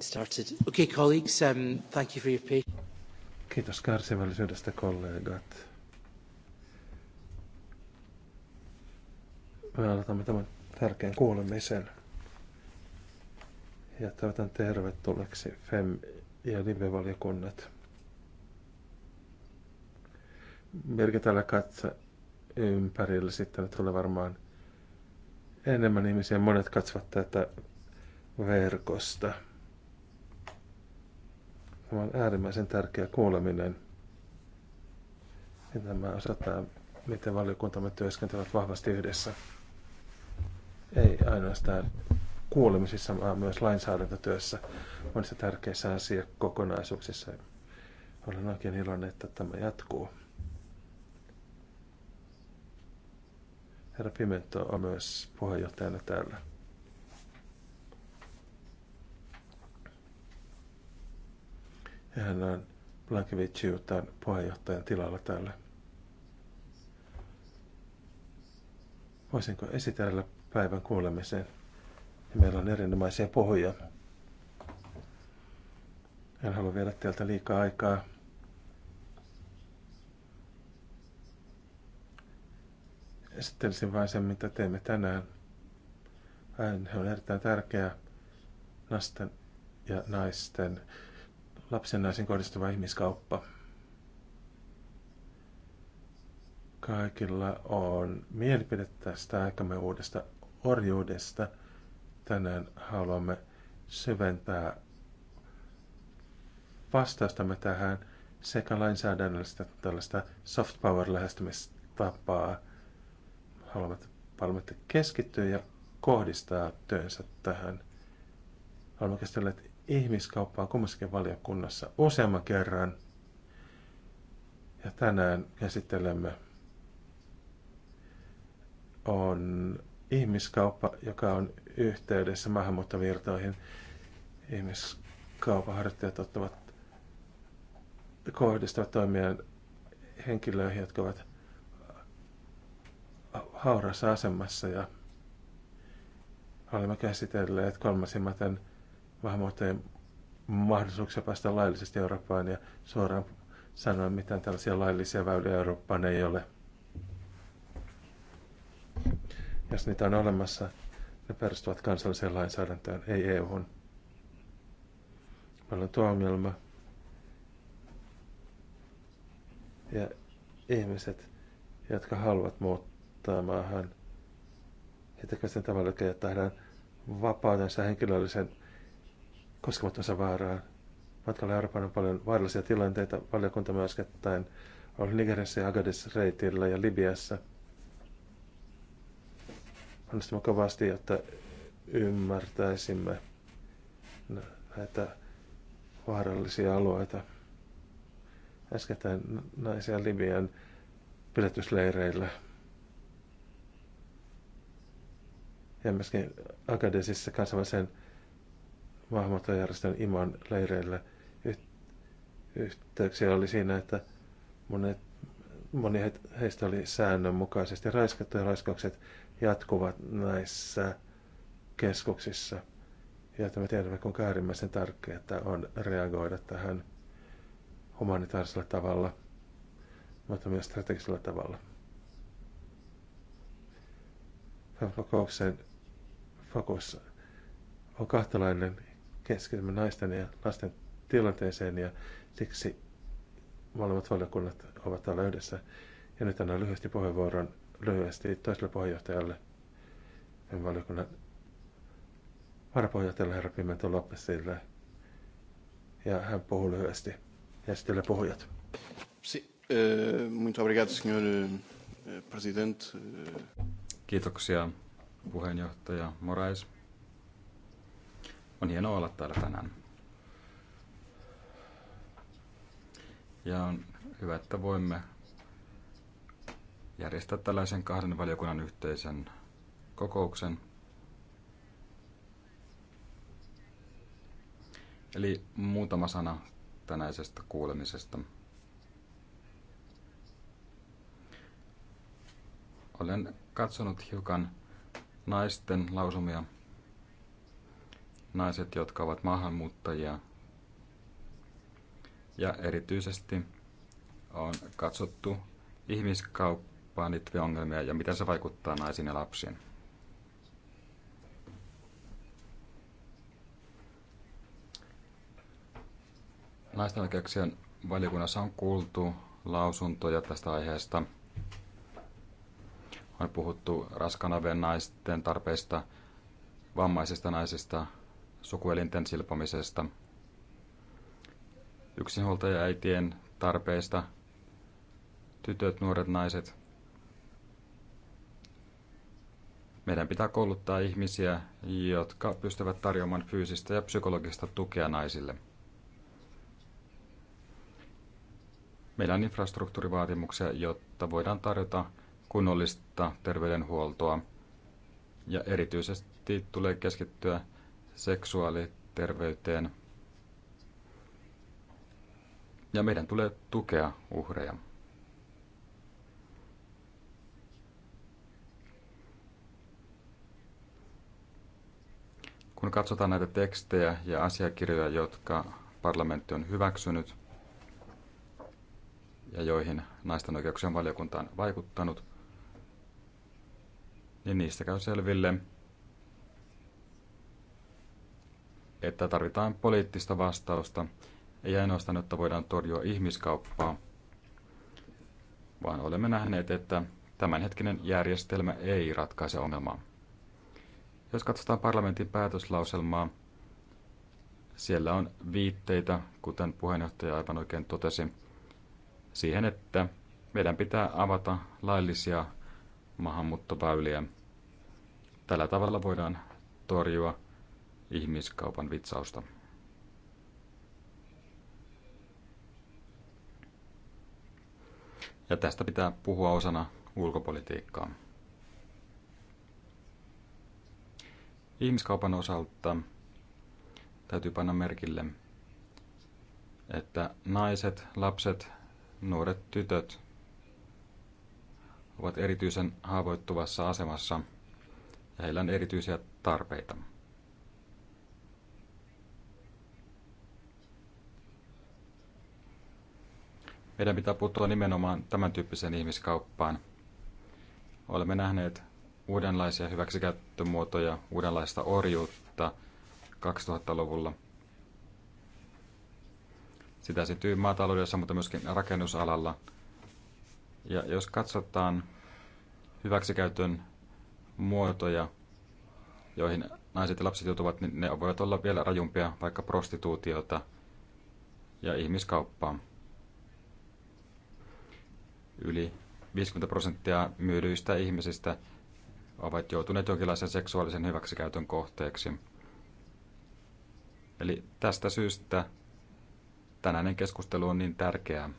Started. Okay, colleagues, um, thank you for your patience. Kiitos kärsivällisyydestä, kollegat. Me aloitamme tämän tärkeän kuulemisen. Ja toivotan tervetulleeksi FEM- ja live-valiokunnat. Merkitällä katse ympärille sitten tulee varmaan enemmän ihmisiä. Monet katsovat tätä verkosta on äärimmäisen tärkeä kuuleminen. Ja tämä osoittaa, miten valiokuntamme työskentelevät vahvasti yhdessä. Ei ainoastaan kuulemisissa, vaan myös lainsäädäntötyössä monissa tärkeissä asiakokonaisuuksissa. Olen oikein iloinen, että tämä jatkuu. Herra Pimento on myös puheenjohtajana täällä. Ja hän on Blankeviciutan puheenjohtajan tilalla täällä. Voisinko esitellä päivän kuulemisen? Ja meillä on erinomaisia puhuja. En halua viedä teiltä liikaa aikaa. Esittelisin vain sen, mitä teemme tänään. Aihe on erittäin tärkeä lasten ja naisten lapsen naisen kohdistuva ihmiskauppa. Kaikilla on mielipide tästä aikamme uudesta orjuudesta. Tänään haluamme syventää vastaustamme tähän sekä lainsäädännöllistä tällaista soft power lähestymistapaa. Haluamme parlamentti keskittyä ja kohdistaa työnsä tähän. käsitellä, että ihmiskauppaa kummassakin valiokunnassa useamman kerran. Ja tänään käsittelemme on ihmiskauppa, joka on yhteydessä maahanmuuttovirtoihin. Ihmiskaupan harjoittajat ottavat kohdistavat toimijan henkilöihin, jotka ovat haurassa asemassa ja olemme käsitelleet kolmasimmaten maahanmuuttajien mahdollisuuksia päästä laillisesti Eurooppaan ja suoraan sanoa, mitään tällaisia laillisia väyliä Eurooppaan ei ole. Jos niitä on olemassa, ne perustuvat kansalliseen lainsäädäntöön, ei EUhun. Meillä on tuo ongelma. Ja ihmiset, jotka haluavat muuttaa maahan, he tekevät sen tavalla, että tehdään vapautensa henkilöllisen koskemattonsa vaaraa. Matkalla Euroopan on paljon vaarallisia tilanteita. Valiokunta myös kättäen oli Nigerissä ja Agadis-reitillä ja Libiassa. Onnistumme kovasti, jotta ymmärtäisimme näitä vaarallisia alueita. Äskettäin naisia Libian pidätysleireillä. Ja myöskin Agadesissa kansainvälisen maahanmuuttajärjestön Iman leireillä yhteyksiä oli siinä, että monet, moni heistä oli säännönmukaisesti raiskattu ja raiskaukset jatkuvat näissä keskuksissa. Ja että me tiedämme, kuinka äärimmäisen tärkeää on reagoida tähän humanitaarisella tavalla, mutta myös strategisella tavalla. kokouksen fokus on kahtalainen keskitymme naisten ja lasten tilanteeseen ja siksi molemmat valiokunnat ovat täällä yhdessä. Ja nyt annan lyhyesti puheenvuoron lyhyesti toiselle puheenjohtajalle, valiokunnan varapuheenjohtajalle herra Pimento Lopesille. Ja hän puhuu lyhyesti. Ja sitten puhujat. Si, äh, muito obrigado, senhor eh, president. Kiitoksia puheenjohtaja Morais. On hienoa olla täällä tänään. Ja on hyvä, että voimme järjestää tällaisen kahden valiokunnan yhteisen kokouksen. Eli muutama sana tänäisestä kuulemisesta. Olen katsonut hiukan naisten lausumia naiset, jotka ovat maahanmuuttajia. Ja erityisesti on katsottu ihmiskauppaan liittyviä ongelmia ja miten se vaikuttaa naisiin ja lapsiin. Naisten oikeuksien valiokunnassa on kuultu lausuntoja tästä aiheesta. On puhuttu raskanavien naisten tarpeista, vammaisista naisista, sukuelinten silpomisesta, yksinhuoltajaäitien tarpeista, tytöt, nuoret naiset. Meidän pitää kouluttaa ihmisiä, jotka pystyvät tarjoamaan fyysistä ja psykologista tukea naisille. Meillä on infrastruktuurivaatimuksia, jotta voidaan tarjota kunnollista terveydenhuoltoa ja erityisesti tulee keskittyä seksuaaliterveyteen. Ja meidän tulee tukea uhreja. Kun katsotaan näitä tekstejä ja asiakirjoja, jotka parlamentti on hyväksynyt ja joihin naisten oikeuksien valiokunta on vaikuttanut, niin niistä käy selville, että tarvitaan poliittista vastausta, ei ainoastaan, että voidaan torjua ihmiskauppaa, vaan olemme nähneet, että tämänhetkinen järjestelmä ei ratkaise ongelmaa. Jos katsotaan parlamentin päätöslauselmaa, siellä on viitteitä, kuten puheenjohtaja aivan oikein totesi, siihen, että meidän pitää avata laillisia maahanmuuttoväyliä. Tällä tavalla voidaan torjua ihmiskaupan vitsausta. Ja tästä pitää puhua osana ulkopolitiikkaa. Ihmiskaupan osalta täytyy panna merkille, että naiset, lapset, nuoret tytöt ovat erityisen haavoittuvassa asemassa ja heillä on erityisiä tarpeita. Meidän pitää puuttua nimenomaan tämän tyyppiseen ihmiskauppaan. Olemme nähneet uudenlaisia hyväksikäyttömuotoja, uudenlaista orjuutta 2000-luvulla. Sitä esiintyy maataloudessa, mutta myöskin rakennusalalla. Ja jos katsotaan hyväksikäytön muotoja, joihin naiset ja lapset joutuvat, niin ne voivat olla vielä rajumpia, vaikka prostituutiota ja ihmiskauppaa. Yli 50 prosenttia myydyistä ihmisistä ovat joutuneet jonkinlaisen seksuaalisen hyväksikäytön kohteeksi. Eli tästä syystä tänäinen keskustelu on niin tärkeää.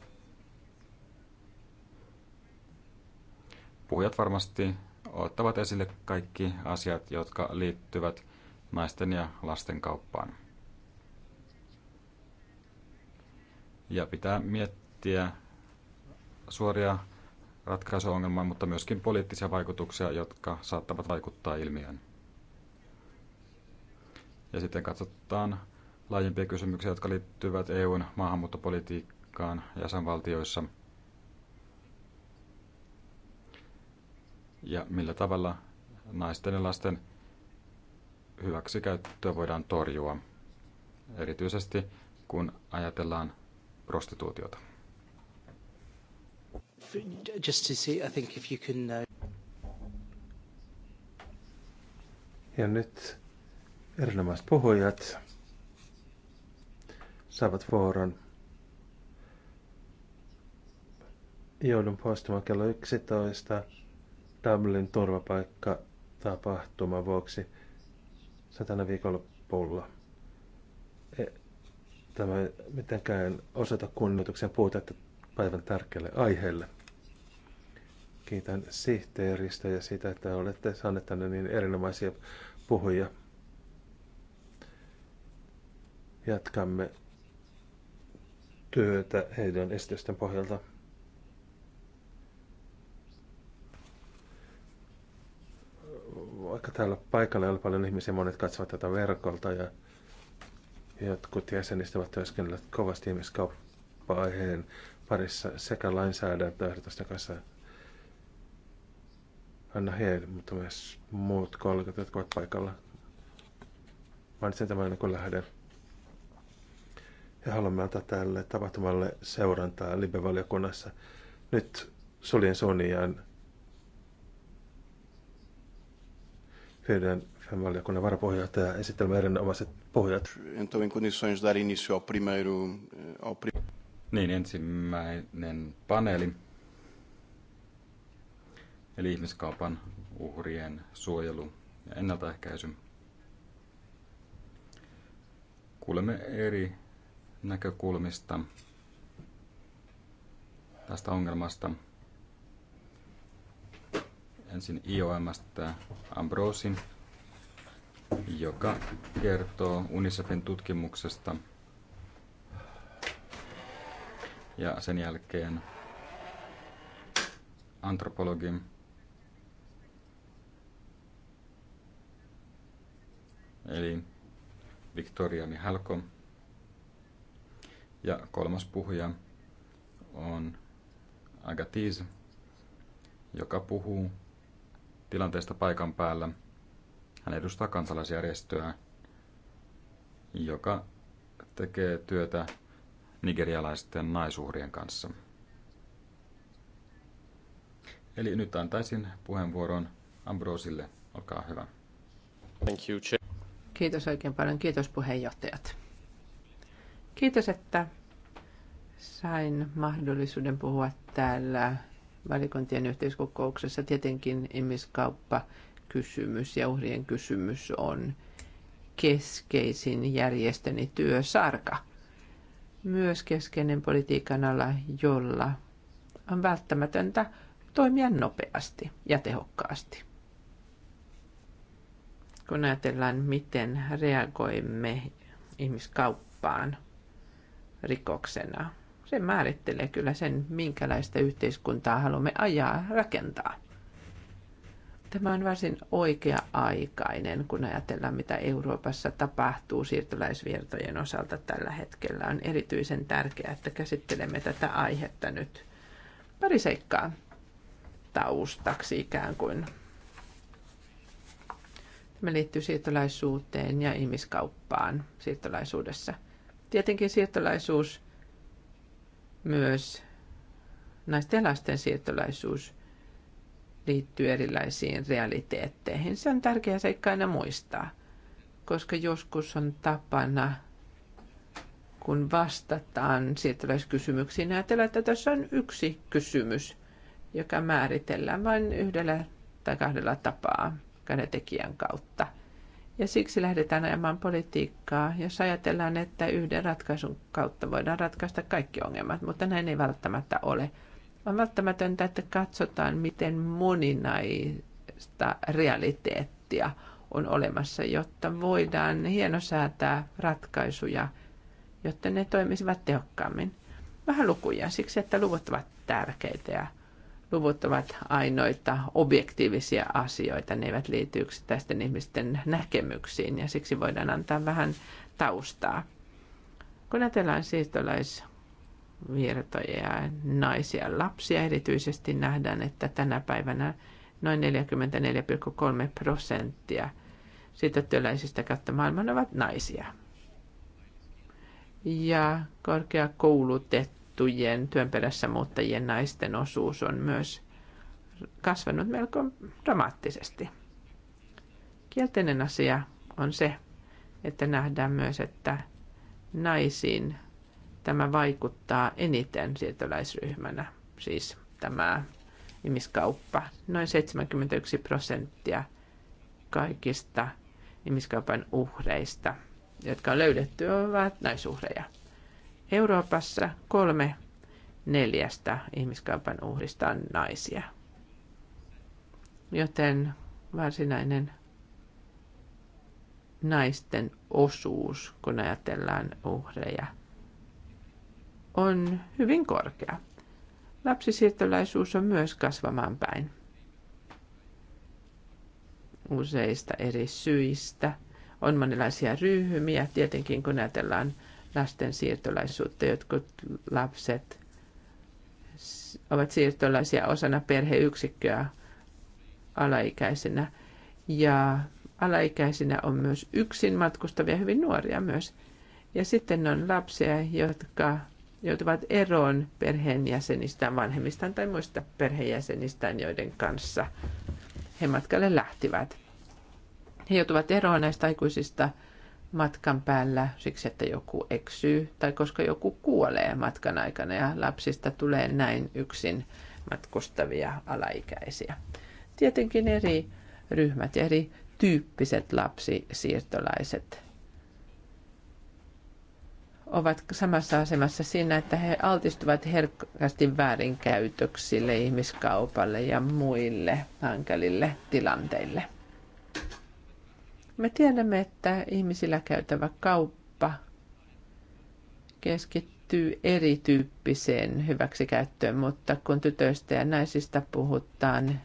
Puhujat varmasti ottavat esille kaikki asiat, jotka liittyvät naisten ja lasten kauppaan. Ja pitää miettiä suoria ratkaisua mutta myöskin poliittisia vaikutuksia, jotka saattavat vaikuttaa ilmiöön. Ja sitten katsotaan laajempia kysymyksiä, jotka liittyvät EUn maahanmuuttopolitiikkaan jäsenvaltioissa. Ja millä tavalla naisten ja lasten hyväksikäyttöä voidaan torjua, erityisesti kun ajatellaan prostituutiota just to see, I think if you can... Uh, ja nyt erinomaiset puhujat saavat vuoron. Joudun poistumaan kello 11 Dublin turvapaikka tapahtuma vuoksi satana viikonloppulla. E, tämä mitenkään osoita kunnioituksen puutetta päivän tärkeälle aiheelle. Kiitän sihteeristä ja sitä, että olette saaneet tänne niin erinomaisia puhuja. Jatkamme työtä heidän esitysten pohjalta. Vaikka täällä paikalla ei ole paljon ihmisiä, monet katsovat tätä verkolta ja jotkut jäsenistä ovat työskennelleet kovasti ihmiskauppa-aiheen parissa sekä lainsäädäntöehdotusten kanssa Anna Heil, mutta myös muut kollegat, jotka ovat paikalla. Mainitsen tämän ennen kuin lähden. Ja haluamme antaa tälle tapahtumalle seurantaa Libe-valiokunnassa. Nyt suljen Sonian Fyden valiokunnan varapuheenjohtaja esittelemme erinomaiset pohjat. Então, em condições dar início ao primeiro... Eh, ao prim... Niin, ensimmäinen paneeli eli ihmiskaupan uhrien suojelu ja ennaltaehkäisy. Kuulemme eri näkökulmista tästä ongelmasta. Ensin IOMstä Ambrosin, joka kertoo UNICEFin tutkimuksesta. Ja sen jälkeen antropologi eli Victoria Mihalko. Ja kolmas puhuja on Agatiz, joka puhuu tilanteesta paikan päällä. Hän edustaa kansalaisjärjestöä, joka tekee työtä nigerialaisten naisuhrien kanssa. Eli nyt antaisin puheenvuoron Ambrosille. Olkaa hyvä. Thank you, Kiitos oikein paljon. Kiitos puheenjohtajat. Kiitos, että sain mahdollisuuden puhua täällä valikuntien yhteiskokouksessa. Tietenkin ihmiskauppa kysymys ja uhrien kysymys on keskeisin järjestöni työsarka. Myös keskeinen politiikan ala, jolla on välttämätöntä toimia nopeasti ja tehokkaasti kun ajatellaan, miten reagoimme ihmiskauppaan rikoksena. Se määrittelee kyllä sen, minkälaista yhteiskuntaa haluamme ajaa, rakentaa. Tämä on varsin oikea-aikainen, kun ajatellaan, mitä Euroopassa tapahtuu siirtolaisvirtojen osalta tällä hetkellä. On erityisen tärkeää, että käsittelemme tätä aihetta nyt pari seikkaa taustaksi ikään kuin Tämä liittyy siirtolaisuuteen ja ihmiskauppaan siirtolaisuudessa. Tietenkin siirtolaisuus, myös naisten ja lasten siirtolaisuus, liittyy erilaisiin realiteetteihin. Se on tärkeää seikka aina muistaa, koska joskus on tapana kun vastataan siirtolaiskysymyksiin, ajatellaan, että tässä on yksi kysymys, joka määritellään vain yhdellä tai kahdella tapaa asiakkaan ja tekijän kautta. Ja siksi lähdetään ajamaan politiikkaa, jos ajatellaan, että yhden ratkaisun kautta voidaan ratkaista kaikki ongelmat, mutta näin ei välttämättä ole. On välttämätöntä, että katsotaan, miten moninaista realiteettia on olemassa, jotta voidaan hienosäätää ratkaisuja, jotta ne toimisivat tehokkaammin. Vähän lukuja siksi, että luvut ovat tärkeitä ja luvut ovat ainoita objektiivisia asioita, ne eivät liity yksittäisten ihmisten näkemyksiin ja siksi voidaan antaa vähän taustaa. Kun ajatellaan siirtolaisvirtoja ja naisia lapsia erityisesti nähdään, että tänä päivänä noin 44,3 prosenttia siirtotyöläisistä kautta maailman ovat naisia. Ja korkeakoulutettu muuttujien, työn perässä muuttajien naisten osuus on myös kasvanut melko dramaattisesti. Kielteinen asia on se, että nähdään myös, että naisiin tämä vaikuttaa eniten siirtolaisryhmänä, siis tämä ihmiskauppa. Noin 71 prosenttia kaikista ihmiskaupan uhreista, jotka on löydetty, ovat naisuhreja. Euroopassa kolme neljästä ihmiskaupan uhrista on naisia. Joten varsinainen naisten osuus, kun ajatellaan uhreja, on hyvin korkea. Lapsisiirtolaisuus on myös kasvamaan päin useista eri syistä. On monenlaisia ryhmiä, tietenkin kun ajatellaan lasten siirtolaisuutta. Jotkut lapset ovat siirtolaisia osana perheyksikköä alaikäisenä. Ja alaikäisinä on myös yksin matkustavia, hyvin nuoria myös. Ja sitten on lapsia, jotka joutuvat eroon perheenjäsenistään, vanhemmistaan tai muista perheenjäsenistään, joiden kanssa he matkalle lähtivät. He joutuvat eroon näistä aikuisista matkan päällä siksi, että joku eksyy tai koska joku kuolee matkan aikana ja lapsista tulee näin yksin matkustavia alaikäisiä. Tietenkin eri ryhmät ja eri tyyppiset lapsisiirtolaiset ovat samassa asemassa siinä, että he altistuvat herkästi väärinkäytöksille, ihmiskaupalle ja muille hankalille tilanteille. Me tiedämme, että ihmisillä käytävä kauppa keskittyy erityyppiseen hyväksikäyttöön, mutta kun tytöistä ja naisista puhutaan,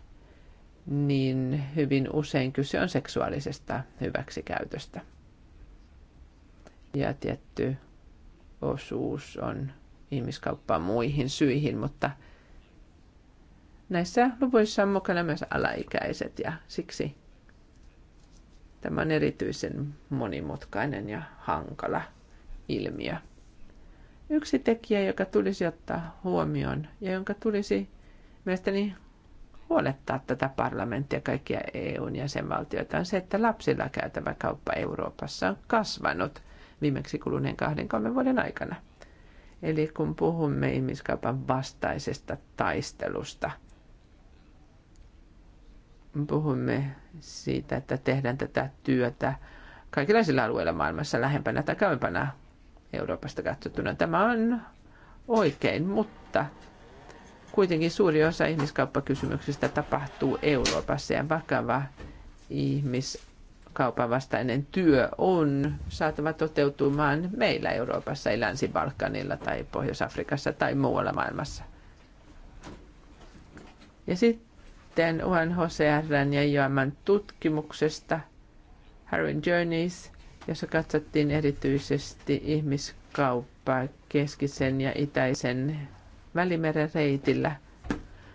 niin hyvin usein kyse on seksuaalisesta hyväksikäytöstä. Ja tietty osuus on ihmiskauppaa muihin syihin, mutta näissä luvuissa on mukana myös alaikäiset ja siksi Tämä on erityisen monimutkainen ja hankala ilmiö. Yksi tekijä, joka tulisi ottaa huomioon ja jonka tulisi mielestäni huolettaa tätä parlamenttia kaikkia EUn jäsenvaltioita on se, että lapsilla käytävä kauppa Euroopassa on kasvanut viimeksi kuluneen kahden kolmen vuoden aikana. Eli kun puhumme ihmiskaupan vastaisesta taistelusta – puhumme siitä, että tehdään tätä työtä kaikenlaisilla alueilla maailmassa lähempänä tai kauempana Euroopasta katsottuna. Tämä on oikein, mutta kuitenkin suuri osa ihmiskauppakysymyksistä tapahtuu Euroopassa ja vakava ihmiskaupan vastainen työ on saatava toteutumaan meillä Euroopassa, ei Länsi-Balkanilla tai Pohjois-Afrikassa tai muualla maailmassa. Ja sitten sitten UNHCRn ja IOMn tutkimuksesta Harry Journeys, jossa katsottiin erityisesti ihmiskauppaa keskisen ja itäisen välimeren reitillä.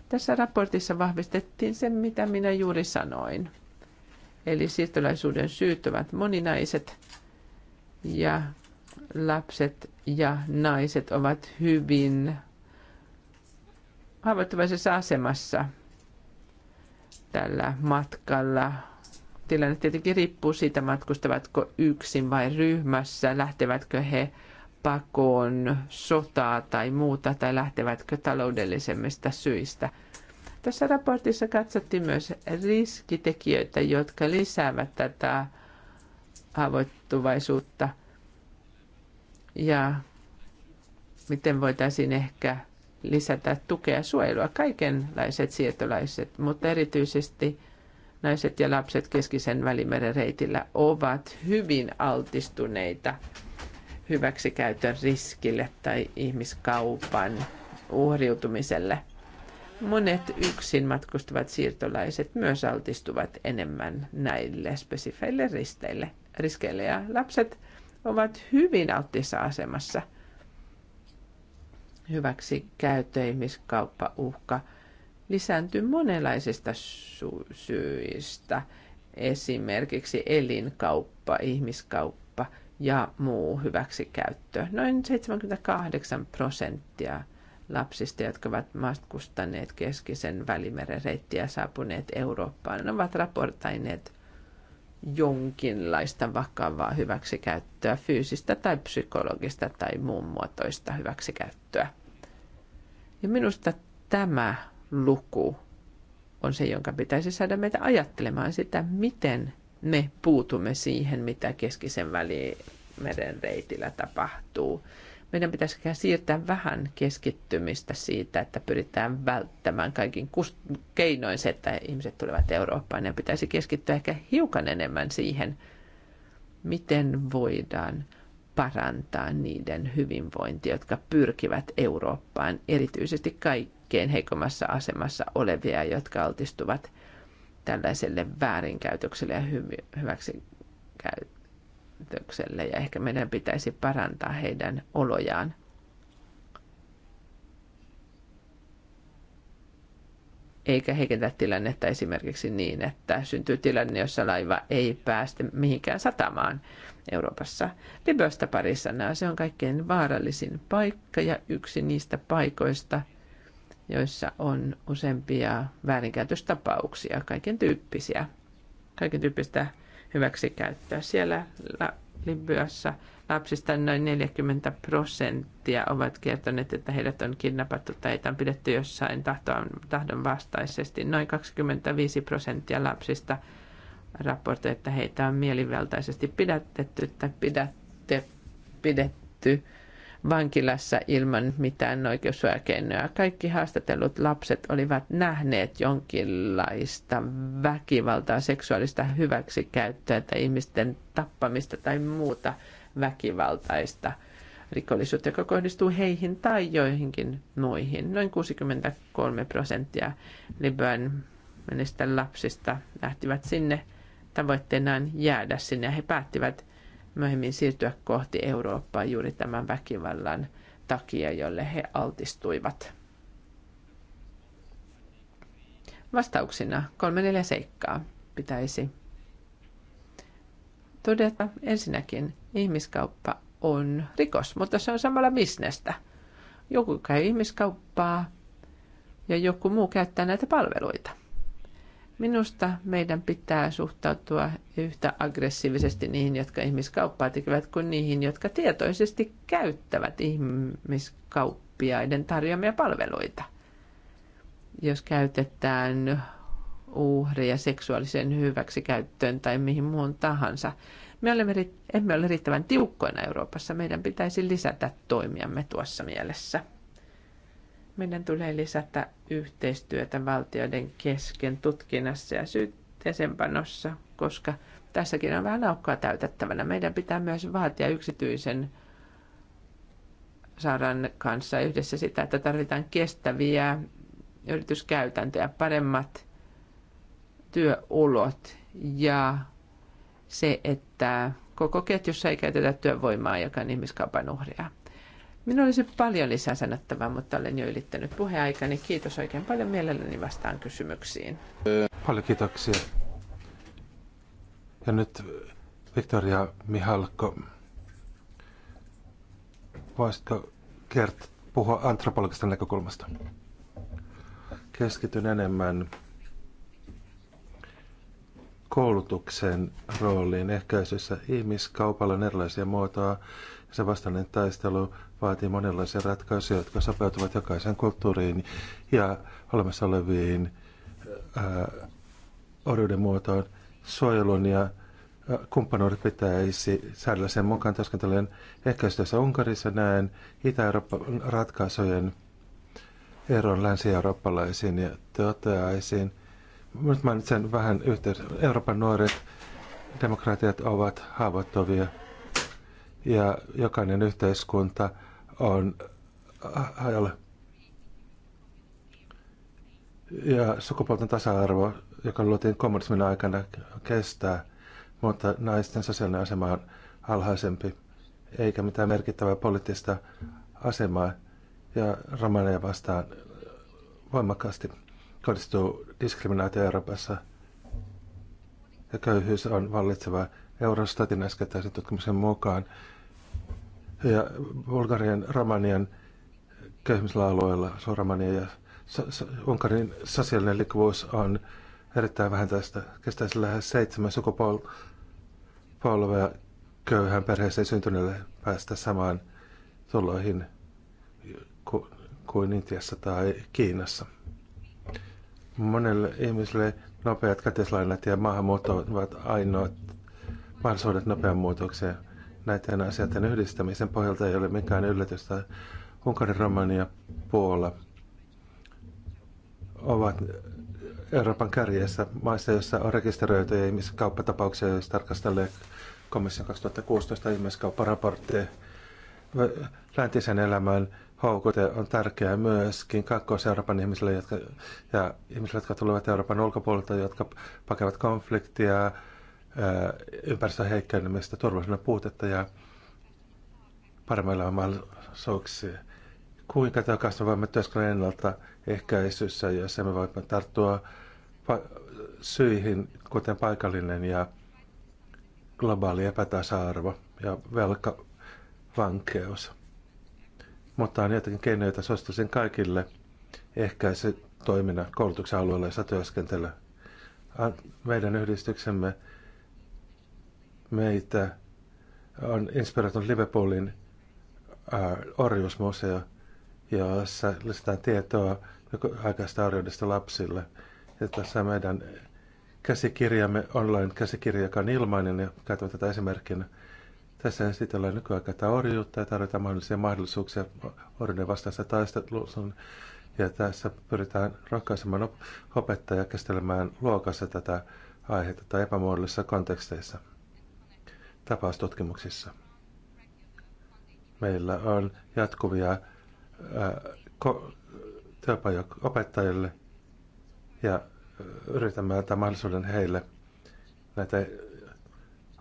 Tässä raportissa vahvistettiin se, mitä minä juuri sanoin. Eli siirtolaisuuden syyt ovat moninaiset ja lapset ja naiset ovat hyvin haavoittuvaisessa asemassa – tällä matkalla. Tilanne tietenkin riippuu siitä, matkustavatko yksin vai ryhmässä, lähtevätkö he pakoon sotaa tai muuta, tai lähtevätkö taloudellisemmista syistä. Tässä raportissa katsottiin myös riskitekijöitä, jotka lisäävät tätä haavoittuvaisuutta ja miten voitaisiin ehkä lisätä tukea suojelua, kaikenlaiset siirtolaiset, mutta erityisesti naiset ja lapset keskisen välimeren reitillä ovat hyvin altistuneita hyväksikäytön riskille tai ihmiskaupan uhriutumiselle. Monet yksin matkustavat siirtolaiset myös altistuvat enemmän näille spesifeille risteille, riskeille ja lapset ovat hyvin alttiissa asemassa – hyväksi käyttö, ihmiskauppa, uhka lisääntyy monenlaisista syistä, esimerkiksi elinkauppa, ihmiskauppa ja muu hyväksikäyttö. Noin 78 prosenttia lapsista, jotka ovat matkustaneet keskisen välimeren reittiä saapuneet Eurooppaan, ovat raportaineet jonkinlaista vakavaa hyväksikäyttöä, fyysistä tai psykologista tai muun muotoista hyväksikäyttöä. Ja minusta tämä luku on se, jonka pitäisi saada meitä ajattelemaan sitä, miten me puutumme siihen, mitä keskisen välimeren reitillä tapahtuu. Meidän pitäisi siirtää vähän keskittymistä siitä, että pyritään välttämään kaikin keinoin se, että ihmiset tulevat Eurooppaan ja pitäisi keskittyä ehkä hiukan enemmän siihen, miten voidaan – parantaa niiden hyvinvointia, jotka pyrkivät Eurooppaan, erityisesti kaikkein heikommassa asemassa olevia, jotka altistuvat tällaiselle väärinkäytökselle ja hyväksikäytökselle. Ja ehkä meidän pitäisi parantaa heidän olojaan. eikä heikentää tilannetta esimerkiksi niin, että syntyy tilanne, jossa laiva ei päästä mihinkään satamaan, Euroopassa. Libyasta pari sanaa. Se on kaikkein vaarallisin paikka ja yksi niistä paikoista, joissa on useampia väärinkäytöstapauksia, kaiken tyyppisiä, kaiken tyyppistä hyväksikäyttöä. Siellä Libyassa lapsista noin 40 prosenttia ovat kertoneet, että heidät on kidnappattu tai heitä on pidetty jossain tahdon, vastaisesti. Noin 25 prosenttia lapsista – raportoi, että heitä on mielivaltaisesti pidätetty tai pidätte, pidetty vankilassa ilman mitään oikeussuojakeinoja. Kaikki haastatellut lapset olivat nähneet jonkinlaista väkivaltaa, seksuaalista hyväksikäyttöä tai ihmisten tappamista tai muuta väkivaltaista rikollisuutta, joka kohdistuu heihin tai joihinkin muihin. Noin 63 prosenttia Libyan lapsista lähtivät sinne tavoitteenaan jäädä sinne. He päättivät myöhemmin siirtyä kohti Eurooppaa juuri tämän väkivallan takia, jolle he altistuivat. Vastauksina kolme neljä seikkaa pitäisi todeta. Ensinnäkin ihmiskauppa on rikos, mutta se on samalla bisnestä. Joku käy ihmiskauppaa ja joku muu käyttää näitä palveluita. Minusta meidän pitää suhtautua yhtä aggressiivisesti niihin, jotka ihmiskauppaa tekevät, kuin niihin, jotka tietoisesti käyttävät ihmiskauppiaiden tarjoamia palveluita. Jos käytetään uhreja seksuaaliseen hyväksikäyttöön tai mihin muun tahansa. Me olemme, emme ole riittävän tiukkoina Euroopassa. Meidän pitäisi lisätä toimiamme tuossa mielessä. Meidän tulee lisätä yhteistyötä valtioiden kesken tutkinnassa ja syytteeseenpanossa, koska tässäkin on vähän aukkoa täytettävänä. Meidän pitää myös vaatia yksityisen saaran kanssa yhdessä sitä, että tarvitaan kestäviä yrityskäytäntöjä, paremmat työolot ja se, että koko ketjussa ei käytetä työvoimaa, joka on ihmiskaupan uhria. Minulla olisi paljon lisää sanottavaa, mutta olen jo ylittänyt puheaikani. Kiitos oikein paljon mielelläni vastaan kysymyksiin. Paljon kiitoksia. Ja nyt Victoria Mihalko, voisitko kert puhua antropologisesta näkökulmasta? Keskityn enemmän koulutuksen rooliin ehkäisyssä ihmiskaupalla on erilaisia muotoja ja se vastainen taistelu vaatii monenlaisia ratkaisuja, jotka sopeutuvat jokaisen kulttuuriin ja olemassa oleviin äh, orjuuden muotoon. Suojelun ja äh, kumppanuudet pitäisi säädellä sen mukaan työskentelen ehkäistyössä Unkarissa näen Itä-Euroopan ratkaisujen eron länsi-eurooppalaisiin ja toteaisiin. Nyt mainitsen vähän yhteys. Euroopan nuoret demokratiat ovat haavoittuvia ja jokainen yhteiskunta on hajalla. Äh, ja sukupuolten tasa-arvo, joka luotiin kommunismin aikana, kestää, mutta naisten sosiaalinen asema on alhaisempi, eikä mitään merkittävää poliittista asemaa. Ja romaneja vastaan voimakkaasti kohdistuu diskriminaatio Euroopassa. Ja köyhyys on vallitseva Eurostatin äskettäisen tutkimuksen mukaan ja Bulgarian, Romanian köyhmisellä alueella, se on Romania ja Unkarin sosiaalinen likvuus on erittäin vähän tästä. Kestäisi lähes seitsemän sukupolvea köyhän perheeseen syntyneelle päästä samaan tuloihin kuin Intiassa tai Kiinassa. Monelle ihmiselle nopeat käteislainat ja maahanmuutto ovat ainoat mahdollisuudet nopean muutokseen – näiden asioiden yhdistämisen pohjalta ei ole mikään yllätystä. Unkari, Romania ja Puola ovat Euroopan kärjessä maissa, joissa on rekisteröityjä ihmiskauppatapauksia, jos tarkastelee komission 2016 ihmiskaupparaportteja. Läntisen elämän houkute on tärkeää myöskin Kakkois-Euroopan ihmisille jotka, ja ihmisille, jotka tulevat Euroopan ulkopuolelta, jotka pakevat konfliktia, ympäristön heikkenemistä, turvallisuuden puutetta ja paremmilla mahdollisuuksia. Kuinka tämä kanssa voimme työskennellä ennalta ehkäisyssä, jos me voimme tarttua syihin, kuten paikallinen ja globaali epätasa-arvo ja velkavankeus. Mutta on jotakin keinoja, joita suosittaisin kaikille toiminnan koulutuksen alueella, jossa työskentelee. Meidän yhdistyksemme Meitä on inspiroitunut Liverpoolin äh, orjuusmuseo, jossa lisätään tietoa aikaista orjuudesta lapsille. Ja tässä meidän käsikirjamme, online-käsikirja, joka on ilmainen, ja käytämme tätä esimerkkinä. Tässä esitellään nykyaikaista orjuutta ja tarjotaan mahdollisia mahdollisuuksia orjuuden vastaista taistelussa. Ja tässä pyritään rohkaisemaan opettajaa käsittelemään luokassa tätä aihetta tai epämuodollisissa konteksteissa tapaustutkimuksissa. Meillä on jatkuvia äh, työpajoja opettajille ja äh, yritämme antaa mahdollisuuden heille näitä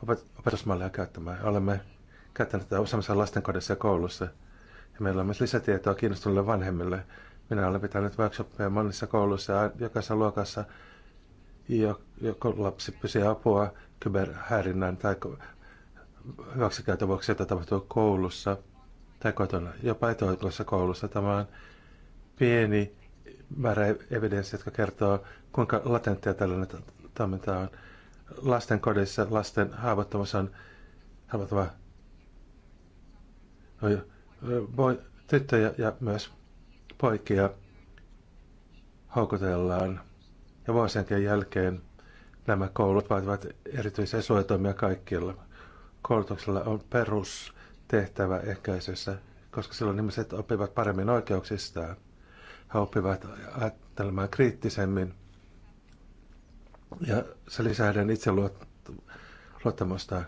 opet- opetusmalleja käyttämään. Olemme käyttäneet tätä useammassa lastenkodissa ja koulussa. Ja meillä on myös lisätietoa kiinnostuneille vanhemmille. Minä olen pitänyt workshoppeja monissa kouluissa ja jokaisessa luokassa, joko lapsi pysyy apua kyberhäirinnän tai hyväksikäytön vuoksi, jota tapahtuu koulussa tai kotona, jopa etuoikeudessa koulussa. Tämä on pieni määrä evidenssiä, jotka kertoo, kuinka latenttia tällainen toiminta on. Lasten kodissa lasten haavoittumus on haavoittava voi, tyttöjä ja myös poikia houkutellaan. Ja vuosienkin jälkeen nämä koulut vaativat erityisiä suojatoimia kaikkialla koulutuksella on perustehtävä ehkäisyssä, koska silloin ihmiset oppivat paremmin oikeuksistaan. He oppivat ajattelemaan kriittisemmin ja se lisää heidän itseluottamustaan.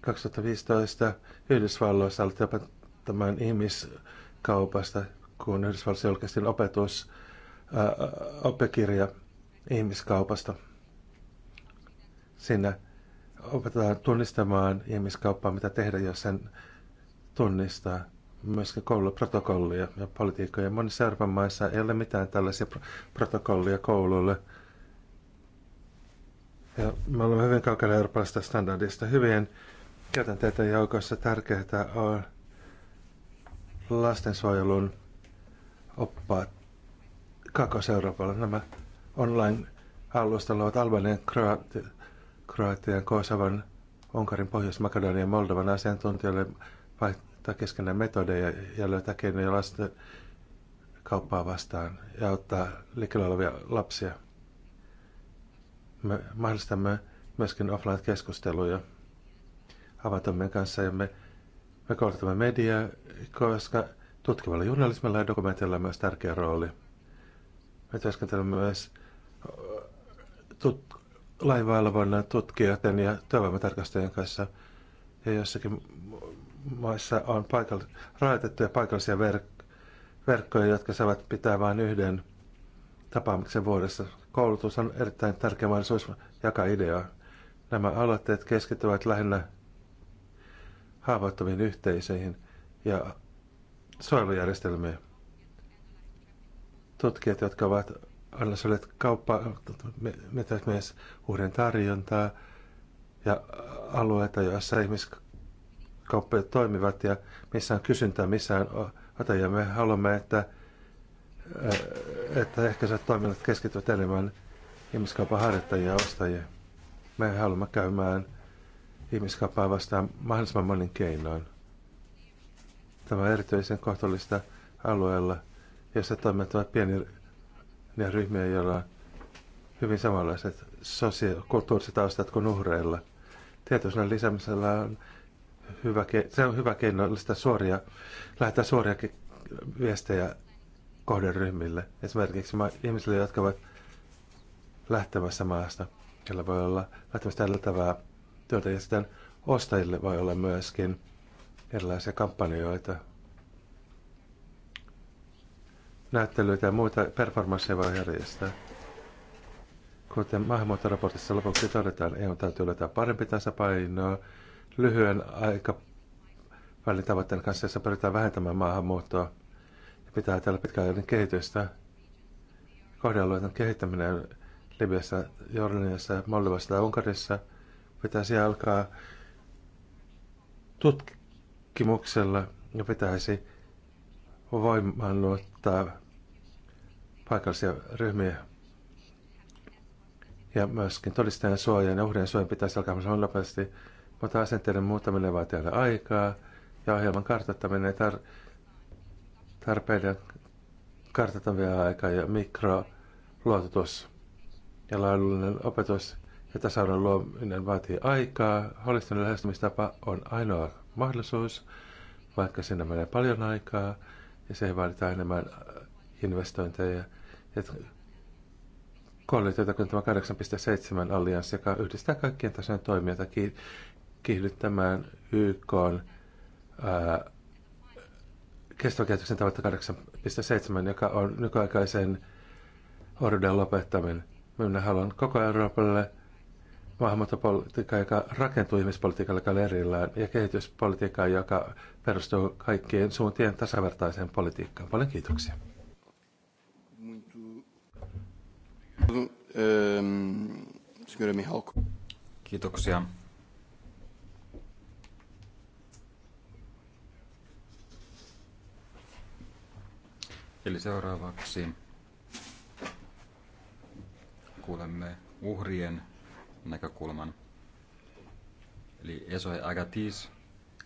2015 Yhdysvalloissa alettiin opettamaan ihmiskaupasta, kun Yhdysvalloissa julkaistiin opetus, ää, oppikirja ihmiskaupasta – Siinä opetetaan tunnistamaan ihmiskauppaa, mitä tehdä, jos sen tunnistaa. Myöskin kouluprotokollia ja politiikkoja. Monissa Euroopan maissa ei ole mitään tällaisia protokollia kouluille. Ja me olemme hyvin kaukana eurooppalaisesta standardista. Hyvien käytänteiden joukossa tärkeää on lastensuojelun oppaat kakos Euroopalla. Nämä online ovat Albanian, Kroatian, Kroatian, Kosovan, Unkarin, Pohjois-Makedonian ja Moldovan asiantuntijoille vaihtaa keskenään metodeja ja löytää keinoja lasten kauppaa vastaan ja auttaa liikkeellä olevia lapsia. Me mahdollistamme myöskin offline-keskusteluja avatomien kanssa ja me, me koulutamme mediaa, koska tutkivalla journalismilla ja dokumentilla on myös tärkeä rooli. Me työskentelemme myös tut- lainvalvonnan tutkijoiden ja työvoimatarkastajien kanssa. Ja jossakin maissa on paikall- rajoitettuja paikallisia verk- verkkoja, jotka saavat pitää vain yhden tapaamisen vuodessa. Koulutus on erittäin tärkeä mahdollisuus jakaa ideaa. Nämä aloitteet keskittyvät lähinnä haavoittuviin yhteisöihin ja suojelujärjestelmiin. Tutkijat, jotka ovat sä olet kauppa, metäismies uuden tarjontaa ja alueita, joissa ihmiskauppoja toimivat ja missä on kysyntää, missä on ota. Ja me haluamme, että, että ehkä sä toiminnat keskityt enemmän ihmiskaupan harjoittajia ja ostajia. Me haluamme käymään ihmiskauppaa vastaan mahdollisimman monin keinoin. Tämä on erityisen kohtuullista alueella, jossa toimivat pieni ne ryhmiä, joilla on hyvin samanlaiset sosiokulttuuriset taustat kuin uhreilla. Tietoisuuden lisäämisellä on hyvä, se on hyvä keino suoria, lähettää suoria viestejä kohderyhmille. Esimerkiksi ihmisille, jotka ovat lähtemässä maasta, jolla voi olla lähtemästä tällä työtä ja sitten ostajille voi olla myöskin erilaisia kampanjoita, näyttelyitä ja muita performansseja voi järjestää. Kuten maahanmuuttoraportissa lopuksi todetaan, EU täytyy löytää parempi tasapaino lyhyen aikavälin tavoitteen kanssa, jossa pyritään vähentämään maahanmuuttoa ja pitää ajatella pitkäaikainen kehitystä. Kohdealueiden kehittäminen Libyassa, Jordaniassa, Moldovassa tai Unkarissa pitäisi alkaa tutkimuksella ja pitäisi luottaa paikallisia ryhmiä. Ja myöskin todistajan suojan ja uhrien suojan pitäisi alkaa mahdollisimman nopeasti, mutta asenteiden muuttaminen vaatii aina aikaa ja ohjelman kartoittaminen tar- tarpeiden kartoittavia aikaa ja mikroluototus ja laadullinen opetus ja tasa luominen vaatii aikaa. Holistinen lähestymistapa on ainoa mahdollisuus, vaikka sinne menee paljon aikaa ja se vaaditaan enemmän investointeja Koalitioita kuin tämä 8.7 allianssi, joka yhdistää kaikkien tasojen toimijoita kiihdyttämään YK on, ää, kestävän kehityksen tavoitta 8.7, joka on nykyaikaisen orden lopettaminen. Minä haluan koko Euroopalle maahanmuuttopolitiikkaa, joka rakentuu ihmispolitiikalle, joka erillään, ja kehityspolitiikkaa, joka perustuu kaikkien suuntien tasavertaiseen politiikkaan. Paljon kiitoksia. Kiitoksia. Eli seuraavaksi kuulemme uhrien näkökulman. Eli Esoe Agatis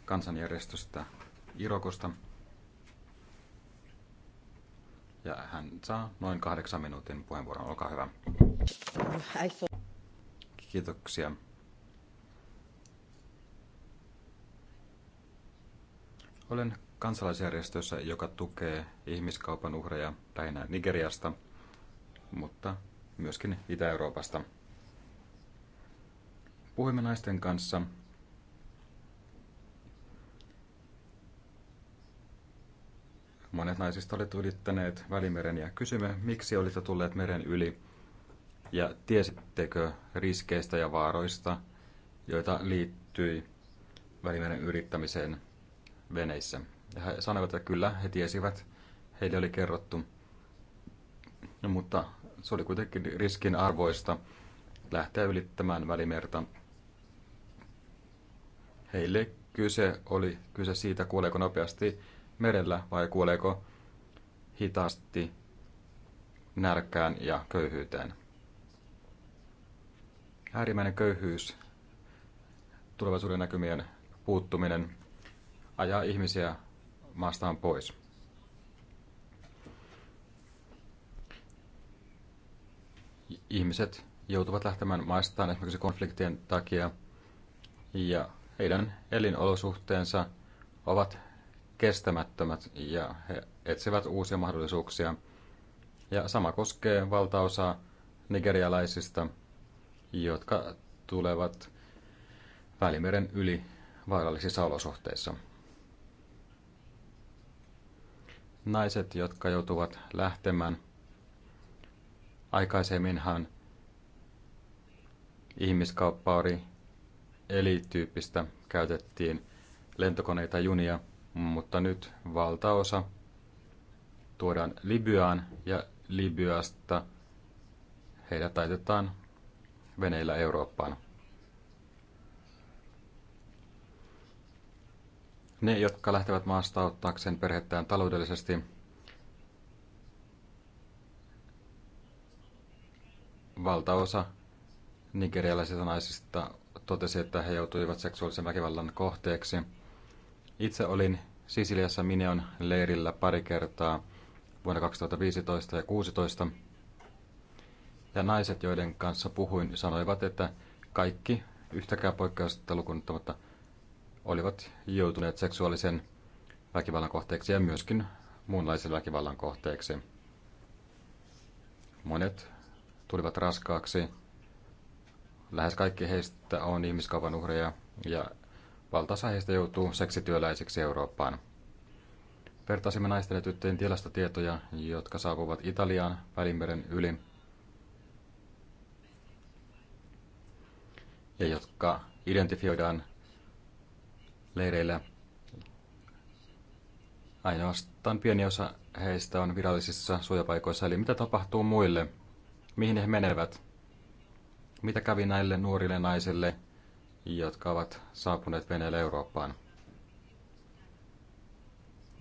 kansanjärjestöstä Irokosta ja hän saa noin kahdeksan minuutin puheenvuoron. Olkaa hyvä. Kiitoksia. Olen kansalaisjärjestössä, joka tukee ihmiskaupan uhreja lähinnä Nigeriasta, mutta myöskin Itä-Euroopasta. Puhuimme naisten kanssa Monet naisista olet ylittäneet Välimeren ja kysymme, miksi olitte tulleet meren yli ja tiesittekö riskeistä ja vaaroista, joita liittyi Välimeren yrittämiseen veneissä. Ja he sanoivat, että kyllä, he tiesivät, heille oli kerrottu, no, mutta se oli kuitenkin riskin arvoista lähteä ylittämään Välimerta. Heille kyse oli kyse siitä, kuoleeko nopeasti merellä vai kuoleeko hitaasti nälkään ja köyhyyteen. Äärimmäinen köyhyys, tulevaisuuden näkymien puuttuminen ajaa ihmisiä maastaan pois. Ihmiset joutuvat lähtemään maistaan esimerkiksi konfliktien takia ja heidän elinolosuhteensa ovat kestämättömät ja he etsivät uusia mahdollisuuksia. Ja sama koskee valtaosaa nigerialaisista, jotka tulevat Välimeren yli vaarallisissa olosuhteissa. Naiset, jotka joutuvat lähtemään, aikaisemminhan ihmiskauppa oli tyyppistä käytettiin lentokoneita, junia – mutta nyt valtaosa tuodaan Libyaan ja Libyasta heidät taitetaan veneillä Eurooppaan. Ne, jotka lähtevät maasta ottaakseen perhettään taloudellisesti, valtaosa nigerialaisista naisista totesi, että he joutuivat seksuaalisen väkivallan kohteeksi – itse olin Sisiliassa Mineon leirillä pari kertaa vuonna 2015 ja 2016. Ja naiset, joiden kanssa puhuin, sanoivat, että kaikki yhtäkään poikkeusta lukunottamatta olivat joutuneet seksuaalisen väkivallan kohteeksi ja myöskin muunlaisen väkivallan kohteeksi. Monet tulivat raskaaksi. Lähes kaikki heistä on ihmiskaupan uhreja ja Valtaosa heistä joutuu seksityöläisiksi Eurooppaan. Vertaisimme naisten ja tyttöjen tilastotietoja, jotka saapuvat Italiaan Välimeren yli ja jotka identifioidaan leireillä. Ainoastaan pieni osa heistä on virallisissa suojapaikoissa, eli mitä tapahtuu muille, mihin he menevät, mitä kävi näille nuorille naisille, jotka ovat saapuneet veneellä Eurooppaan.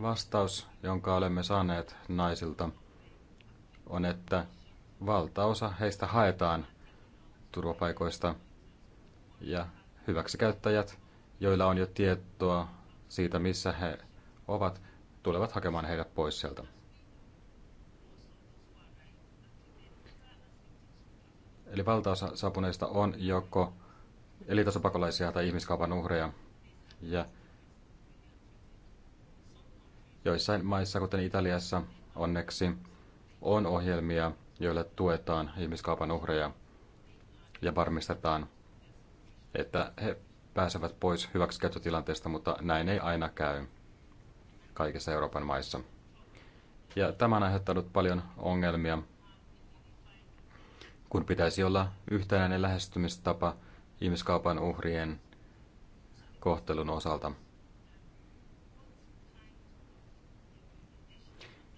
Vastaus, jonka olemme saaneet naisilta, on, että valtaosa heistä haetaan turvapaikoista ja hyväksikäyttäjät, joilla on jo tietoa siitä, missä he ovat, tulevat hakemaan heidät pois sieltä. Eli valtaosa saapuneista on joko elitasopakolaisia tai ihmiskaupan uhreja. Ja joissain maissa, kuten Italiassa, onneksi on ohjelmia, joilla tuetaan ihmiskaupan uhreja ja varmistetaan, että he pääsevät pois hyväksikäyttötilanteesta, mutta näin ei aina käy kaikissa Euroopan maissa. Ja tämä on aiheuttanut paljon ongelmia, kun pitäisi olla yhtenäinen lähestymistapa ihmiskaupan uhrien kohtelun osalta.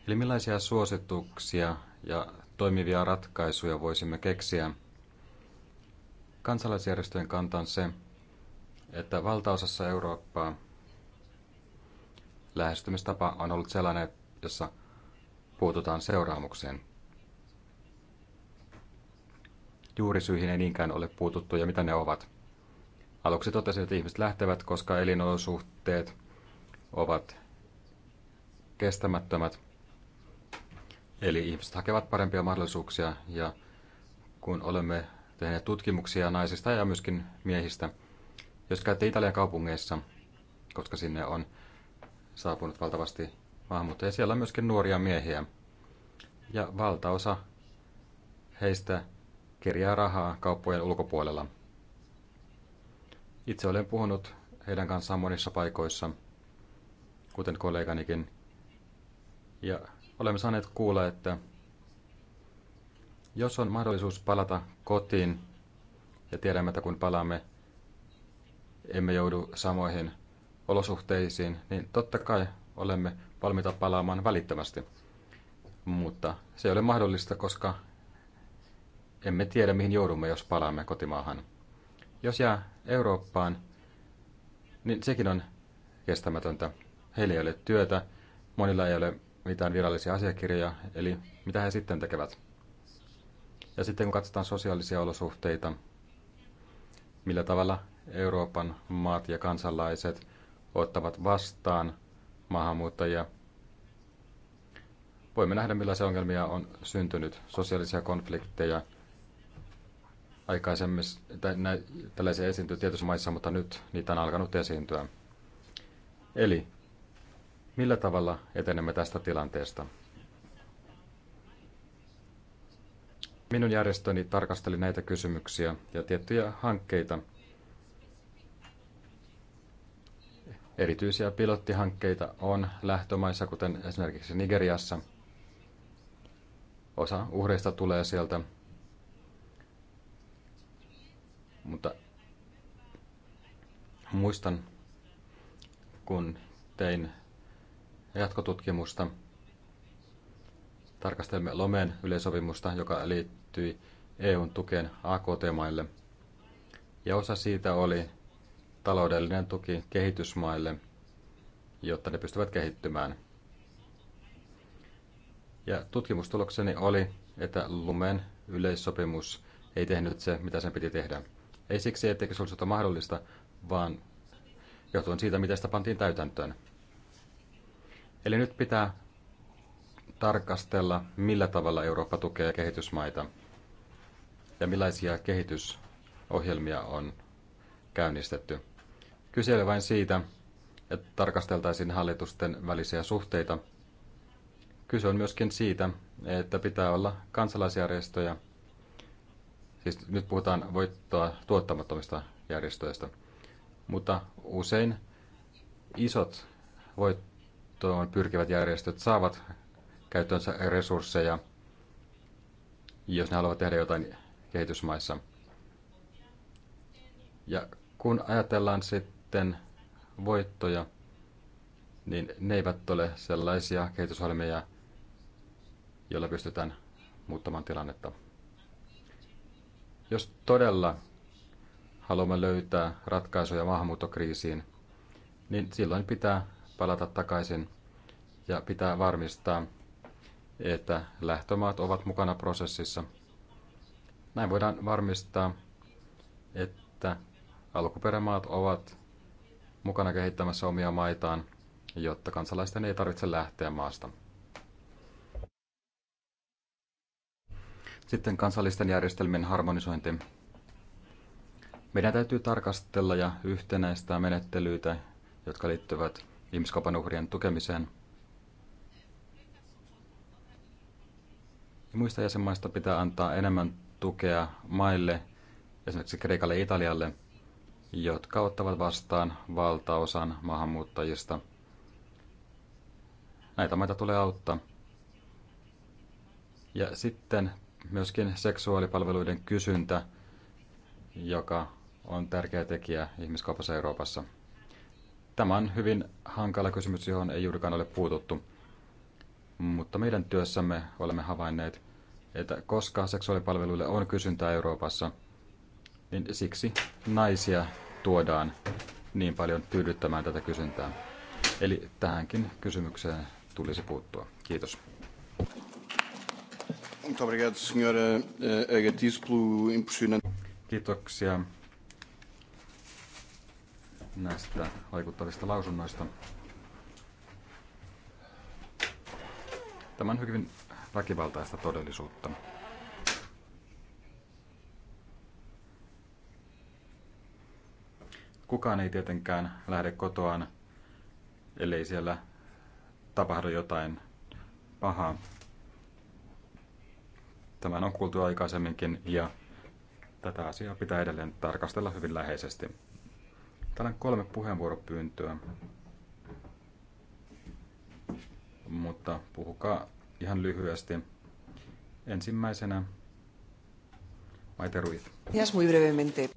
Eli millaisia suosituksia ja toimivia ratkaisuja voisimme keksiä? Kansalaisjärjestöjen kanta on se, että valtaosassa Eurooppaa lähestymistapa on ollut sellainen, jossa puututaan seuraamukseen juurisyihin ei niinkään ole puututtu ja mitä ne ovat. Aluksi totesin, että ihmiset lähtevät, koska elinolosuhteet ovat kestämättömät. Eli ihmiset hakevat parempia mahdollisuuksia ja kun olemme tehneet tutkimuksia naisista ja myöskin miehistä, jos käytte Italian kaupungeissa, koska sinne on saapunut valtavasti maahanmuuttajia, siellä on myöskin nuoria miehiä. Ja valtaosa heistä kerjää rahaa kauppojen ulkopuolella. Itse olen puhunut heidän kanssaan monissa paikoissa, kuten kolleganikin, ja olemme saaneet kuulla, että jos on mahdollisuus palata kotiin, ja tiedämme, että kun palaamme, emme joudu samoihin olosuhteisiin, niin totta kai olemme valmiita palaamaan välittömästi. Mutta se ei ole mahdollista, koska emme tiedä, mihin joudumme, jos palaamme kotimaahan. Jos jää Eurooppaan, niin sekin on kestämätöntä. Heillä ei ole työtä, monilla ei ole mitään virallisia asiakirjoja, eli mitä he sitten tekevät. Ja sitten kun katsotaan sosiaalisia olosuhteita, millä tavalla Euroopan maat ja kansalaiset ottavat vastaan maahanmuuttajia, voimme nähdä millaisia ongelmia on syntynyt, sosiaalisia konflikteja – aikaisemmin nä, tällaisia esiintyy tietyissä maissa, mutta nyt niitä on alkanut esiintyä. Eli millä tavalla etenemme tästä tilanteesta? Minun järjestöni tarkasteli näitä kysymyksiä ja tiettyjä hankkeita, Erityisiä pilottihankkeita on lähtömaissa, kuten esimerkiksi Nigeriassa. Osa uhreista tulee sieltä Mutta muistan, kun tein jatkotutkimusta, tarkastelimme Lomen yleisopimusta, joka liittyi EUn tukeen AKT-maille. Ja osa siitä oli taloudellinen tuki kehitysmaille, jotta ne pystyvät kehittymään. Ja tutkimustulokseni oli, että Lumen yleissopimus ei tehnyt se, mitä sen piti tehdä. Ei siksi, etteikö se olisi ollut mahdollista, vaan johtuen siitä, miten sitä pantiin täytäntöön. Eli nyt pitää tarkastella, millä tavalla Eurooppa tukee kehitysmaita ja millaisia kehitysohjelmia on käynnistetty. Kyse oli vain siitä, että tarkasteltaisiin hallitusten välisiä suhteita. Kyse on myöskin siitä, että pitää olla kansalaisjärjestöjä – Siis nyt puhutaan voittoa tuottamattomista järjestöistä. Mutta usein isot voittoon pyrkivät järjestöt saavat käyttöönsä resursseja, jos ne haluavat tehdä jotain kehitysmaissa. Ja kun ajatellaan sitten voittoja, niin ne eivät ole sellaisia kehitysohjelmia, joilla pystytään muuttamaan tilannetta. Jos todella haluamme löytää ratkaisuja maahanmuuttokriisiin, niin silloin pitää palata takaisin ja pitää varmistaa, että lähtömaat ovat mukana prosessissa. Näin voidaan varmistaa, että alkuperämaat ovat mukana kehittämässä omia maitaan, jotta kansalaisten ei tarvitse lähteä maasta. Sitten kansallisten järjestelmien harmonisointi. Meidän täytyy tarkastella ja yhtenäistää menettelyitä, jotka liittyvät ihmiskaupan uhrien tukemiseen. Ja muista jäsenmaista pitää antaa enemmän tukea maille, esimerkiksi Kreikalle ja Italialle, jotka ottavat vastaan valtaosan maahanmuuttajista. Näitä maita tulee auttaa. Ja sitten myöskin seksuaalipalveluiden kysyntä, joka on tärkeä tekijä ihmiskaupassa Euroopassa. Tämä on hyvin hankala kysymys, johon ei juurikaan ole puututtu. Mutta meidän työssämme olemme havainneet, että koska seksuaalipalveluille on kysyntää Euroopassa, niin siksi naisia tuodaan niin paljon tyydyttämään tätä kysyntää. Eli tähänkin kysymykseen tulisi puuttua. Kiitos. Muito obrigado, senhora eh, eh, Agatis, pelo impressionante... Kiitoksia näistä vaikuttavista lausunnoista. Tämä on hyvin väkivaltaista todellisuutta. Kukaan ei tietenkään lähde kotoaan, ellei siellä tapahdu jotain pahaa. Tämän on kuultu aikaisemminkin ja tätä asiaa pitää edelleen tarkastella hyvin läheisesti. Täällä on kolme puheenvuoropyyntöä, mutta puhukaa ihan lyhyesti. Ensimmäisenä Maite Ruiz. Yes, muy brevemente.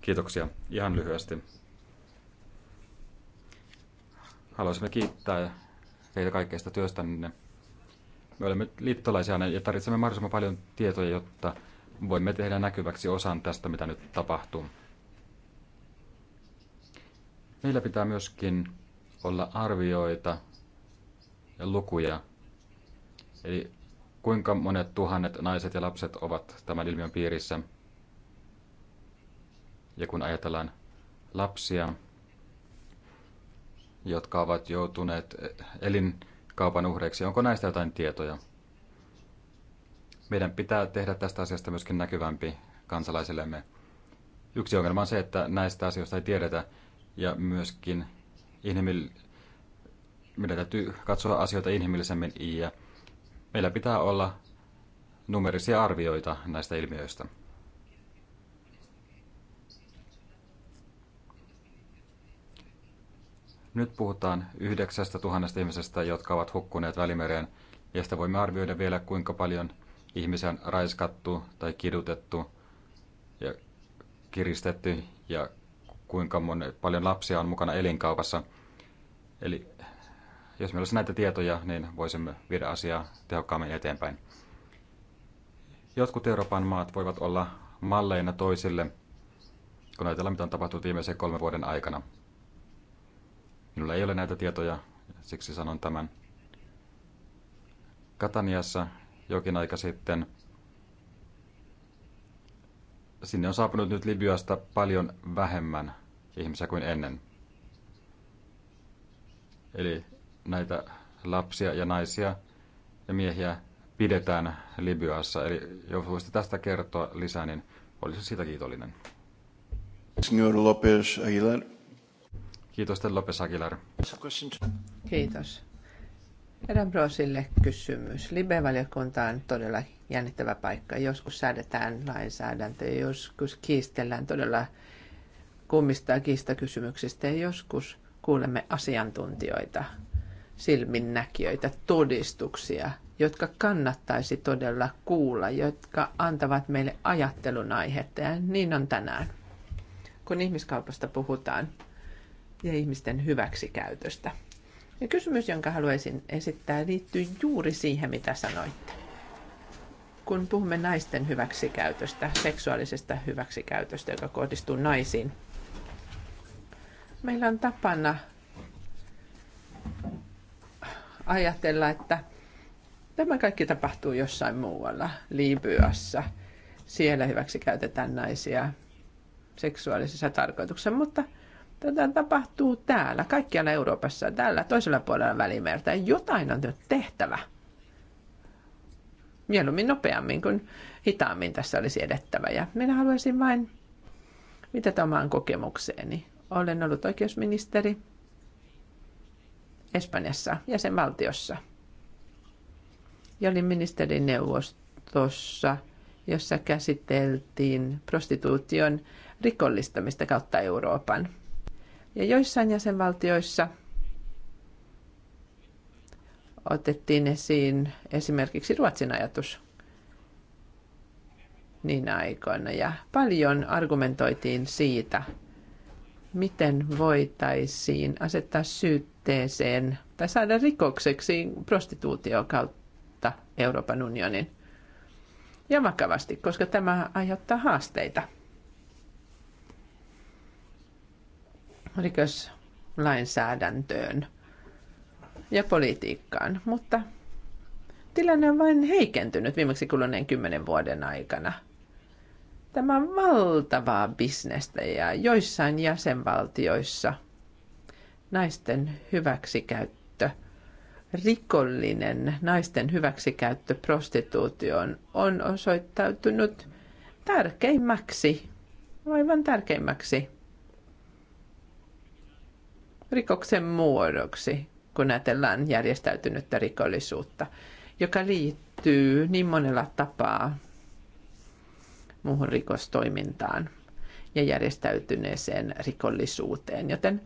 Kiitoksia. Ihan lyhyesti. Haluaisimme kiittää teitä kaikkeista työstänne me olemme liittolaisia ja tarvitsemme mahdollisimman paljon tietoja, jotta voimme tehdä näkyväksi osan tästä, mitä nyt tapahtuu. Meillä pitää myöskin olla arvioita ja lukuja. Eli kuinka monet tuhannet naiset ja lapset ovat tämän ilmiön piirissä. Ja kun ajatellaan lapsia, jotka ovat joutuneet elin kaupan uhreiksi. Onko näistä jotain tietoja? Meidän pitää tehdä tästä asiasta myöskin näkyvämpi kansalaisillemme. Yksi ongelma on se, että näistä asioista ei tiedetä ja myöskin inhimil... meidän täytyy katsoa asioita inhimillisemmin ja meillä pitää olla numerisia arvioita näistä ilmiöistä. Nyt puhutaan 9000 ihmisestä, jotka ovat hukkuneet Välimereen, ja sitä voimme arvioida vielä, kuinka paljon ihmisiä on raiskattu tai kidutettu ja kiristetty, ja kuinka monen, paljon lapsia on mukana elinkaupassa. Eli jos meillä olisi näitä tietoja, niin voisimme viedä asiaa tehokkaammin eteenpäin. Jotkut Euroopan maat voivat olla malleina toisille, kun ajatellaan, mitä on tapahtunut viimeisen kolmen vuoden aikana – Minulla ei ole näitä tietoja, siksi sanon tämän. Kataniassa jokin aika sitten sinne on saapunut nyt Libyasta paljon vähemmän ihmisiä kuin ennen. Eli näitä lapsia ja naisia ja miehiä pidetään Libyassa. Eli jos voisitte tästä kertoa lisää, niin olisin siitä kiitollinen. Signor López Aguilar. Kiitos teille Lopes Aguilar. Kiitos. Herran Brosille kysymys. Libe-valiokunta on todella jännittävä paikka. Joskus säädetään lainsäädäntöä, joskus kiistellään todella kummista kiistakysymyksistä ja joskus kuulemme asiantuntijoita, silminnäkijöitä, todistuksia, jotka kannattaisi todella kuulla, jotka antavat meille ajattelun aihetta ja niin on tänään. Kun ihmiskaupasta puhutaan, ja ihmisten hyväksikäytöstä. Ja kysymys, jonka haluaisin esittää, liittyy juuri siihen, mitä sanoitte. Kun puhumme naisten hyväksikäytöstä, seksuaalisesta hyväksikäytöstä, joka kohdistuu naisiin, meillä on tapana ajatella, että tämä kaikki tapahtuu jossain muualla, Liibyassa. Siellä hyväksi käytetään naisia seksuaalisessa tarkoituksessa, mutta – Tätä tapahtuu täällä, kaikkialla Euroopassa, täällä toisella puolella välimerta. Jotain on tehtävä. Mieluummin nopeammin kuin hitaammin tässä olisi edettävä. Ja minä haluaisin vain mitä omaan kokemukseeni. Olen ollut oikeusministeri Espanjassa, jäsenvaltiossa. Ja olin ministerineuvostossa, jossa käsiteltiin prostituution rikollistamista kautta Euroopan – ja joissain jäsenvaltioissa otettiin esiin esimerkiksi Ruotsin ajatus niin aikoina. Ja paljon argumentoitiin siitä, miten voitaisiin asettaa syytteeseen tai saada rikokseksi prostituutio kautta Euroopan unionin. Ja vakavasti, koska tämä aiheuttaa haasteita – rikoslainsäädäntöön ja politiikkaan, mutta tilanne on vain heikentynyt viimeksi kuluneen kymmenen vuoden aikana. Tämä on valtavaa bisnestä ja joissain jäsenvaltioissa naisten hyväksikäyttö, rikollinen naisten hyväksikäyttö prostituutioon on osoittautunut tärkeimmäksi, aivan tärkeimmäksi rikoksen muodoksi, kun ajatellaan järjestäytynyttä rikollisuutta, joka liittyy niin monella tapaa muuhun rikostoimintaan ja järjestäytyneeseen rikollisuuteen. Joten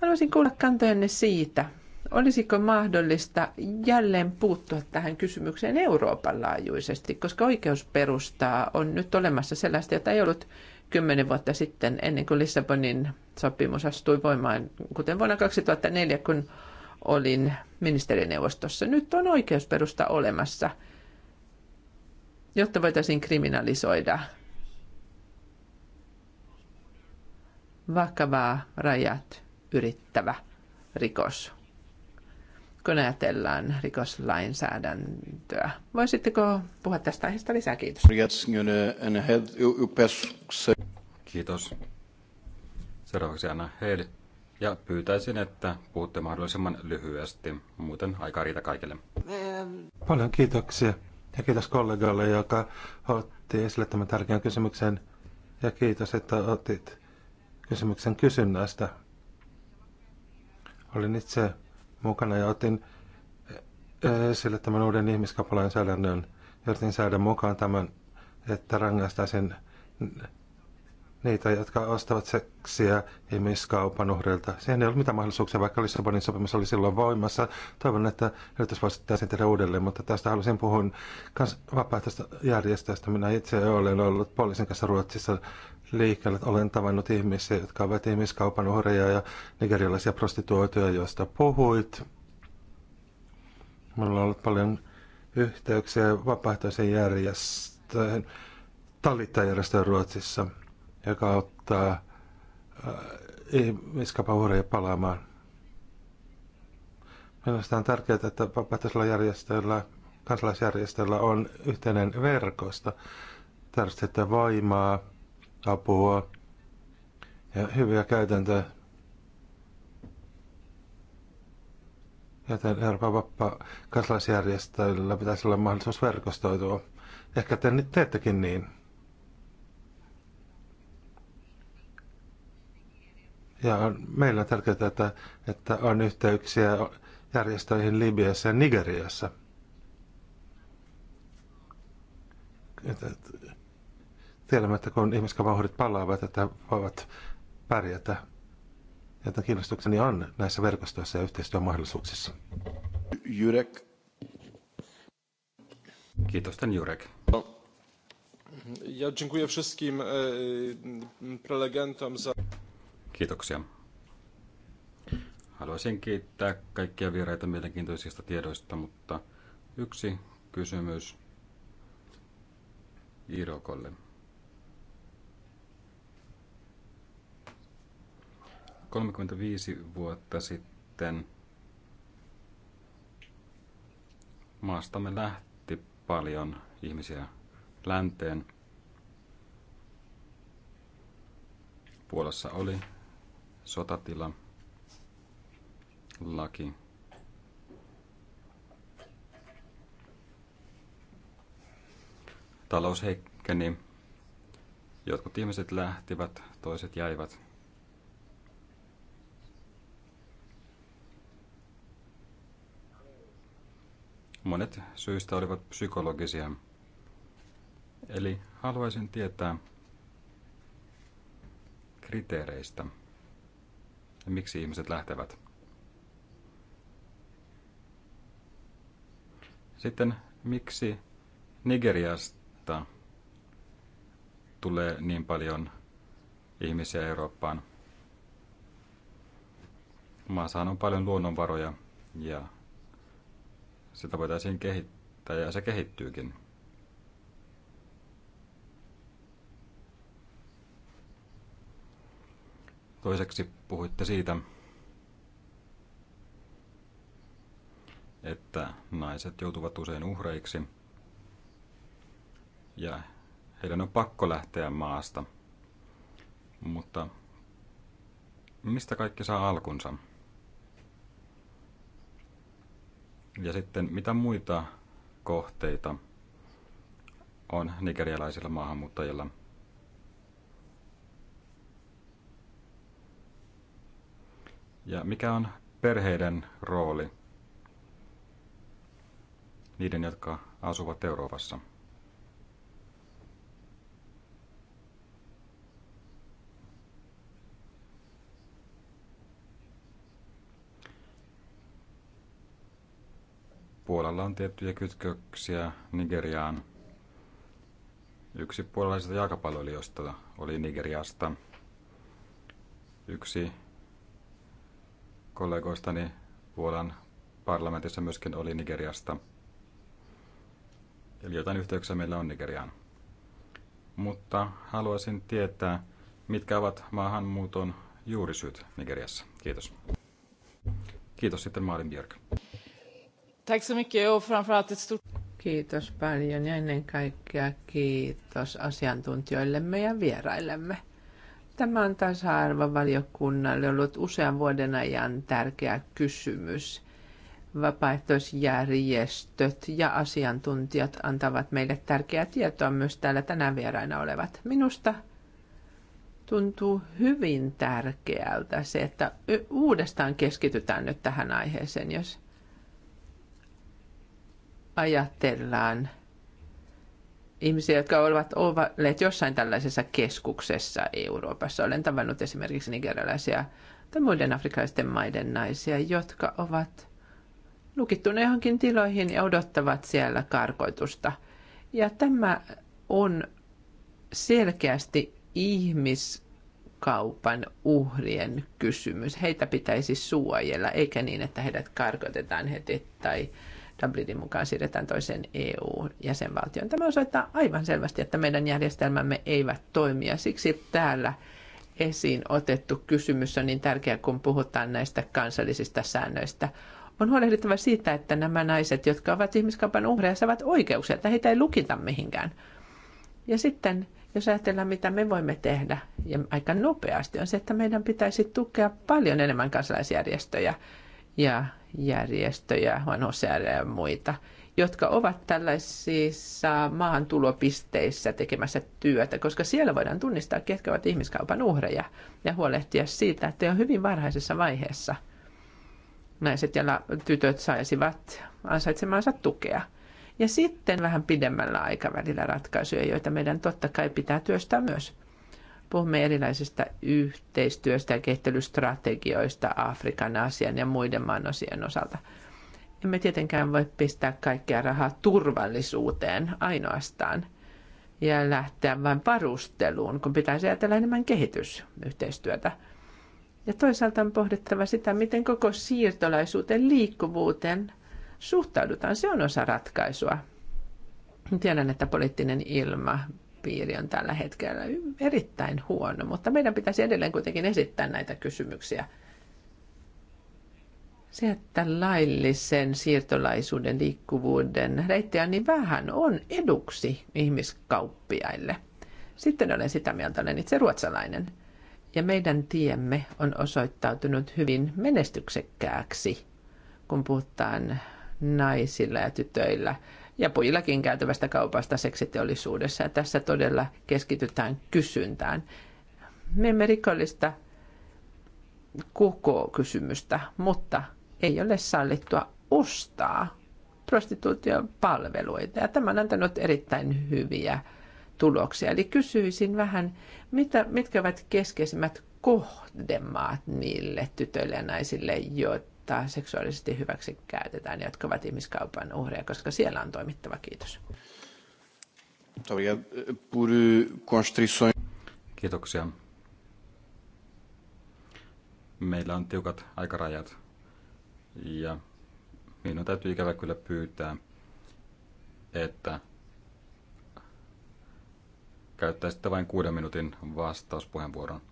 haluaisin kuulla kantojenne siitä, olisiko mahdollista jälleen puuttua tähän kysymykseen Euroopan laajuisesti, koska oikeusperustaa on nyt olemassa sellaista, jota ei ollut kymmenen vuotta sitten, ennen kuin Lissabonin sopimus astui voimaan, kuten vuonna 2004, kun olin ministerineuvostossa. Nyt on oikeusperusta olemassa, jotta voitaisiin kriminalisoida vakavaa rajat yrittävä rikos kun ajatellaan rikoslainsäädäntöä. Voisitteko puhua tästä aiheesta lisää? Kiitos. Eh, kiitos. Seuraavaksi Anna Heili. Ja pyytäisin, että puhutte mahdollisimman lyhyesti, muuten aika riitä kaikille. Paljon kiitoksia. Ja kiitos kollegalle, joka otti esille tämän tärkeän kysymyksen. Ja kiitos, että otit kysymyksen kysynnästä. Olin itse mukana ja otin eh, esille tämän uuden ihmiskapalainsäädännön ja otin saada mukaan tämän, että rangaistaisin niitä, jotka ostavat seksiä ihmiskaupan uhreilta. Siihen ei ollut mitään mahdollisuuksia, vaikka Lissabonin sopimus oli silloin voimassa. Toivon, että yritys voisi tehdä uudelleen, mutta tästä halusin puhua kans vapaaehtoista järjestöistä. Minä itse olen ollut poliisin kanssa Ruotsissa liikkeelle. Olen tavannut ihmisiä, jotka ovat ihmiskaupan uhreja ja nigerialaisia prostituoituja, joista puhuit. Meillä on ollut paljon yhteyksiä vapaaehtoisen järjestöön, talittajärjestöön Ruotsissa, joka auttaa äh, ihmiskaupan uhreja palaamaan. Minusta on tärkeää, että vapaaehtoisella järjestöllä, kansalaisjärjestöllä on yhteinen verkosto, tarvitsette voimaa, apua ja hyviä käytäntöjä. Joten Euroopan vappa kansalaisjärjestöillä pitäisi olla mahdollisuus verkostoitua. Ehkä te nyt teettekin niin. Ja on, meillä on tärkeää, että, että on yhteyksiä järjestöihin Libiassa ja Nigeriassa. Että, että, Tiedämme, että kun ihmiskavauhdit palaavat, että voivat pärjätä. Joten kiinnostukseni on näissä verkostoissa ja yhteistyömahdollisuuksissa. Jurek. Kiitos, ten Jurek. No. Ja dziękuję wszystkim e, prelegentom za... Kiitoksia. Haluaisin kiittää kaikkia vieraita mielenkiintoisista tiedoista, mutta yksi kysymys Irokolle. 35 vuotta sitten maastamme lähti paljon ihmisiä länteen. Puolassa oli sotatila, laki. Talous heikkeni. Jotkut ihmiset lähtivät, toiset jäivät. Monet syistä olivat psykologisia. Eli haluaisin tietää kriteereistä ja miksi ihmiset lähtevät. Sitten miksi Nigeriasta tulee niin paljon ihmisiä Eurooppaan? Maassahan on paljon luonnonvaroja ja sitä voitaisiin kehittää ja se kehittyykin. Toiseksi puhuitte siitä, että naiset joutuvat usein uhreiksi ja heidän on pakko lähteä maasta. Mutta mistä kaikki saa alkunsa? Ja sitten mitä muita kohteita on nigerialaisilla maahanmuuttajilla? Ja mikä on perheiden rooli niiden, jotka asuvat Euroopassa? Puolalla on tiettyjä kytköksiä Nigeriaan. Yksi puolalaisista jalkapalloilijoista oli Nigeriasta. Yksi kollegoistani Puolan parlamentissa myöskin oli Nigeriasta. Eli jotain yhteyksiä meillä on Nigeriaan. Mutta haluaisin tietää, mitkä ovat maahanmuuton juurisyyt Nigeriassa. Kiitos. Kiitos sitten Maarin Björk. Tack så mycket och framförallt ett stort... Kiitos paljon ja ennen kaikkea kiitos asiantuntijoillemme ja vieraillemme. Tämä on tasa-arvovaliokunnalle ollut usean vuoden ajan tärkeä kysymys. Vapaaehtoisjärjestöt ja asiantuntijat antavat meille tärkeää tietoa myös täällä tänään vieraina olevat. Minusta tuntuu hyvin tärkeältä se, että uudestaan keskitytään nyt tähän aiheeseen, jos ajatellaan ihmisiä, jotka ovat olleet jossain tällaisessa keskuksessa Euroopassa. Olen tavannut esimerkiksi nigerialaisia tai muiden afrikkalaisten maiden naisia, jotka ovat lukittuneet johonkin tiloihin ja odottavat siellä karkoitusta. Ja tämä on selkeästi ihmiskaupan uhrien kysymys. Heitä pitäisi suojella, eikä niin, että heidät karkotetaan heti tai Dublinin mukaan siirretään toisen EU-jäsenvaltioon. Tämä osoittaa aivan selvästi, että meidän järjestelmämme eivät toimi ja siksi täällä esiin otettu kysymys on niin tärkeä, kun puhutaan näistä kansallisista säännöistä. On huolehdittava siitä, että nämä naiset, jotka ovat ihmiskaupan uhreja, saavat oikeuksia, että heitä ei lukita mihinkään. Ja sitten, jos ajatellaan, mitä me voimme tehdä, ja aika nopeasti, on se, että meidän pitäisi tukea paljon enemmän kansalaisjärjestöjä ja järjestöjä, UNHCR ja muita, jotka ovat tällaisissa maahantulopisteissä tekemässä työtä, koska siellä voidaan tunnistaa, ketkä ovat ihmiskaupan uhreja ja huolehtia siitä, että on hyvin varhaisessa vaiheessa naiset ja tytöt saisivat ansaitsemaansa tukea. Ja sitten vähän pidemmällä aikavälillä ratkaisuja, joita meidän totta kai pitää työstää myös. Puhumme erilaisista yhteistyöstä ja kehittelystrategioista Afrikan, Aasian ja muiden maanosien osalta. Emme tietenkään voi pistää kaikkea rahaa turvallisuuteen ainoastaan ja lähteä vain varusteluun, kun pitäisi ajatella enemmän kehitysyhteistyötä. Ja toisaalta on pohdittava sitä, miten koko siirtolaisuuteen, liikkuvuuteen suhtaudutaan. Se on osa ratkaisua. Tiedän, että poliittinen ilma ilmapiiri on tällä hetkellä erittäin huono, mutta meidän pitäisi edelleen kuitenkin esittää näitä kysymyksiä. Se, että laillisen siirtolaisuuden liikkuvuuden reittejä niin vähän on eduksi ihmiskauppiaille. Sitten olen sitä mieltä, olen itse ruotsalainen. Ja meidän tiemme on osoittautunut hyvin menestyksekkääksi, kun puhutaan naisilla ja tytöillä – ja pojillakin käytävästä kaupasta seksiteollisuudessa. Ja tässä todella keskitytään kysyntään. Me emme rikollista koko kysymystä, mutta ei ole sallittua ostaa palveluita Ja tämä on antanut erittäin hyviä tuloksia. Eli kysyisin vähän, mitä, mitkä ovat keskeisimmät kohdemaat niille tytöille ja naisille, joita jota seksuaalisesti hyväksi käytetään, jotka ovat ihmiskaupan uhreja, koska siellä on toimittava. Kiitos. Eh, eh, Kiitoksia. Meillä on tiukat aikarajat ja minun täytyy ikävä kyllä pyytää, että käyttäisitte vain kuuden minuutin vastauspuheenvuoron.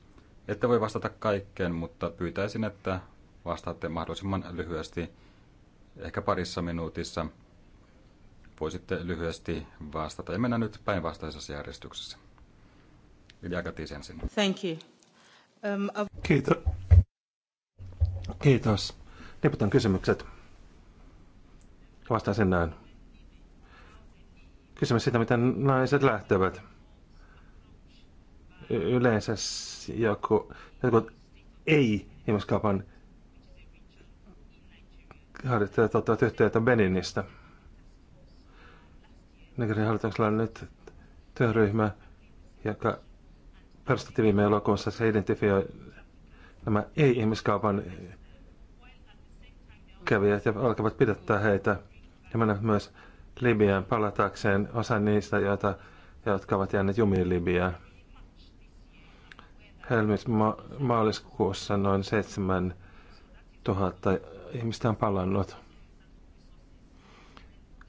Ette voi vastata kaikkeen, mutta pyytäisin, että vastaatte mahdollisimman lyhyesti, ehkä parissa minuutissa. Voisitte lyhyesti vastata. Ja mennään nyt päinvastaisessa järjestyksessä. Ilja Katis ensin. Thank you. Um, a... Kiitos. Kiitos. Niputan kysymykset. Vastaan sen näin. Kysymys siitä, miten naiset lähtevät. Yleensä joku, joku ei-ihmiskaupan harjoittajat tuota yhteyttä Beninistä. Nigerin hallituksella on nyt työryhmä, joka perustettiin viime elokuussa. Se identifioi nämä ei-ihmiskaupan kävijät ja alkavat pidättää heitä ja menevät myös Libiaan palatakseen osa niistä, joita, jotka ovat jääneet jumiin Libiaan. Helmis ma- maaliskuussa noin seitsemän ihmistä on palannut.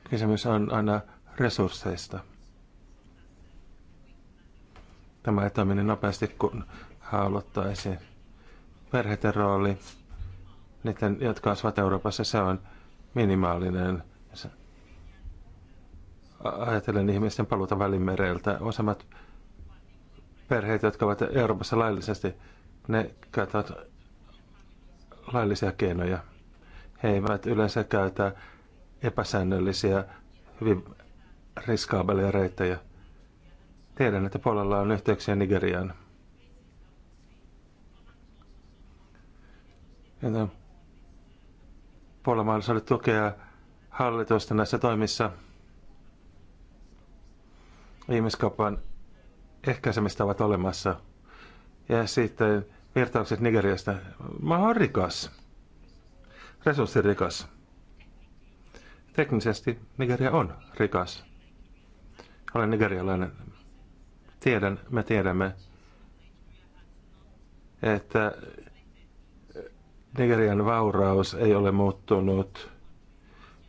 Kysymys on aina resursseista. Tämä ei toimi niin nopeasti kuin haluttaisiin. Perheiden rooli, niiden, jotka asuvat Euroopassa, se on minimaalinen. Ajatellen ihmisten paluuta välimereiltä. Osamat perheet, jotka ovat Euroopassa laillisesti, ne käyttävät laillisia keinoja. He eivät yleensä käytä epäsäännöllisiä, hyvin riskaabeleja reittejä. Tiedän, että puolella on yhteyksiä Nigeriaan. Joten puolella mahdollisuudet tukea hallitusta näissä toimissa ihmiskaupan ehkäisemistä ovat olemassa. Ja sitten virtaukset Nigeriasta. Mä oon rikas resurssirikas. Teknisesti Nigeria on rikas. Olen nigerialainen. Tiedän, me tiedämme, että Nigerian vauraus ei ole muuttunut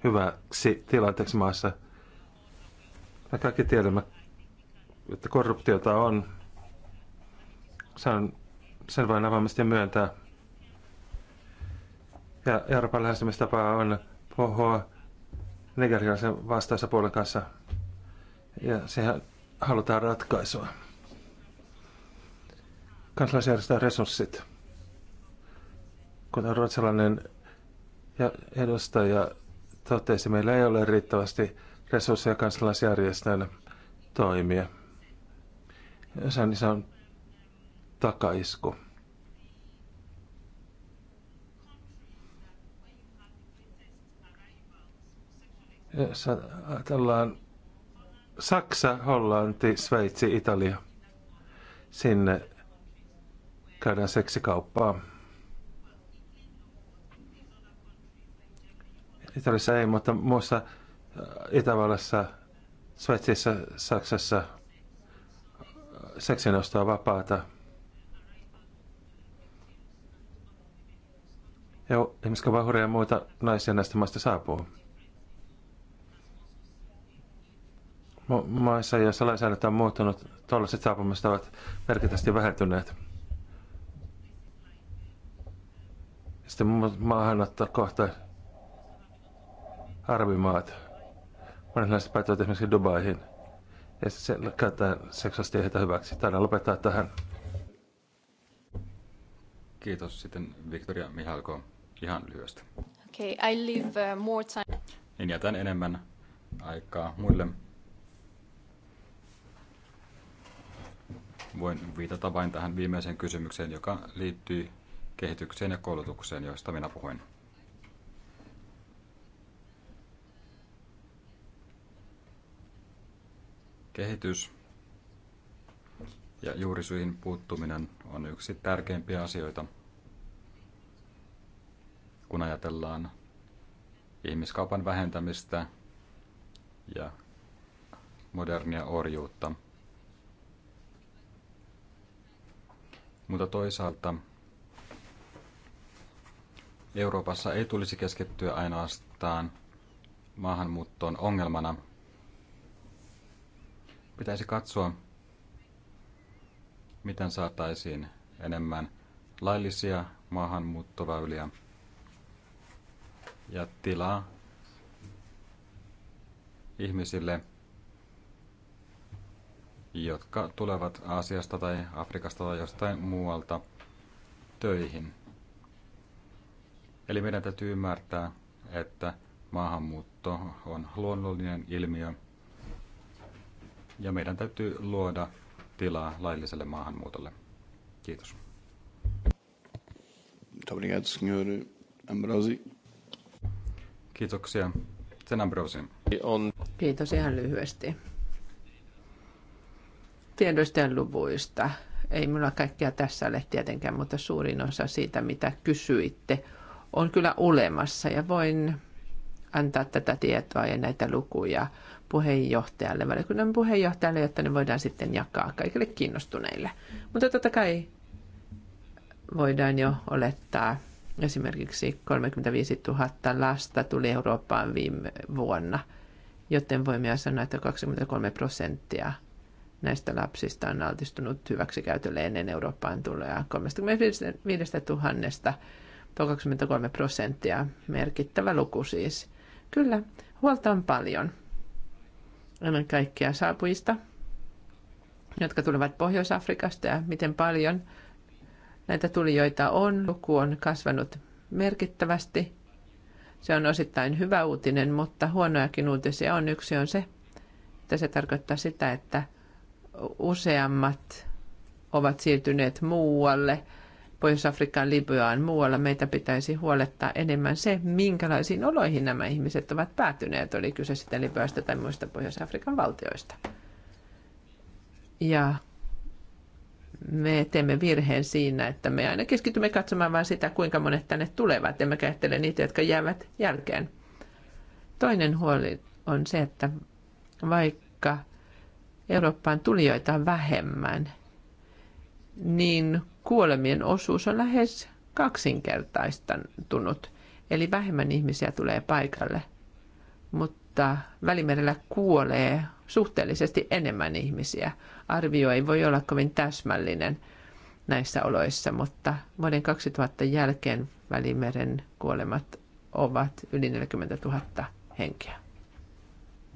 hyväksi tilanteeksi maassa. Me kaikki tiedämme, että korruptiota on. Sen, sen vain avaamista myöntää. Ja Euroopan lähestymistapa on puhua negatiivisen vastaessa puolen kanssa. Ja sehän halutaan ratkaisua. Kansalaisjärjestön resurssit. Kuten ruotsalainen edustaja totesi, meillä ei ole riittävästi resursseja kansalaisjärjestöille toimia. Se on takaisku. jos ajatellaan Saksa, Hollanti, Sveitsi, Italia. Sinne käydään seksikauppaa. Italiassa ei, mutta muussa äh, Itävallassa, Sveitsissä, Saksassa äh, seksin ostoa vapaata. Ja ihmiskavahuria ja muita naisia näistä maista saapuu. maissa, joissa lainsäädäntö on muuttunut, tuollaiset saapumiset ovat merkittävästi vähentyneet. Sitten maahanotto kohta arabimaat. Monet näistä päätyvät esimerkiksi Dubaihin ja se käyttää seksuaalisesti heitä hyväksi. Taidaan lopettaa tähän. Kiitos sitten Victoria Mihalko ihan lyhyesti. Okay, I leave uh, more time. En jätän enemmän aikaa muille voin viitata vain tähän viimeiseen kysymykseen, joka liittyy kehitykseen ja koulutukseen, joista minä puhuin. Kehitys ja juurisyihin puuttuminen on yksi tärkeimpiä asioita, kun ajatellaan ihmiskaupan vähentämistä ja modernia orjuutta – Mutta toisaalta Euroopassa ei tulisi keskittyä ainoastaan maahanmuuttoon ongelmana. Pitäisi katsoa, miten saataisiin enemmän laillisia maahanmuuttoväyliä ja tilaa ihmisille, jotka tulevat Aasiasta tai Afrikasta tai jostain muualta töihin. Eli meidän täytyy ymmärtää, että maahanmuutto on luonnollinen ilmiö ja meidän täytyy luoda tilaa lailliselle maahanmuutolle. Kiitos. Kiitoksia. Sen Ambrosin. Kiitos ihan lyhyesti tiedoista luvuista. Ei minulla kaikkea tässä ole tietenkään, mutta suurin osa siitä, mitä kysyitte, on kyllä olemassa ja voin antaa tätä tietoa ja näitä lukuja puheenjohtajalle, valiokunnan puheenjohtajalle, jotta ne voidaan sitten jakaa kaikille kiinnostuneille. Mutta totta kai voidaan jo olettaa, esimerkiksi 35 000 lasta tuli Eurooppaan viime vuonna, joten voimme sanoa, että 23 prosenttia näistä lapsista on altistunut hyväksikäytölle ennen Eurooppaan tuloa 35 000 tuo 23 prosenttia, merkittävä luku siis. Kyllä, huolta on paljon. Ennen kaikkea saapuista, jotka tulevat Pohjois-Afrikasta ja miten paljon näitä tulijoita on. Luku on kasvanut merkittävästi. Se on osittain hyvä uutinen, mutta huonojakin uutisia on. Yksi on se, että se tarkoittaa sitä, että useammat ovat siirtyneet muualle, pohjois afrikkaan Libyaan, muualla. Meitä pitäisi huolettaa enemmän se, minkälaisiin oloihin nämä ihmiset ovat päätyneet, oli kyse sitten Libyasta tai muista Pohjois-Afrikan valtioista. Ja me teemme virheen siinä, että me aina keskitymme katsomaan vain sitä, kuinka monet tänne tulevat, me käyttele niitä, jotka jäävät jälkeen. Toinen huoli on se, että vaikka Eurooppaan tulijoita vähemmän, niin kuolemien osuus on lähes kaksinkertaistunut, Eli vähemmän ihmisiä tulee paikalle, mutta Välimerellä kuolee suhteellisesti enemmän ihmisiä. Arvio ei voi olla kovin täsmällinen näissä oloissa, mutta vuoden 2000 jälkeen Välimeren kuolemat ovat yli 40 000 henkeä.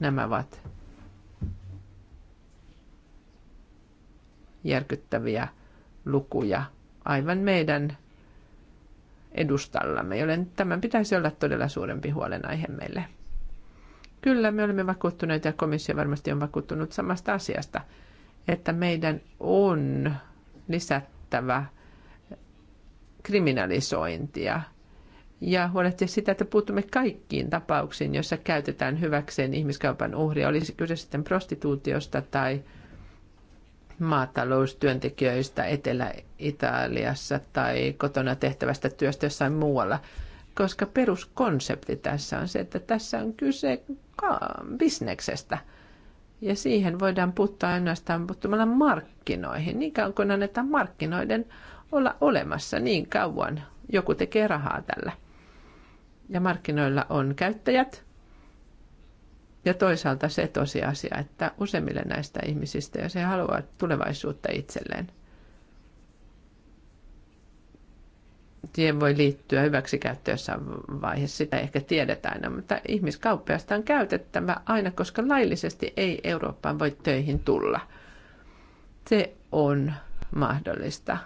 Nämä ovat järkyttäviä lukuja aivan meidän edustallamme, joten tämän pitäisi olla todella suurempi huolenaihe meille. Kyllä, me olemme vakuuttuneita ja komissio varmasti on vakuuttunut samasta asiasta, että meidän on lisättävä kriminalisointia ja huolehtia sitä, että puutumme kaikkiin tapauksiin, joissa käytetään hyväkseen ihmiskaupan uhria, olisi kyse sitten prostituutiosta tai maataloustyöntekijöistä Etelä-Italiassa tai kotona tehtävästä työstä jossain muualla, koska peruskonsepti tässä on se, että tässä on kyse bisneksestä. Ja siihen voidaan puuttua ainoastaan puuttumalla markkinoihin. Niin kauan kun annetaan markkinoiden olla olemassa, niin kauan joku tekee rahaa tällä. Ja markkinoilla on käyttäjät, ja toisaalta se tosiasia, että useimmille näistä ihmisistä, jos he haluavat tulevaisuutta itselleen, siihen voi liittyä hyväksikäyttö jossain vaiheessa, sitä ehkä tiedetään aina, mutta ihmiskauppiasta on käytettävä aina, koska laillisesti ei Eurooppaan voi töihin tulla. Se on mahdollista.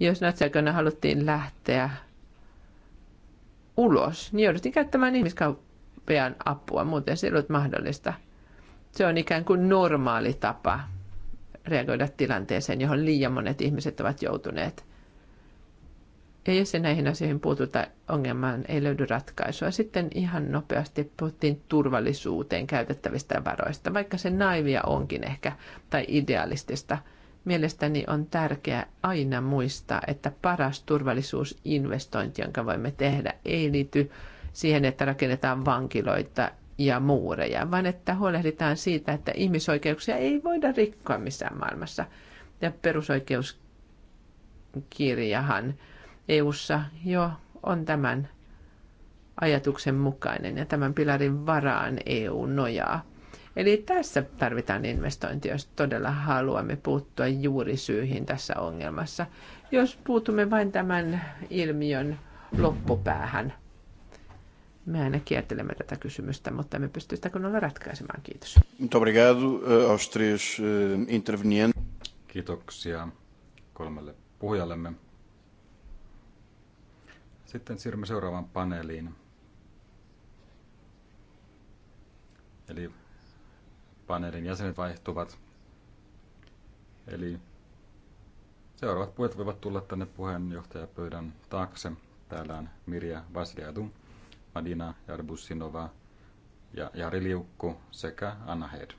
Jos natsaikana haluttiin lähteä ulos, niin jouduttiin käyttämään ihmiskaup- nopean apua, muuten se ei ollut mahdollista. Se on ikään kuin normaali tapa reagoida tilanteeseen, johon liian monet ihmiset ovat joutuneet. Ja jos ei näihin asioihin puututa, ongelmaan ei löydy ratkaisua. Sitten ihan nopeasti puhuttiin turvallisuuteen käytettävistä varoista, vaikka se naivia onkin ehkä, tai idealistista. Mielestäni on tärkeää aina muistaa, että paras turvallisuusinvestointi, jonka voimme tehdä, ei liity siihen, että rakennetaan vankiloita ja muureja, vaan että huolehditaan siitä, että ihmisoikeuksia ei voida rikkoa missään maailmassa. Ja perusoikeuskirjahan EU:ssa jo on tämän ajatuksen mukainen ja tämän pilarin varaan EU nojaa. Eli tässä tarvitaan investointi, jos todella haluamme puuttua syyhin tässä ongelmassa. Jos puutumme vain tämän ilmiön loppupäähän – me aina kiertelemme tätä kysymystä, mutta me pystyy sitä kunnolla ratkaisemaan. Kiitos. Muito obrigado eh, aos três eh, intervenientes. Kiitoksia kolmelle puhujallemme. Sitten siirrymme seuraavaan paneeliin. Eli paneelin jäsenet vaihtuvat. Eli seuraavat puhet voivat tulla tänne puheenjohtajapöydän taakse. Täällä on Mirja Vasiliadun. Madina Jarbussinova ja Jari Liukku sekä Anna Hed.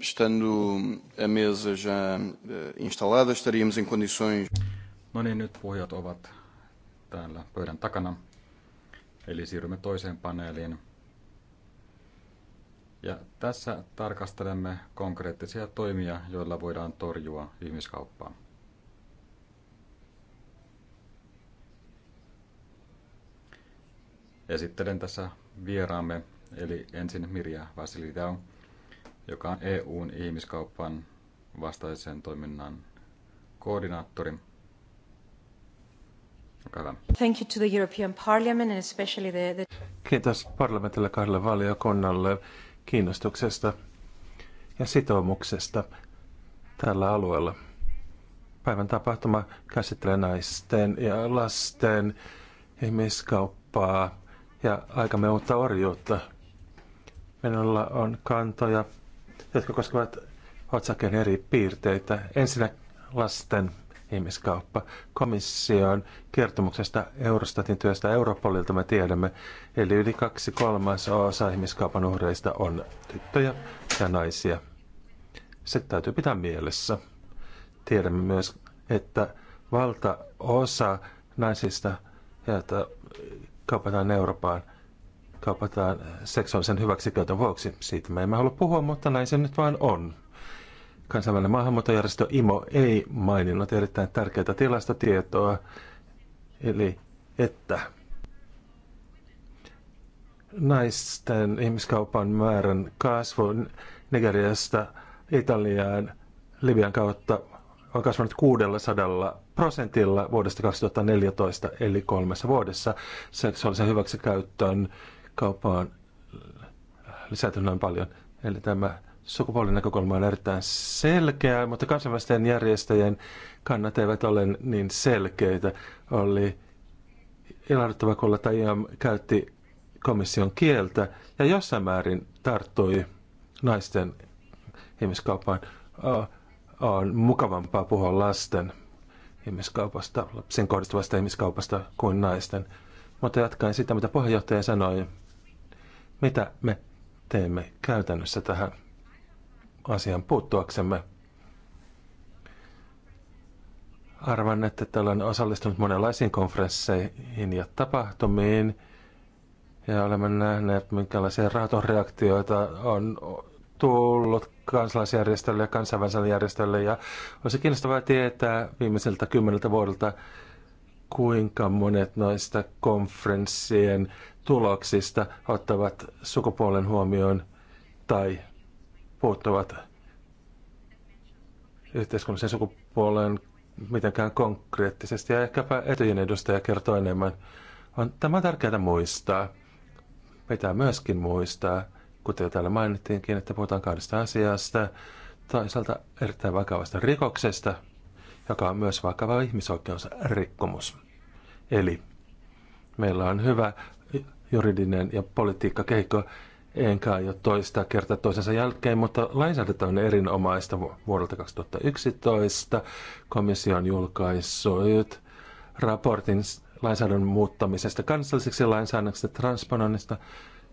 estando a mesa já eh, instalada, estaríamos em condições... No niin, nyt puhujat ovat täällä pöydän takana. Eli siirrymme toiseen paneeliin. Ja tässä tarkastelemme konkreettisia toimia, joilla voidaan torjua ihmiskauppaa. Esittelen tässä vieraamme, eli ensin Mirja Vasilidau, joka on EUn ihmiskaupan vastaisen toiminnan koordinaattori. Thank you to the European Parliament and especially the, the... Kiitos parlamentille kahdelle valiokunnalle kiinnostuksesta ja sitoumuksesta tällä alueella. Päivän tapahtuma käsittelee naisten ja lasten ihmiskauppaa ja aikamme uutta orjuutta. Minulla on kantoja jotka koskevat otsakkeen eri piirteitä. Ensin lasten ihmiskauppa. Komission kertomuksesta Eurostatin työstä Europolilta me tiedämme, eli yli kaksi kolmasosa ihmiskaupan uhreista on tyttöjä ja naisia. Se täytyy pitää mielessä. Tiedämme myös, että valtaosa naisista, joita kaupataan Eurooppaan – kaupataan seksuaalisen hyväksikäytön vuoksi. Siitä me emme halua puhua, mutta näin se nyt vain on. Kansainvälinen maahanmuuttojärjestö IMO ei maininnut erittäin tärkeää tilastotietoa, eli että naisten ihmiskaupan määrän kasvu Nigeriasta Italiaan Libian kautta on kasvanut 600 prosentilla vuodesta 2014, eli kolmessa vuodessa seksuaalisen hyväksikäyttöön kauppa on lisääntynyt noin paljon. Eli tämä näkökulma on erittäin selkeä, mutta kansainvälisten järjestöjen kannat eivät ole niin selkeitä. Oli ilahduttava kuulla, että IAM käytti komission kieltä ja jossain määrin tarttui naisten ihmiskauppaan. On mukavampaa puhua lasten ihmiskaupasta, lapsen kohdistuvasta ihmiskaupasta kuin naisten. Mutta jatkaen sitä, mitä puheenjohtaja sanoi mitä me teemme käytännössä tähän asiaan puuttuaksemme. Arvan, että olen osallistunut monenlaisiin konferensseihin ja tapahtumiin ja olemme nähneet, minkälaisia rahoitusreaktioita on tullut kansalaisjärjestölle ja kansainväliselle järjestölle. Ja olisi kiinnostavaa tietää viimeiseltä kymmeneltä vuodelta, kuinka monet noista konferenssien tuloksista ottavat sukupuolen huomioon tai puuttuvat yhteiskunnallisen sukupuolen mitenkään konkreettisesti. Ja ehkäpä etujen edustaja kertoo enemmän. On tämä on tärkeää muistaa. Pitää myöskin muistaa, kuten jo täällä mainittiinkin, että puhutaan kahdesta asiasta. Toisaalta erittäin vakavasta rikoksesta – joka on myös vakava ihmisoikeusrikkomus. Eli meillä on hyvä juridinen ja politiikka kehikko, enkä jo toista kertaa toisensa jälkeen, mutta lainsäädäntö on erinomaista vuodelta 2011. Komissio on julkaissut raportin lainsäädännön muuttamisesta kansalliseksi lainsäädännöksi transponoinnista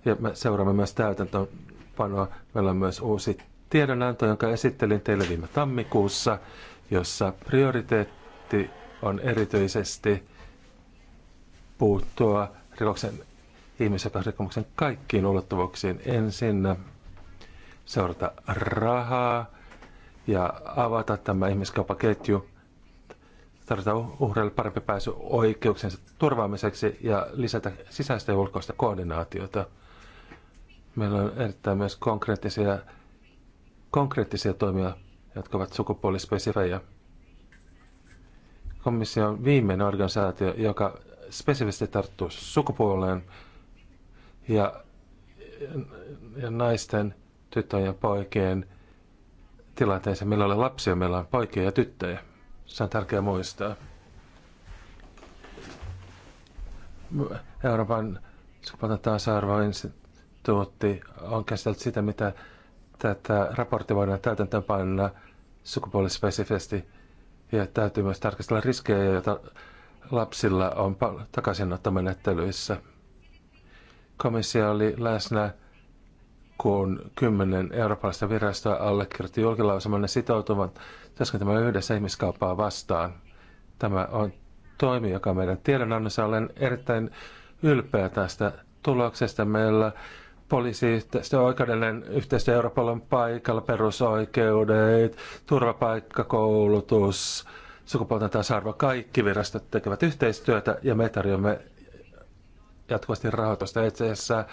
ja me seuraamme myös täytäntöönpanoa. Meillä on myös uusi tiedonanto, jonka esittelin teille viime tammikuussa jossa prioriteetti on erityisesti puuttua rikoksen ihmisoikeusrikkomuksen kaikkiin ulottuvuuksiin. Ensin seurata rahaa ja avata tämä ihmiskauppaketju. Tarvitaan uhreille parempi pääsy oikeuksensa turvaamiseksi ja lisätä sisäistä ja ulkoista koordinaatiota. Meillä on erittäin myös konkreettisia, konkreettisia toimia jotka ovat sukupuolispesifejä. Komissio on viimeinen organisaatio, joka spesifisti tarttuu sukupuoleen ja, ja naisten, tyttöjen ja poikien tilanteeseen. Meillä on lapsia, meillä on poikia ja tyttöjä. Se on tärkeää muistaa. Euroopan sukupuolten tasa-arvoinstituutti on käsitellyt sitä, mitä tätä raportti voidaan täytäntöönpanna sukupuolispesifisti ja täytyy myös tarkastella riskejä, joita lapsilla on takaisinottomenettelyissä. Komissio oli läsnä, kun kymmenen eurooppalaista virastoa allekirjoitti julkilausuman ja sitoutuvat tämä yhdessä ihmiskaupaa vastaan. Tämä on toimi, joka meidän tiedonannossa olen erittäin ylpeä tästä tuloksesta. Meillä poliisiyhteistyö, oikeudellinen yhteistyö Euroopan paikalla, perusoikeudet, turvapaikkakoulutus, sukupuolten tasa-arvo, kaikki virastot tekevät yhteistyötä ja me tarjoamme jatkuvasti rahoitusta. Itse asiassa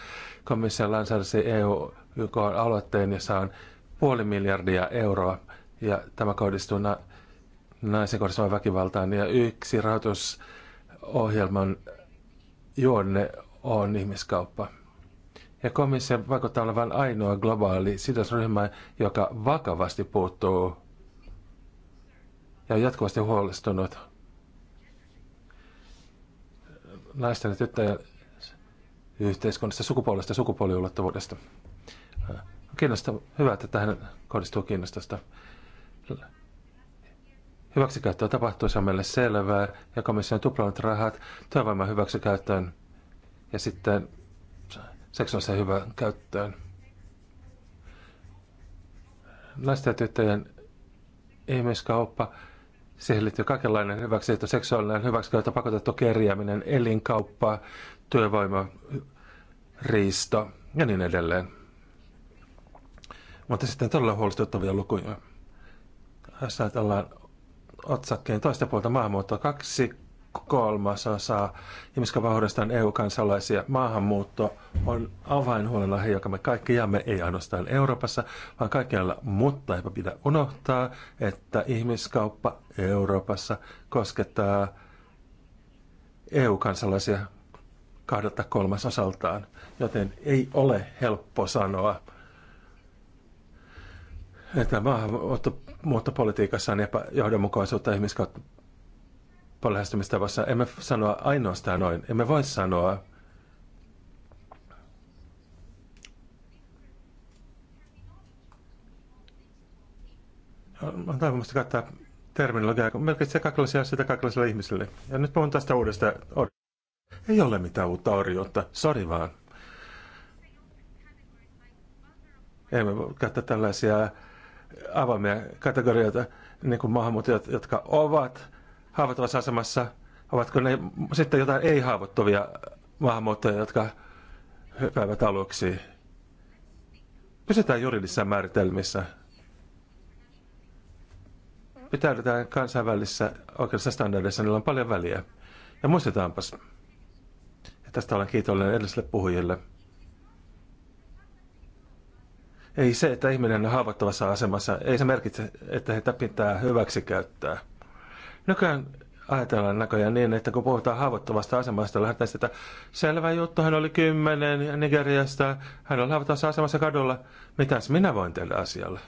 komissio lanseerasi EU-aloitteen, jossa on puoli miljardia euroa ja tämä kohdistuu na- naisen kohdistuvan väkivaltaan ja yksi rahoitusohjelman juonne on ihmiskauppa. Ja komissio vaikuttaa olevan ainoa globaali sidosryhmä, joka vakavasti puuttuu ja on jatkuvasti huolestunut naisten ja tyttöjen yhteiskunnasta, sukupuolesta ja sukupuoliulottuvuudesta. Kiinnostavaa, hyvä, että tähän kohdistuu kiinnostusta. Hyväksikäyttöä tapahtuu, se on meille selvää, ja komissio on tuplannut rahat työvoiman hyväksikäyttöön. Ja sitten seksuaalisen hyvän käyttöön. Naisten ja tyttöjen ihmiskauppa, siihen liittyy kaikenlainen hyväksikäyttö, seksuaalinen hyväksikäyttö, pakotettu kerjääminen, elinkauppa, työvoima, riisto ja niin edelleen. Mutta sitten todella huolestuttavia lukuja. Jos ajatellaan otsakkeen toista puolta maahanmuuttoa, kaksi kolmasosaa ihmiskaupan hoidosta on EU-kansalaisia. Maahanmuutto on he, joka me kaikki jaamme, ei ainoastaan Euroopassa, vaan kaikkialla. Mutta eipä pidä unohtaa, että ihmiskauppa Euroopassa koskettaa EU-kansalaisia kahdelta kolmasosaltaan, joten ei ole helppo sanoa, että maahanmuuttopolitiikassa on epäjohdonmukaisuutta ihmiskauppa lähestymistavassa. Emme sanoa ainoastaan noin. Emme voi sanoa. On taivumasta kattaa terminologiaa, kun se kaikenlaisia asioita kaikenlaisille ihmisille. Ja nyt puhun tästä uudesta Ei ole mitään uutta orjuutta, sori vaan. Emme voi käyttää tällaisia avoimia kategorioita, niin kuin maahanmuuttajat, jotka ovat haavoittuvassa asemassa? Ovatko ne sitten jotain ei-haavoittuvia maahanmuuttajia, jotka hyppäävät aluksi? Pysytään juridisissa määritelmissä. Pitäydytään kansainvälisissä oikeudessa standardeissa, niillä on paljon väliä. Ja muistetaanpas, ja tästä olen kiitollinen edelliselle puhujille. Ei se, että ihminen on haavoittavassa asemassa, ei se merkitse, että heitä pitää hyväksikäyttää. Nykyään ajatellaan näköjään niin, että kun puhutaan haavoittuvasta asemasta, lähdetään sitä, selvä juttu, hän oli kymmenen Nigeriasta, hän oli haavoittuvassa asemassa kadulla, mitäs minä voin tehdä asialle?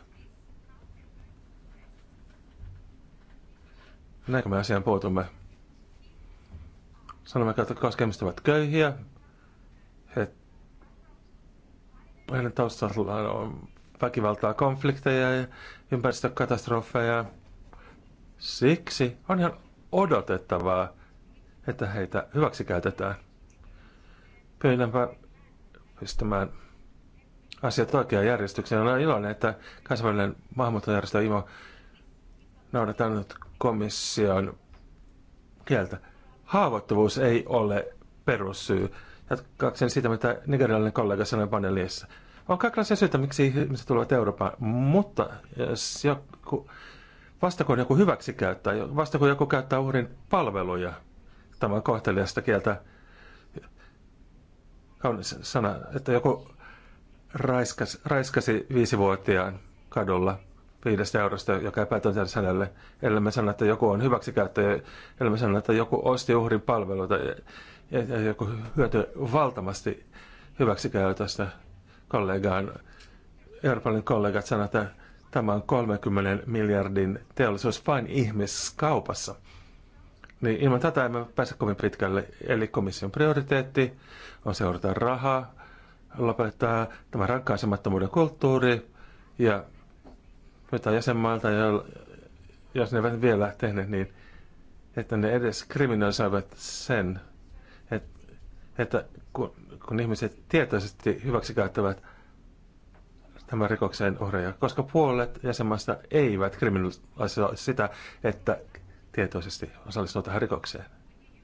Näinkö me asiaan puutumme? Sanomme, että koskemista ovat köyhiä. He, heidän taustallaan on väkivaltaa, konflikteja ja ympäristökatastrofeja. Siksi on ihan odotettavaa, että heitä hyväksi käytetään. Pyydänpä pistämään asiat oikeaan järjestykseen. Olen iloinen, että kansainvälinen maahanmuuttojärjestö IMO noudattaa nyt komission kieltä. Haavoittuvuus ei ole perussyy. Jatkaakseni siitä, mitä nigerialainen kollega sanoi panelissa. On kaikenlaisia syitä, miksi ihmiset tulevat Eurooppaan, mutta jos joku Vastako joku hyväksi käyttää, vastako joku käyttää uhrin palveluja, tämä on kohteliasta kieltä, kaunis sana, että joku raiskas, raiskasi viisivuotiaan kadulla viidestä eurosta, joka ei päätöntä sanalle, ellei me sano, että joku on hyväksikäyttäjä, ellei me sano, että joku osti uhrin palveluita ja, ja, ja joku hyötyi valtavasti hyväksikäytöstä kollegaan. Euroopan kollegat sanoivat, että Tämä on 30 miljardin teollisuus vain ihmiskaupassa. Niin ilman tätä emme pääse kovin pitkälle. Eli komission prioriteetti on seurata rahaa, lopettaa tämä rankkaisemattomuuden kulttuuri ja jotain jäsenmailta, jos ne eivät vielä tehneet niin, että ne edes kriminalisoivat sen, että, että kun, kun ihmiset tietoisesti hyväksikäyttävät tämän rikoksen uhreja, koska puolet jäsenmaista eivät kriminalisoida sitä, että tietoisesti osallistuu tähän rikokseen.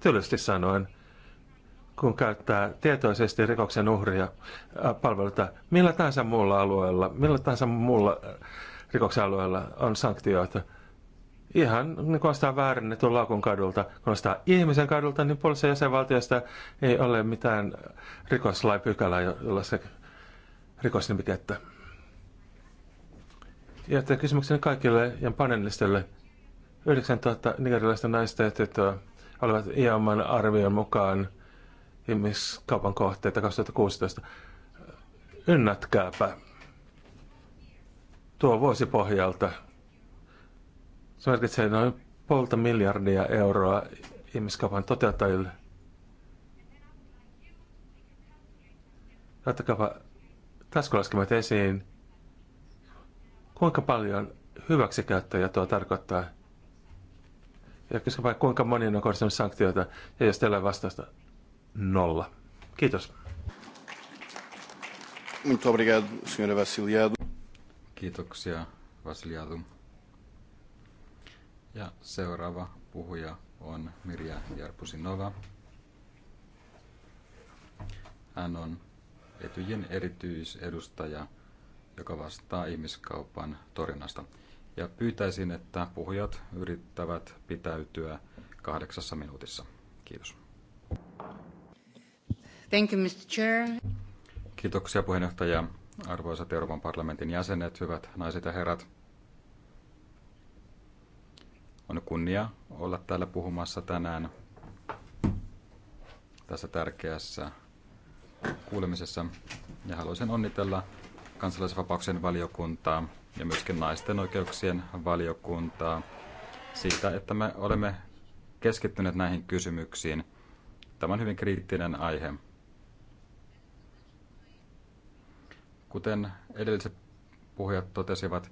Tyylisesti sanoen, kun käyttää tietoisesti rikoksen uhria palveluita millä tahansa muulla alueella, millä tahansa muulla rikoksen alueella on sanktioita. Ihan niin kun ostaa niin laukun kadulta, kun ostaa ihmisen kadulta, niin puolessa jäsenvaltiosta ei ole mitään rikoslain pykälää, jolla se rikosnimikettä. Joten kysymykseni kaikille ja panelistille. 9000 nigerilaista naista ja tyttöä olivat IOMan arvion mukaan ihmiskaupan kohteita 2016. Ynnätkääpä tuo vuosipohjalta. Se merkitsee noin puolta miljardia euroa ihmiskaupan toteuttajille. Ottakaapa taskulaskimet esiin kuinka paljon hyväksikäyttäjä tuo tarkoittaa? Ja kysykö vai kuinka moni on kohdistunut sanktioita? Ja jos teillä on vastausta, nolla. Kiitos. Muito obrigado, senhora Vassiliado. Kiitoksia, Vassiliado. Ja seuraava puhuja on Mirja Jarpusinova. Hän on Etyjin erityisedustaja – joka vastaa ihmiskaupan torjunnasta. Ja pyytäisin, että puhujat yrittävät pitäytyä kahdeksassa minuutissa. Kiitos. Thank you, Mr. Chair. Kiitoksia puheenjohtaja, arvoisat Euroopan parlamentin jäsenet, hyvät naiset ja herrat. On kunnia olla täällä puhumassa tänään tässä tärkeässä kuulemisessa ja haluaisin onnitella kansalaisvapauksien valiokuntaa ja myöskin naisten oikeuksien valiokuntaa siitä, että me olemme keskittyneet näihin kysymyksiin. Tämä on hyvin kriittinen aihe. Kuten edelliset puhujat totesivat,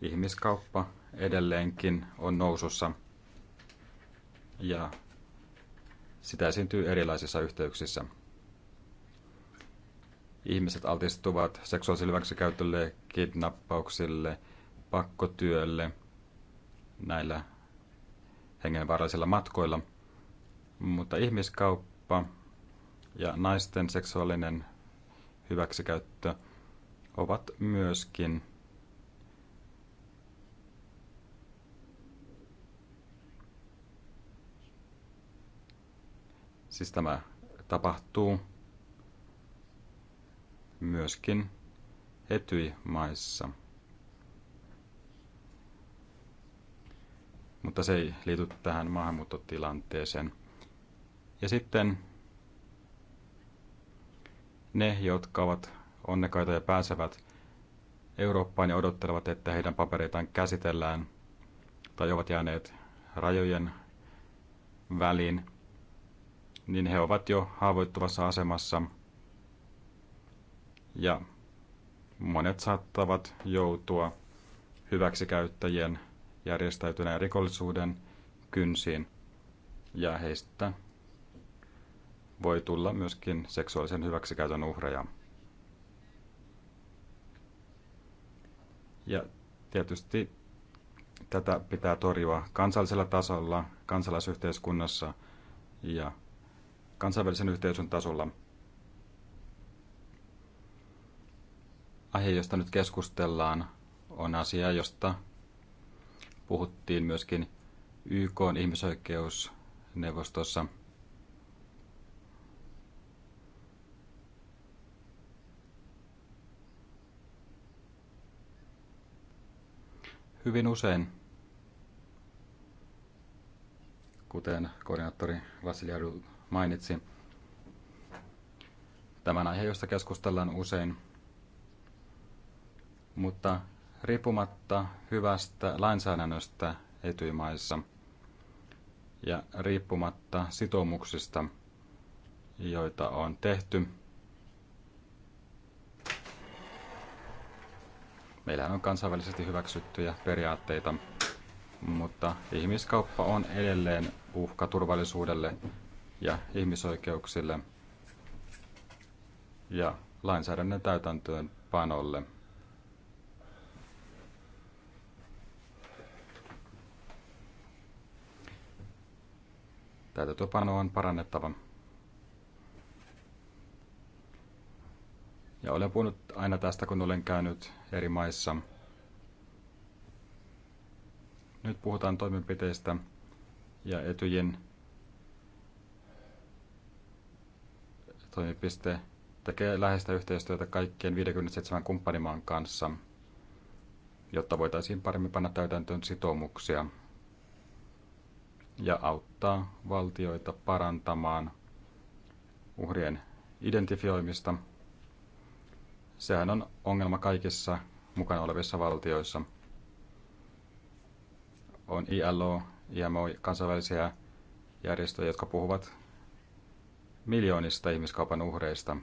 ihmiskauppa edelleenkin on nousussa ja sitä esiintyy erilaisissa yhteyksissä ihmiset altistuvat seksuaaliselle hyväksikäytölle, kidnappauksille, pakkotyölle näillä hengenvaarallisilla matkoilla. Mutta ihmiskauppa ja naisten seksuaalinen hyväksikäyttö ovat myöskin Siis tämä tapahtuu myöskin Etyj-maissa. Mutta se ei liity tähän maahanmuuttotilanteeseen. Ja sitten ne, jotka ovat onnekaita ja pääsevät Eurooppaan ja odottelevat, että heidän papereitaan käsitellään tai ovat jääneet rajojen väliin, niin he ovat jo haavoittuvassa asemassa – ja monet saattavat joutua hyväksikäyttäjien järjestäytyneen rikollisuuden kynsiin ja heistä voi tulla myöskin seksuaalisen hyväksikäytön uhreja. Ja tietysti tätä pitää torjua kansallisella tasolla, kansalaisyhteiskunnassa ja kansainvälisen yhteisön tasolla – aihe, josta nyt keskustellaan, on asia, josta puhuttiin myöskin YK ihmisoikeusneuvostossa. Hyvin usein, kuten koordinaattori Vasiljadu mainitsi, tämän aiheen, josta keskustellaan usein, mutta riippumatta hyvästä lainsäädännöstä etymaissa ja riippumatta sitoumuksista, joita on tehty, meillä on kansainvälisesti hyväksyttyjä periaatteita, mutta ihmiskauppa on edelleen uhka turvallisuudelle ja ihmisoikeuksille ja lainsäädännön täytäntöönpanolle. panolle. Täytäntöpanoa on parannettava. Ja olen puhunut aina tästä, kun olen käynyt eri maissa. Nyt puhutaan toimenpiteistä ja etyjen toimipiste tekee läheistä yhteistyötä kaikkien 57 kumppanimaan kanssa, jotta voitaisiin paremmin panna täytäntöön sitoumuksia ja auttaa valtioita parantamaan uhrien identifioimista. Sehän on ongelma kaikissa mukana olevissa valtioissa. On ILO, IMO, kansainvälisiä järjestöjä, jotka puhuvat miljoonista ihmiskaupan uhreista.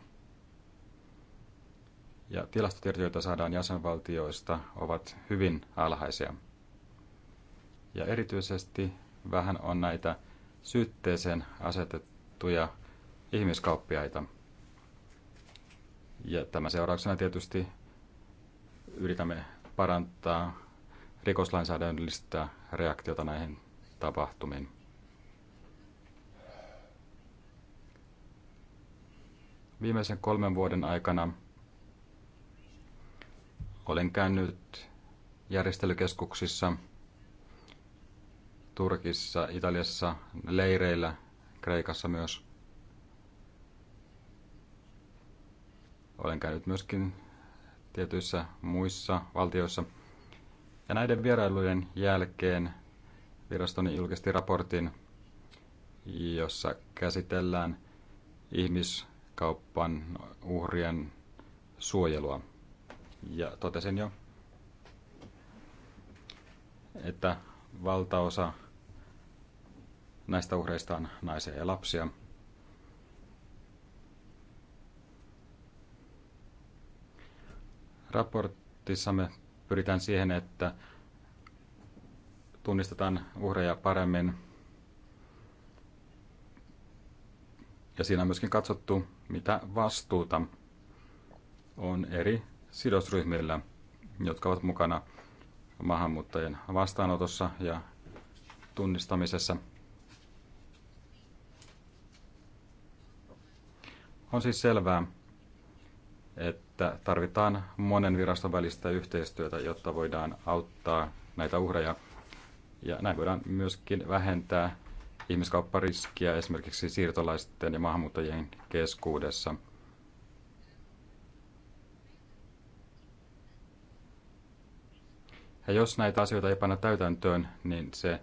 Ja tilastotiedot, joita saadaan jäsenvaltioista, ovat hyvin alhaisia. Ja erityisesti vähän on näitä syytteeseen asetettuja ihmiskauppiaita. Ja tämän seurauksena tietysti yritämme parantaa rikoslainsäädännöllistä reaktiota näihin tapahtumiin. Viimeisen kolmen vuoden aikana olen käynyt järjestelykeskuksissa – Turkissa, Italiassa, leireillä, Kreikassa myös. Olen käynyt myöskin tietyissä muissa valtioissa. Ja näiden vierailujen jälkeen virastoni julkisti raportin, jossa käsitellään ihmiskauppan uhrien suojelua. Ja totesin jo, että valtaosa Näistä uhreista on naisia ja lapsia. Raportissamme pyritään siihen, että tunnistetaan uhreja paremmin. Ja siinä on myöskin katsottu, mitä vastuuta on eri sidosryhmillä, jotka ovat mukana maahanmuuttajien vastaanotossa ja tunnistamisessa – On siis selvää, että tarvitaan monen viraston välistä yhteistyötä, jotta voidaan auttaa näitä uhreja. Ja näin voidaan myöskin vähentää ihmiskauppariskiä esimerkiksi siirtolaisten ja maahanmuuttajien keskuudessa. Ja jos näitä asioita ei panna täytäntöön, niin se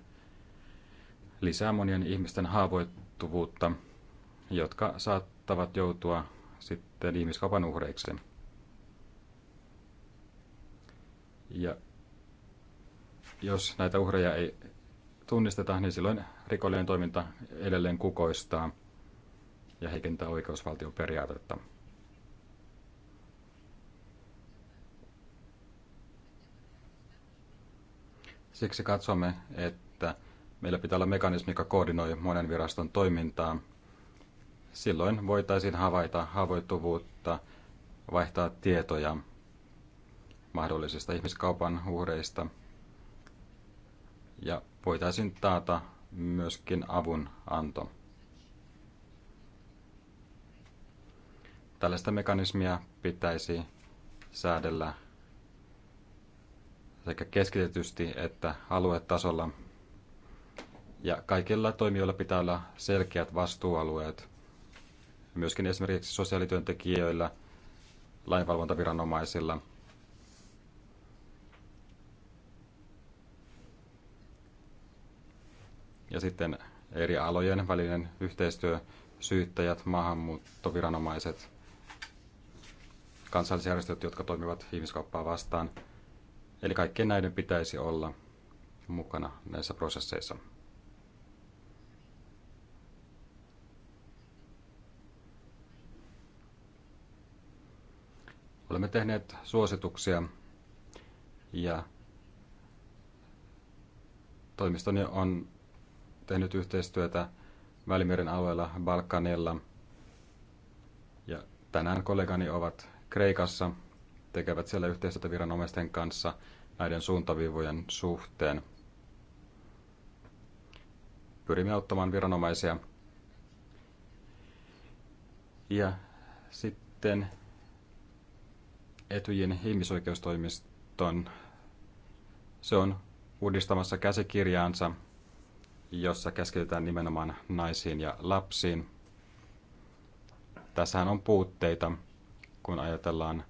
lisää monien ihmisten haavoittuvuutta, jotka saattavat saattavat joutua sitten ihmiskaupan uhreiksi. Ja jos näitä uhreja ei tunnisteta, niin silloin rikollinen toiminta edelleen kukoistaa ja heikentää oikeusvaltion periaatetta. Siksi katsomme, että meillä pitää olla mekanismi, joka koordinoi monen viraston toimintaa Silloin voitaisiin havaita haavoittuvuutta, vaihtaa tietoja mahdollisista ihmiskaupan uhreista ja voitaisiin taata myöskin avun anto. Tällaista mekanismia pitäisi säädellä sekä keskitetysti että aluetasolla. Ja kaikilla toimijoilla pitää olla selkeät vastuualueet myöskin esimerkiksi sosiaalityöntekijöillä, lainvalvontaviranomaisilla. Ja sitten eri alojen välinen yhteistyö, syyttäjät, maahanmuuttoviranomaiset, kansallisjärjestöt, jotka toimivat ihmiskauppaa vastaan. Eli kaikkien näiden pitäisi olla mukana näissä prosesseissa. Olemme tehneet suosituksia ja toimistoni on tehnyt yhteistyötä Välimeren alueella Balkanella. Ja tänään kollegani ovat Kreikassa, tekevät siellä yhteistyötä viranomaisten kanssa näiden suuntaviivojen suhteen. Pyrimme auttamaan viranomaisia. Ja sitten Etyjin ihmisoikeustoimiston. Se on uudistamassa käsikirjaansa, jossa keskitytään nimenomaan naisiin ja lapsiin. Tässähän on puutteita, kun ajatellaan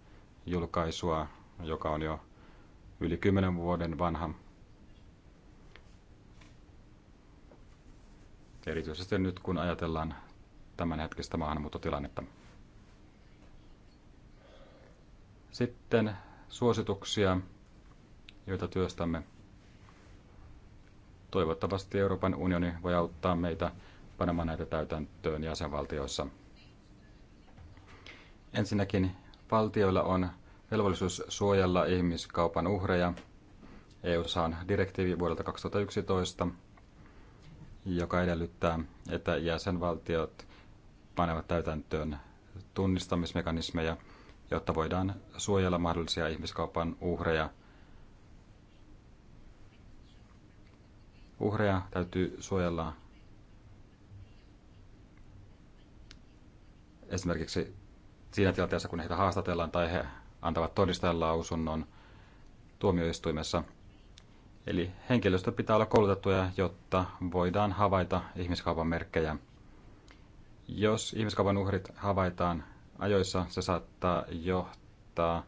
julkaisua, joka on jo yli 10 vuoden vanha. Erityisesti nyt, kun ajatellaan tämänhetkistä maahanmuuttotilannetta. Sitten suosituksia, joita työstämme. Toivottavasti Euroopan unioni voi auttaa meitä panemaan näitä täytäntöön jäsenvaltioissa. Ensinnäkin valtioilla on velvollisuus suojella ihmiskaupan uhreja. eu saa direktiivi vuodelta 2011, joka edellyttää, että jäsenvaltiot panevat täytäntöön tunnistamismekanismeja – jotta voidaan suojella mahdollisia ihmiskaupan uhreja. Uhreja täytyy suojella esimerkiksi siinä tilanteessa, kun heitä haastatellaan tai he antavat todistajan lausunnon tuomioistuimessa. Eli henkilöstö pitää olla koulutettuja, jotta voidaan havaita ihmiskaupan merkkejä. Jos ihmiskaupan uhrit havaitaan, ajoissa, se saattaa johtaa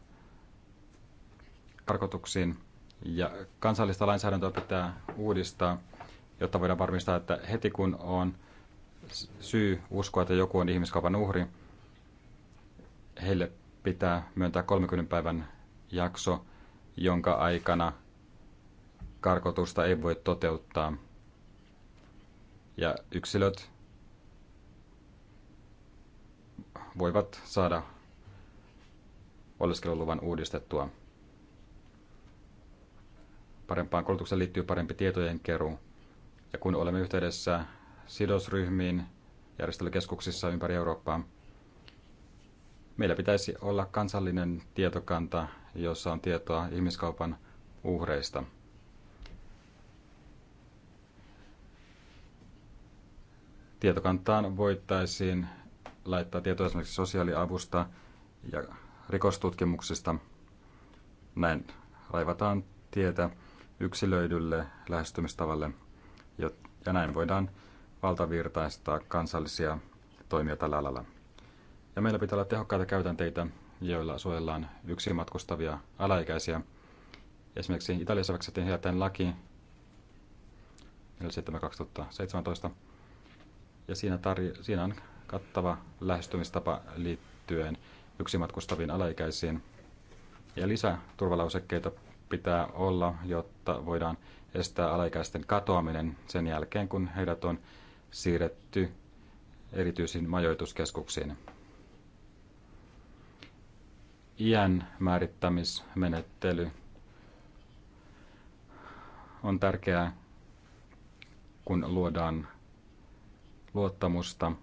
karkotuksiin. Ja kansallista lainsäädäntöä pitää uudistaa, jotta voidaan varmistaa, että heti kun on syy uskoa, että joku on ihmiskaupan uhri, heille pitää myöntää 30 päivän jakso, jonka aikana karkotusta ei voi toteuttaa. Ja yksilöt voivat saada oleskeluluvan uudistettua. Parempaan koulutukseen liittyy parempi tietojen keruu. Ja kun olemme yhteydessä sidosryhmiin järjestelykeskuksissa ympäri Eurooppaa, meillä pitäisi olla kansallinen tietokanta, jossa on tietoa ihmiskaupan uhreista. Tietokantaan voitaisiin laittaa tietoa esimerkiksi sosiaaliavusta ja rikostutkimuksista. Näin raivataan tietä yksilöidylle lähestymistavalle ja näin voidaan valtavirtaistaa kansallisia toimia tällä alalla. Ja meillä pitää olla tehokkaita käytänteitä, joilla suojellaan yksin matkustavia alaikäisiä. Esimerkiksi Italiassa hyväksyttiin laki 47 2017, ja siinä, tarjo- siinä on kattava lähestymistapa liittyen yksimatkustaviin alaikäisiin. Ja lisäturvalausekkeita pitää olla, jotta voidaan estää alaikäisten katoaminen sen jälkeen, kun heidät on siirretty erityisiin majoituskeskuksiin. Iän määrittämismenettely on tärkeää, kun luodaan luottamusta –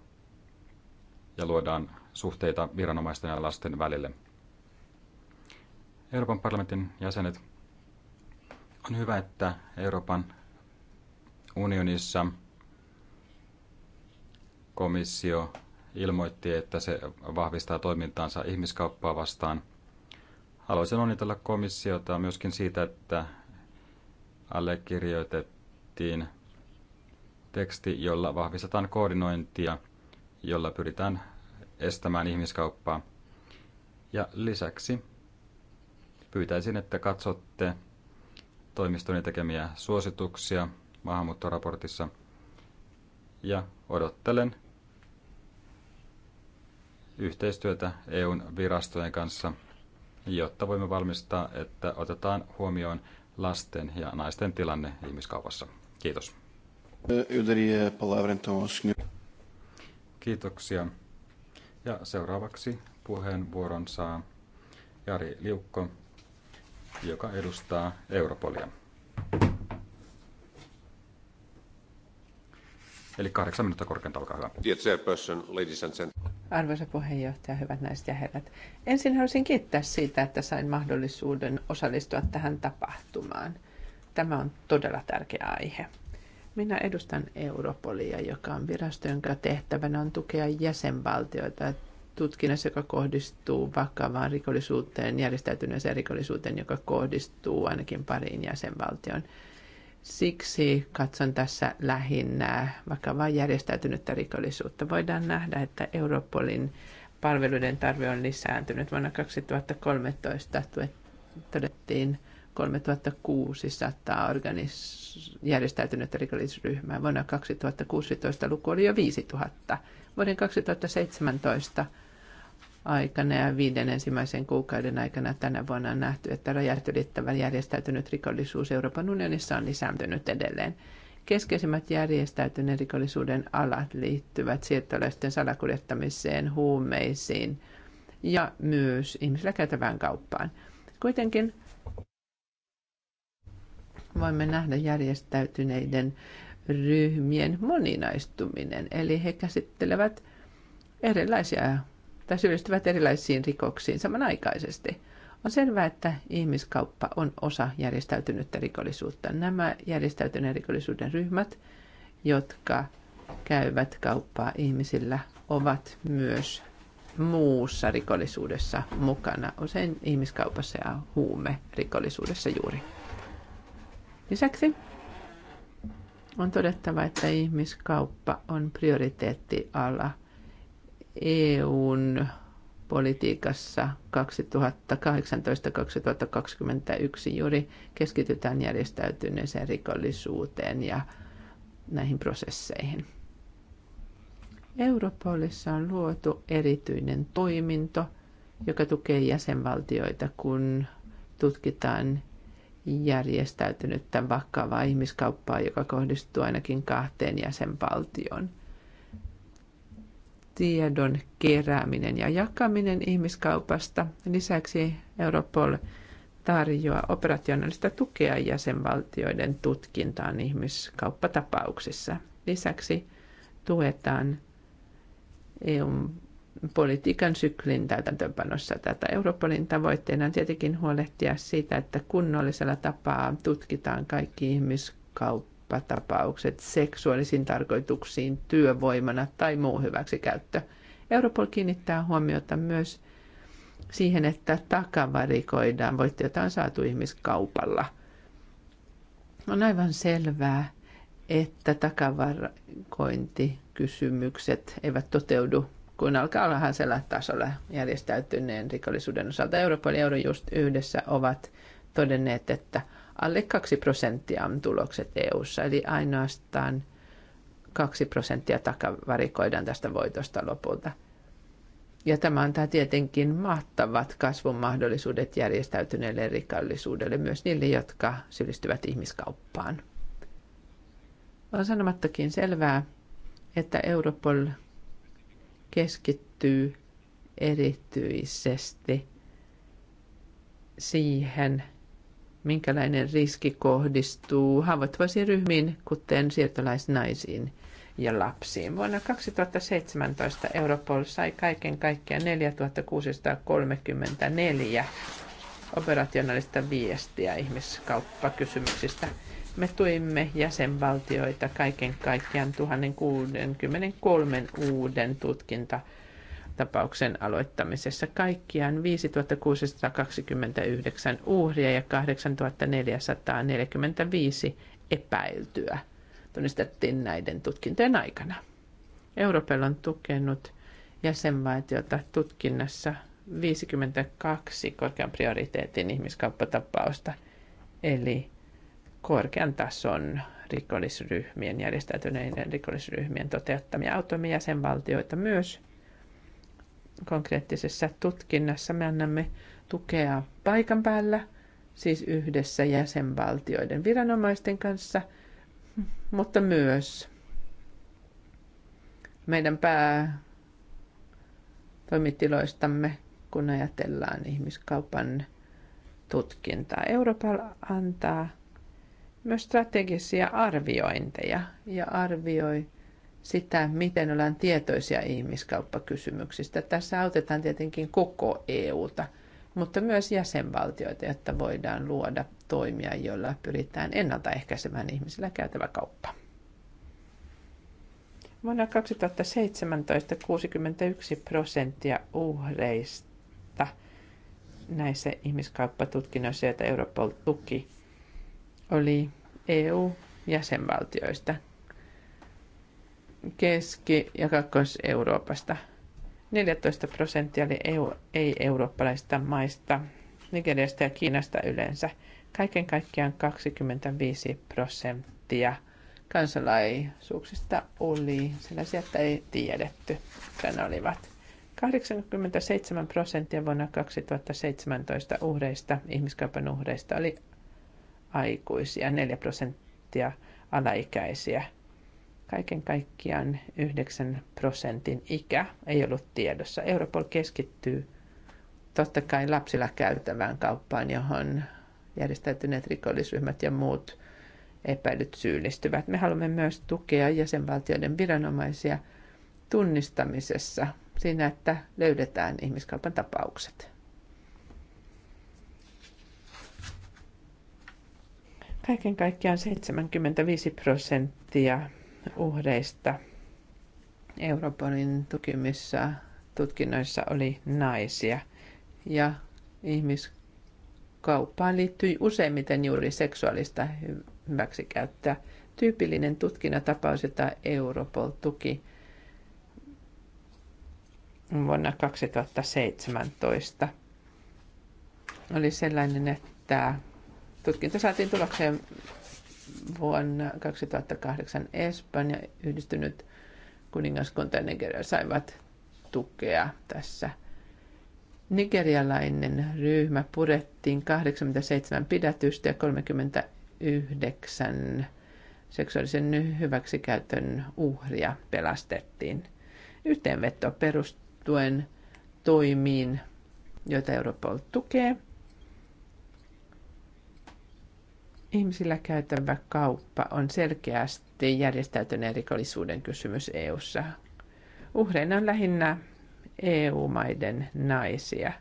ja luodaan suhteita viranomaisten ja lasten välille. Euroopan parlamentin jäsenet, on hyvä, että Euroopan unionissa komissio ilmoitti, että se vahvistaa toimintaansa ihmiskauppaa vastaan. Haluaisin onnitella komissiota myöskin siitä, että allekirjoitettiin teksti, jolla vahvistetaan koordinointia jolla pyritään estämään ihmiskauppaa. Ja lisäksi pyytäisin, että katsotte toimistoni tekemiä suosituksia maahanmuuttoraportissa ja odottelen yhteistyötä EUn virastojen kanssa, jotta voimme valmistaa, että otetaan huomioon lasten ja naisten tilanne ihmiskaupassa. Kiitos. Kiitoksia. Ja seuraavaksi puheenvuoron saa Jari Liukko, joka edustaa Europolia. Eli kahdeksan minuuttia korkeinta, olkaa hyvä. Arvoisa puheenjohtaja, hyvät naiset ja herrat. Ensin haluaisin kiittää siitä, että sain mahdollisuuden osallistua tähän tapahtumaan. Tämä on todella tärkeä aihe. Minä edustan Europolia, joka on virasto, jonka tehtävänä on tukea jäsenvaltioita tutkinnassa, joka kohdistuu vakavaan rikollisuuteen, järjestäytyneeseen rikollisuuteen, joka kohdistuu ainakin pariin jäsenvaltioon. Siksi katson tässä lähinnä vakavaa järjestäytynyttä rikollisuutta. Voidaan nähdä, että Europolin palveluiden tarve on lisääntynyt. Vuonna 2013 todettiin 3600 organis- järjestäytynyttä rikollisryhmää. Vuonna 2016 luku oli jo 5000. Vuoden 2017 aikana ja viiden ensimmäisen kuukauden aikana tänä vuonna on nähty, että rajat ylittävä järjestäytynyt rikollisuus Euroopan unionissa on lisääntynyt edelleen. Keskeisimmät järjestäytyneen rikollisuuden alat liittyvät siirtolaisten salakuljettamiseen, huumeisiin ja myös ihmisillä käytävään kauppaan. Kuitenkin voimme nähdä järjestäytyneiden ryhmien moninaistuminen. Eli he käsittelevät erilaisia tai syyllistyvät erilaisiin rikoksiin samanaikaisesti. On selvää, että ihmiskauppa on osa järjestäytynyttä rikollisuutta. Nämä järjestäytyneen rikollisuuden ryhmät, jotka käyvät kauppaa ihmisillä, ovat myös muussa rikollisuudessa mukana, usein ihmiskaupassa ja huumerikollisuudessa juuri. Lisäksi on todettava, että ihmiskauppa on prioriteettiala EUn politiikassa 2018-2021 juuri keskitytään järjestäytyneeseen rikollisuuteen ja näihin prosesseihin. Europolissa on luotu erityinen toiminto, joka tukee jäsenvaltioita, kun tutkitaan järjestäytynyttä vakavaa ihmiskauppaa, joka kohdistuu ainakin kahteen jäsenvaltioon. Tiedon kerääminen ja jakaminen ihmiskaupasta. Lisäksi Europol tarjoaa operationaalista tukea jäsenvaltioiden tutkintaan ihmiskauppatapauksissa. Lisäksi tuetaan EUn politiikan syklin täytäntöönpanossa tätä. Europolin tavoitteena on tietenkin huolehtia siitä, että kunnollisella tapaa tutkitaan kaikki ihmiskauppatapaukset seksuaalisiin tarkoituksiin, työvoimana tai muu hyväksikäyttö. Europol kiinnittää huomiota myös siihen, että takavarikoidaan voittiota on saatu ihmiskaupalla. On aivan selvää, että kysymykset eivät toteudu kun alkaa olla hansella tasolla järjestäytyneen rikollisuuden osalta. Euroopan ja Eurojust yhdessä ovat todenneet, että alle 2 prosenttia on tulokset EU:ssa, eli ainoastaan 2 prosenttia takavarikoidaan tästä voitosta lopulta. Ja tämä antaa tietenkin mahtavat kasvun mahdollisuudet järjestäytyneelle rikollisuudelle, myös niille, jotka syyllistyvät ihmiskauppaan. On sanomattakin selvää, että Europol keskittyy erityisesti siihen, minkälainen riski kohdistuu haavoittuvaisiin ryhmiin, kuten siirtolaisnaisiin ja lapsiin. Vuonna 2017 Europol sai kaiken kaikkiaan 4634 operationaalista viestiä ihmiskauppakysymyksistä. Me tuimme jäsenvaltioita kaiken kaikkiaan 1063 uuden tutkinta tapauksen aloittamisessa. Kaikkiaan 5629 uhria ja 8445 epäiltyä tunnistettiin näiden tutkintojen aikana. Europel on tukenut jäsenvaltiota tutkinnassa 52 korkean prioriteetin ihmiskauppatapausta, eli korkean tason rikollisryhmien, järjestäytyneiden rikollisryhmien toteuttamia autoimia jäsenvaltioita myös. Konkreettisessa tutkinnassa me annamme tukea paikan päällä, siis yhdessä jäsenvaltioiden viranomaisten kanssa, mutta myös meidän päätoimitiloistamme, kun ajatellaan ihmiskaupan tutkintaa. Euroopalla antaa myös strategisia arviointeja ja arvioi sitä, miten ollaan tietoisia ihmiskauppakysymyksistä. Tässä autetaan tietenkin koko EUta, mutta myös jäsenvaltioita, jotta voidaan luoda toimia, joilla pyritään ennaltaehkäisemään ihmisillä käytävä kauppa. Vuonna 2017 61 prosenttia uhreista näissä ihmiskauppatutkinnoissa, joita Europol tuki, oli EU-jäsenvaltioista, Keski- ja Kakkois-Euroopasta. 14 prosenttia oli EU, ei-eurooppalaisista maista, Nigeriasta ja Kiinasta yleensä. Kaiken kaikkiaan 25 prosenttia kansalaisuuksista oli sellaisia, että ei tiedetty, että ne olivat. 87 prosenttia vuonna 2017 uhreista, ihmiskaupan uhreista oli aikuisia, 4 prosenttia alaikäisiä. Kaiken kaikkiaan 9 prosentin ikä ei ollut tiedossa. Europol keskittyy totta kai lapsilla käytävään kauppaan, johon järjestäytyneet rikollisryhmät ja muut epäilyt syyllistyvät. Me haluamme myös tukea jäsenvaltioiden viranomaisia tunnistamisessa siinä, että löydetään ihmiskaupan tapaukset. Kaiken kaikkiaan 75 prosenttia uhreista Europolin tukimissa tutkinnoissa oli naisia ja ihmiskauppaan liittyi useimmiten juuri seksuaalista hyväksikäyttöä. Tyypillinen tutkintatapaus, jota Europol tuki vuonna 2017, oli sellainen, että Tutkinto saatiin tulokseen vuonna 2008 Espanja yhdistynyt kuningaskunta Nigeria saivat tukea tässä. Nigerialainen ryhmä purettiin 87 pidätystä ja 39 seksuaalisen hyväksikäytön uhria pelastettiin. Yhteenveto perustuen toimiin, joita Europol tukee – ihmisillä käytävä kauppa on selkeästi järjestäytyneen rikollisuuden kysymys EU:ssa. Uhreina on lähinnä EU-maiden naisia.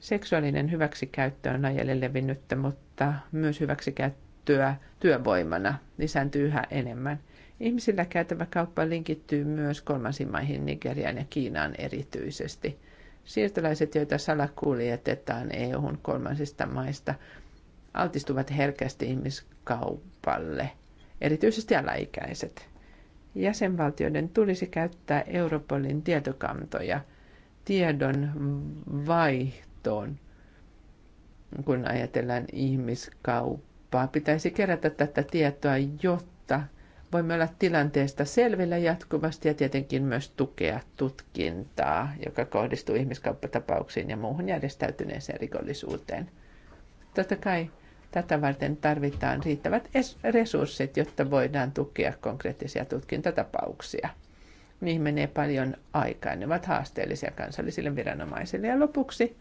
Seksuaalinen hyväksikäyttö on ajalle levinnyttä, mutta myös hyväksikäyttöä työvoimana lisääntyy yhä enemmän. Ihmisillä käytävä kauppa linkittyy myös kolmansiin maihin, Nigeriaan ja Kiinaan erityisesti. Siirtolaiset, joita salakuljetetaan EU:hun kolmansista maista, altistuvat herkästi ihmiskaupalle, erityisesti alaikäiset. Jäsenvaltioiden tulisi käyttää Europolin tietokantoja tiedon vaihtoon, kun ajatellaan ihmiskauppaa. Pitäisi kerätä tätä tietoa, jotta voimme olla tilanteesta selvillä jatkuvasti ja tietenkin myös tukea tutkintaa, joka kohdistuu ihmiskauppatapauksiin ja muuhun järjestäytyneeseen rikollisuuteen. Totta kai Tätä varten tarvitaan riittävät resurssit, jotta voidaan tukea konkreettisia tutkintatapauksia. Niihin menee paljon aikaa. Ne ovat haasteellisia kansallisille viranomaisille. Ja lopuksi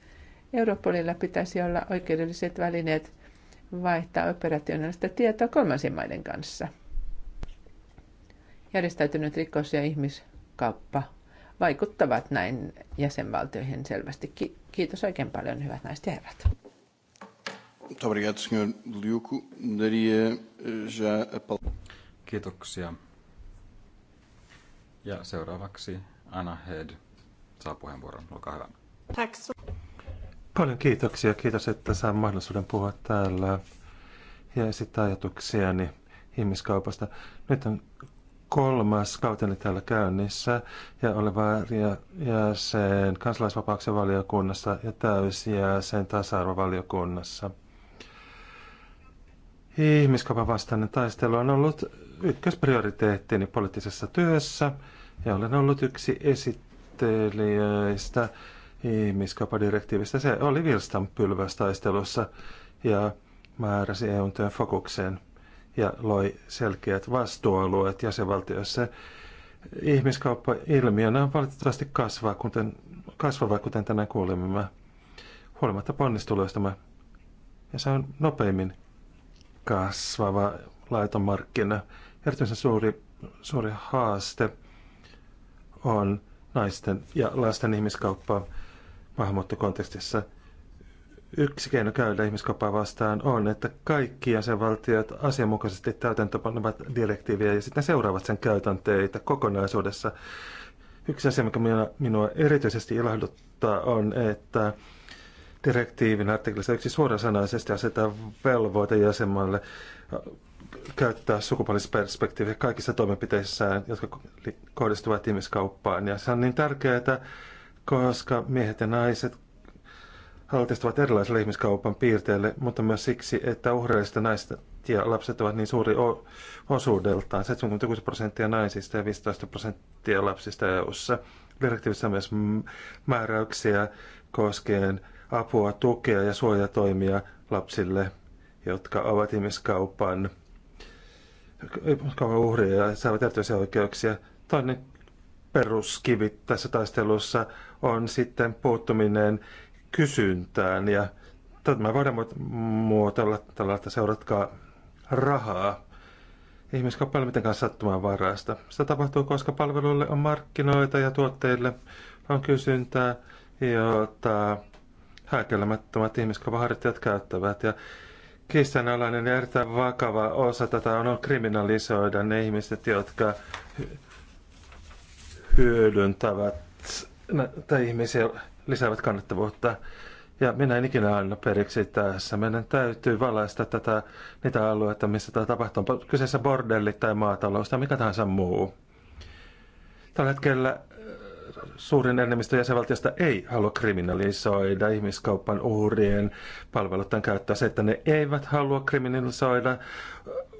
Europolilla pitäisi olla oikeudelliset välineet vaihtaa operationaalista tietoa kolmansien maiden kanssa. Järjestäytynyt rikos ja ihmiskauppa vaikuttavat näin jäsenvaltioihin selvästi. Kiitos oikein paljon, hyvät naiset ja herrat. Muito obrigado, Sr. Liuco. Daria eh, já a palavra. Kiitoksia. Ja seuraavaksi Anna Head saa puheenvuoron. Olkaa hyvä. Tack. Paljon kiitoksia. Kiitos, että saan mahdollisuuden puhua täällä ja esittää ajatuksiani ihmiskaupasta. Nyt on kolmas kauteni täällä käynnissä ja olen jäsen kansalaisvapauksen valiokunnassa ja täysjäsen tasa-arvovaliokunnassa. Ihmiskaupan vastainen taistelu on ollut ykkösprioriteettini poliittisessa työssä ja olen ollut yksi esittelijöistä ihmiskaupadirektiivistä. Se oli Vilstan pylväs taistelussa ja määräsi EUn työn fokukseen ja loi selkeät vastuualueet jäsenvaltioissa. Ihmiskauppa ilmiönä valitettavasti kasvaa, kuten, kasvava, kuten tänään kuulimme. Huolimatta ponnisteluistamme, ja se on nopeimmin kasvava laitomarkkina. Erityisen suuri, suuri haaste on naisten ja lasten ihmiskauppa maahanmuuttokontekstissa. Yksi keino käydä ihmiskauppaa vastaan on, että kaikki jäsenvaltiot asianmukaisesti täytäntöpanevat direktiiviä ja sitten seuraavat sen käytänteitä kokonaisuudessa. Yksi asia, mikä minua erityisesti ilahduttaa, on, että direktiivin artiklissa, yksi suorasanaisesti asetetaan velvoite jäsenmaille äh, käyttää sukupuolisperspektiiviä kaikissa toimenpiteissään, jotka kohdistuvat ihmiskauppaan. Ja se on niin tärkeää, koska miehet ja naiset altistuvat erilaisille ihmiskaupan piirteille, mutta myös siksi, että uhreista naista ja lapset ovat niin suuri osuudeltaan, 76 prosenttia naisista ja 15 prosenttia lapsista EU-ssa. Direktiivissä on myös määräyksiä koskien apua, tukea ja suojatoimia lapsille, jotka ovat ihmiskaupan kaupan uhria ja saavat erityisiä oikeuksia. Toinen peruskivi tässä taistelussa on sitten puuttuminen kysyntään ja tämä voidaan muotoilla tällä, että seuratkaa rahaa. Ihmiskauppa ei mitenkään sattumaan varasta. Sitä tapahtuu, koska palveluille on markkinoita ja tuotteille on kysyntää, jota häkelemättömät ihmiskaupaharjoittajat käyttävät. Ja kiistanalainen ja erittäin vakava osa tätä on kriminalisoida ne ihmiset, jotka hyödyntävät näitä ihmisiä, lisäävät kannattavuutta. Ja minä en ikinä anna periksi tässä. Meidän täytyy valaista tätä, niitä alueita, missä tämä tapahtuu. On kyseessä bordelli tai maatalous tai mikä tahansa muu. Tällä hetkellä suurin enemmistö jäsenvaltiosta ei halua kriminalisoida ihmiskaupan uhrien palveluiden käyttöä. Se, että ne eivät halua kriminalisoida,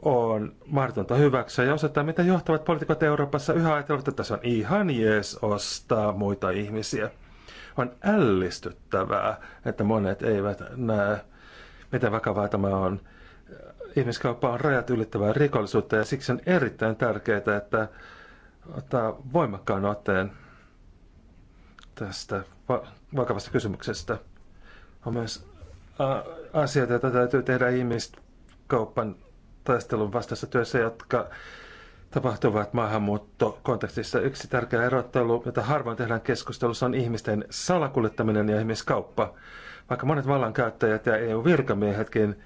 on mahdotonta hyväksyä ja osoittaa, miten johtavat poliitikot Euroopassa yhä ajatellut, että tässä on ihan jees ostaa muita ihmisiä. On ällistyttävää, että monet eivät näe, miten vakavaa tämä on. Ihmiskauppa on rajat ylittävää rikollisuutta ja siksi on erittäin tärkeää, että ottaa voimakkaan otteen – tästä vakavasta kysymyksestä. On myös asioita, joita täytyy tehdä ihmiskauppan taistelun vastaisessa työssä, jotka tapahtuvat maahanmuuttokontekstissa. Yksi tärkeä erottelu, jota harvoin tehdään keskustelussa, on ihmisten salakuljettaminen ja ihmiskauppa. Vaikka monet vallankäyttäjät ja EU-virkamiehetkin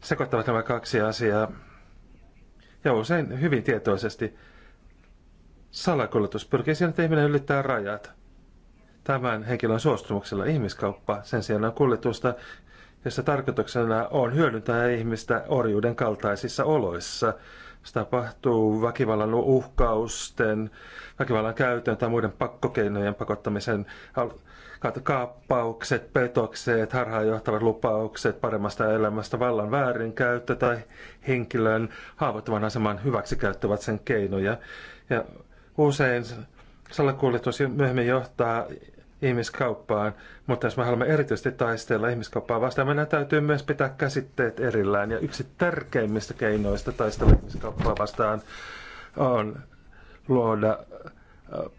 sekoittavat nämä kaksi asiaa, ja usein hyvin tietoisesti, salakuljetus pyrkii siihen, että ihminen ylittää rajat tämän henkilön suostumuksella. Ihmiskauppa sen sijaan on kuljetusta, jossa tarkoituksena on hyödyntää ihmistä orjuuden kaltaisissa oloissa. Se tapahtuu väkivallan uhkausten, väkivallan käytön tai muiden pakkokeinojen pakottamisen kaappaukset, petokset, harhaanjohtavat lupaukset paremmasta elämästä, vallan väärinkäyttö tai henkilön haavoittavan aseman hyväksikäyttävät sen keinoja. Ja usein salakuljetus myöhemmin johtaa ihmiskauppaan, mutta jos me haluamme erityisesti taistella ihmiskauppaa vastaan, meidän täytyy myös pitää käsitteet erillään. Ja yksi tärkeimmistä keinoista taistella ihmiskauppaa vastaan on luoda äh,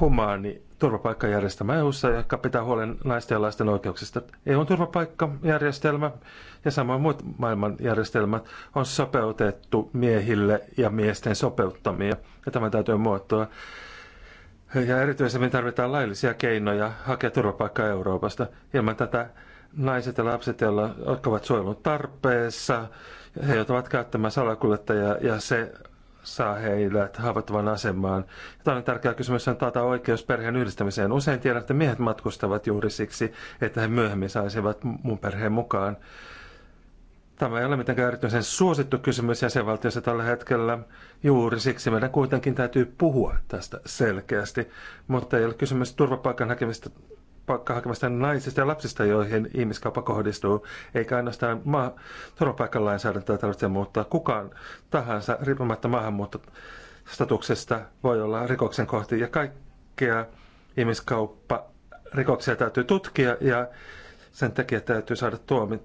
humaani turvapaikkajärjestelmä eu joka pitää huolen naisten ja lasten oikeuksista. on e turvapaikkajärjestelmä ja samoin muut maailman järjestelmät on sopeutettu miehille ja miesten sopeuttamia. Ja tämä täytyy muuttua. Ja me tarvitaan laillisia keinoja hakea turvapaikkaa Euroopasta. Ilman tätä naiset ja lapset, joilla, jotka ovat suojelun tarpeessa, he joutuvat käyttämään salakuljettajia ja se saa heidät haavoittuvan asemaan. Ja toinen tärkeä kysymys on taata oikeus perheen yhdistämiseen. Usein tiedän, että miehet matkustavat juuri siksi, että he myöhemmin saisivat mun perheen mukaan. Tämä ei ole mitenkään erityisen suosittu kysymys jäsenvaltiossa tällä hetkellä. Juuri siksi meidän kuitenkin täytyy puhua tästä selkeästi. Mutta ei ole kysymys turvapaikan hakemista turvapaikkahakemasta naisista ja lapsista, joihin ihmiskauppa kohdistuu, eikä ainoastaan maa, turvapaikkalainsäädäntöä tarvitse muuttaa. Kukaan tahansa, riippumatta maahanmuuttostatuksesta, voi olla rikoksen kohti. Ja kaikkea ihmiskauppa rikoksia täytyy tutkia ja sen takia täytyy saada tuomi,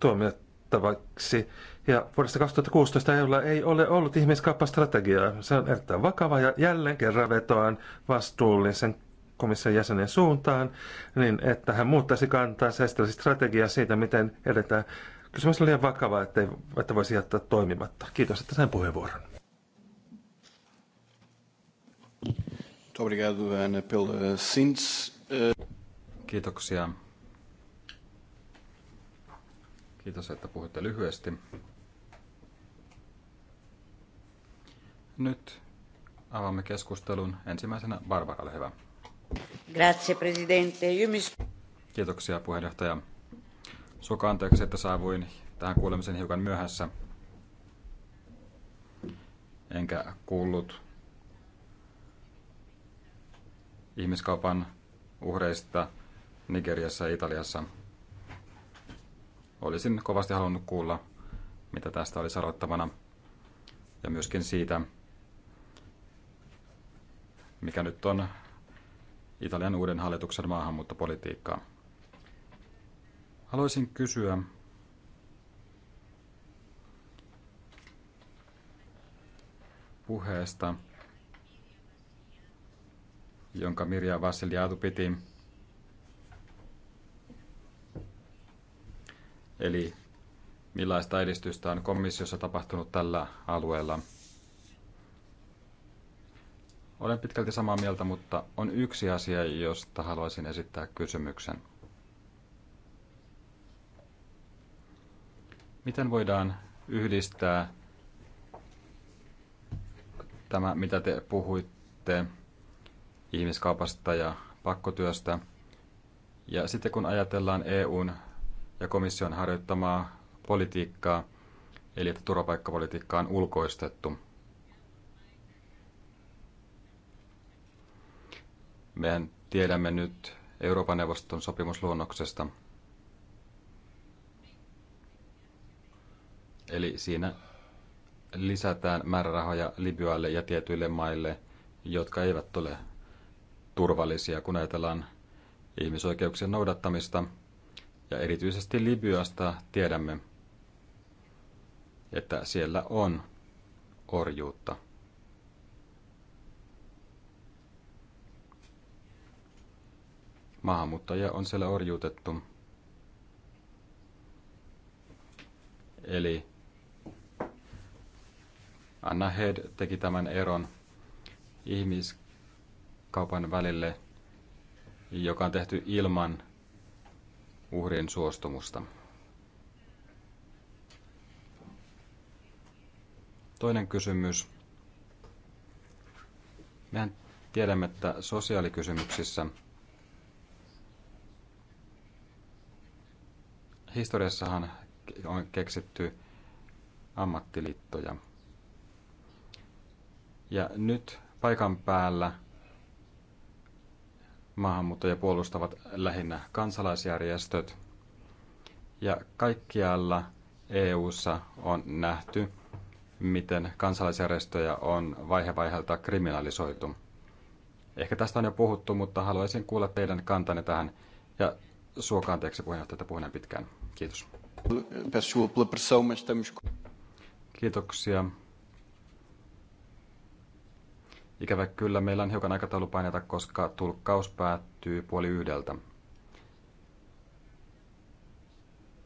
tuomiot tuomittavaksi. Ja vuodesta 2016 EUlla ei ole ollut ihmiskauppastrategiaa. Se on erittäin vakava ja jälleen kerran vetoan vastuullisen komission jäsenen suuntaan, niin että hän muuttaisi kantaa säästelisi strategiaa siitä, miten edetään. Kysymys on liian vakava, että, ei, että voisi jättää toimimatta. Kiitos, että sain puheenvuoron. Eh, eh. Kiitoksia Kiitos, että puhutte lyhyesti. Nyt avaamme keskustelun. Ensimmäisenä Barbara, ole hyvä. Grazie, presidente. Mis... Kiitoksia, puheenjohtaja. Suokaa anteeksi, että saavuin tähän kuulemisen hiukan myöhässä. Enkä kuullut ihmiskaupan uhreista Nigeriassa ja Italiassa olisin kovasti halunnut kuulla, mitä tästä oli sanottavana. Ja myöskin siitä, mikä nyt on Italian uuden hallituksen maahanmuuttopolitiikkaa. Haluaisin kysyä, puheesta, jonka Mirja Vassiliadu piti Eli millaista edistystä on komissiossa tapahtunut tällä alueella? Olen pitkälti samaa mieltä, mutta on yksi asia, josta haluaisin esittää kysymyksen. Miten voidaan yhdistää tämä, mitä te puhuitte ihmiskaupasta ja pakkotyöstä. Ja sitten kun ajatellaan EUn ja komission harjoittamaa politiikkaa, eli että turvapaikkapolitiikka on ulkoistettu. Mehän tiedämme nyt Euroopan neuvoston sopimusluonnoksesta. Eli siinä lisätään määrärahoja Libyalle ja tietyille maille, jotka eivät ole turvallisia, kun ajatellaan ihmisoikeuksien noudattamista – ja erityisesti Libyasta tiedämme, että siellä on orjuutta. Maahanmuuttajia on siellä orjuutettu. Eli Anna Head teki tämän eron ihmiskaupan välille, joka on tehty ilman Uhrin suostumusta. Toinen kysymys. Mehän tiedämme, että sosiaalikysymyksissä historiassahan on keksitty ammattiliittoja. Ja nyt paikan päällä – maahanmuuttajia puolustavat lähinnä kansalaisjärjestöt. Ja kaikkialla EU:ssa on nähty, miten kansalaisjärjestöjä on vaihe vaiheelta kriminalisoitu. Ehkä tästä on jo puhuttu, mutta haluaisin kuulla teidän kantanne tähän. Ja suokaa anteeksi puheenjohtaja, että puhun pitkään. Kiitos. Kiitoksia. Ikävä kyllä meillä on hiukan aikataulupaineita, koska tulkkaus päättyy puoli yhdeltä.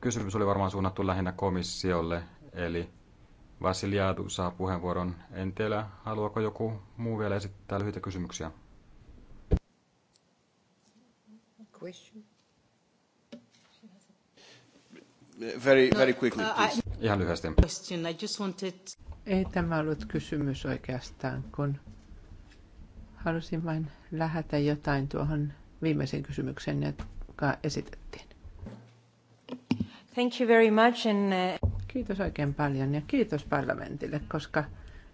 Kysymys oli varmaan suunnattu lähinnä komissiolle, eli Vasiliadu saa puheenvuoron. En tiedä, haluaako joku muu vielä esittää lyhyitä kysymyksiä? Very, no, very quickly, uh, please. Ihan lyhyesti. Ei tämä ollut kysymys oikeastaan, kun Halusin vain lähetä jotain tuohon viimeisen kysymykseen, joka esitettiin. Thank you very much and, uh, Kiitos oikein paljon ja kiitos parlamentille, koska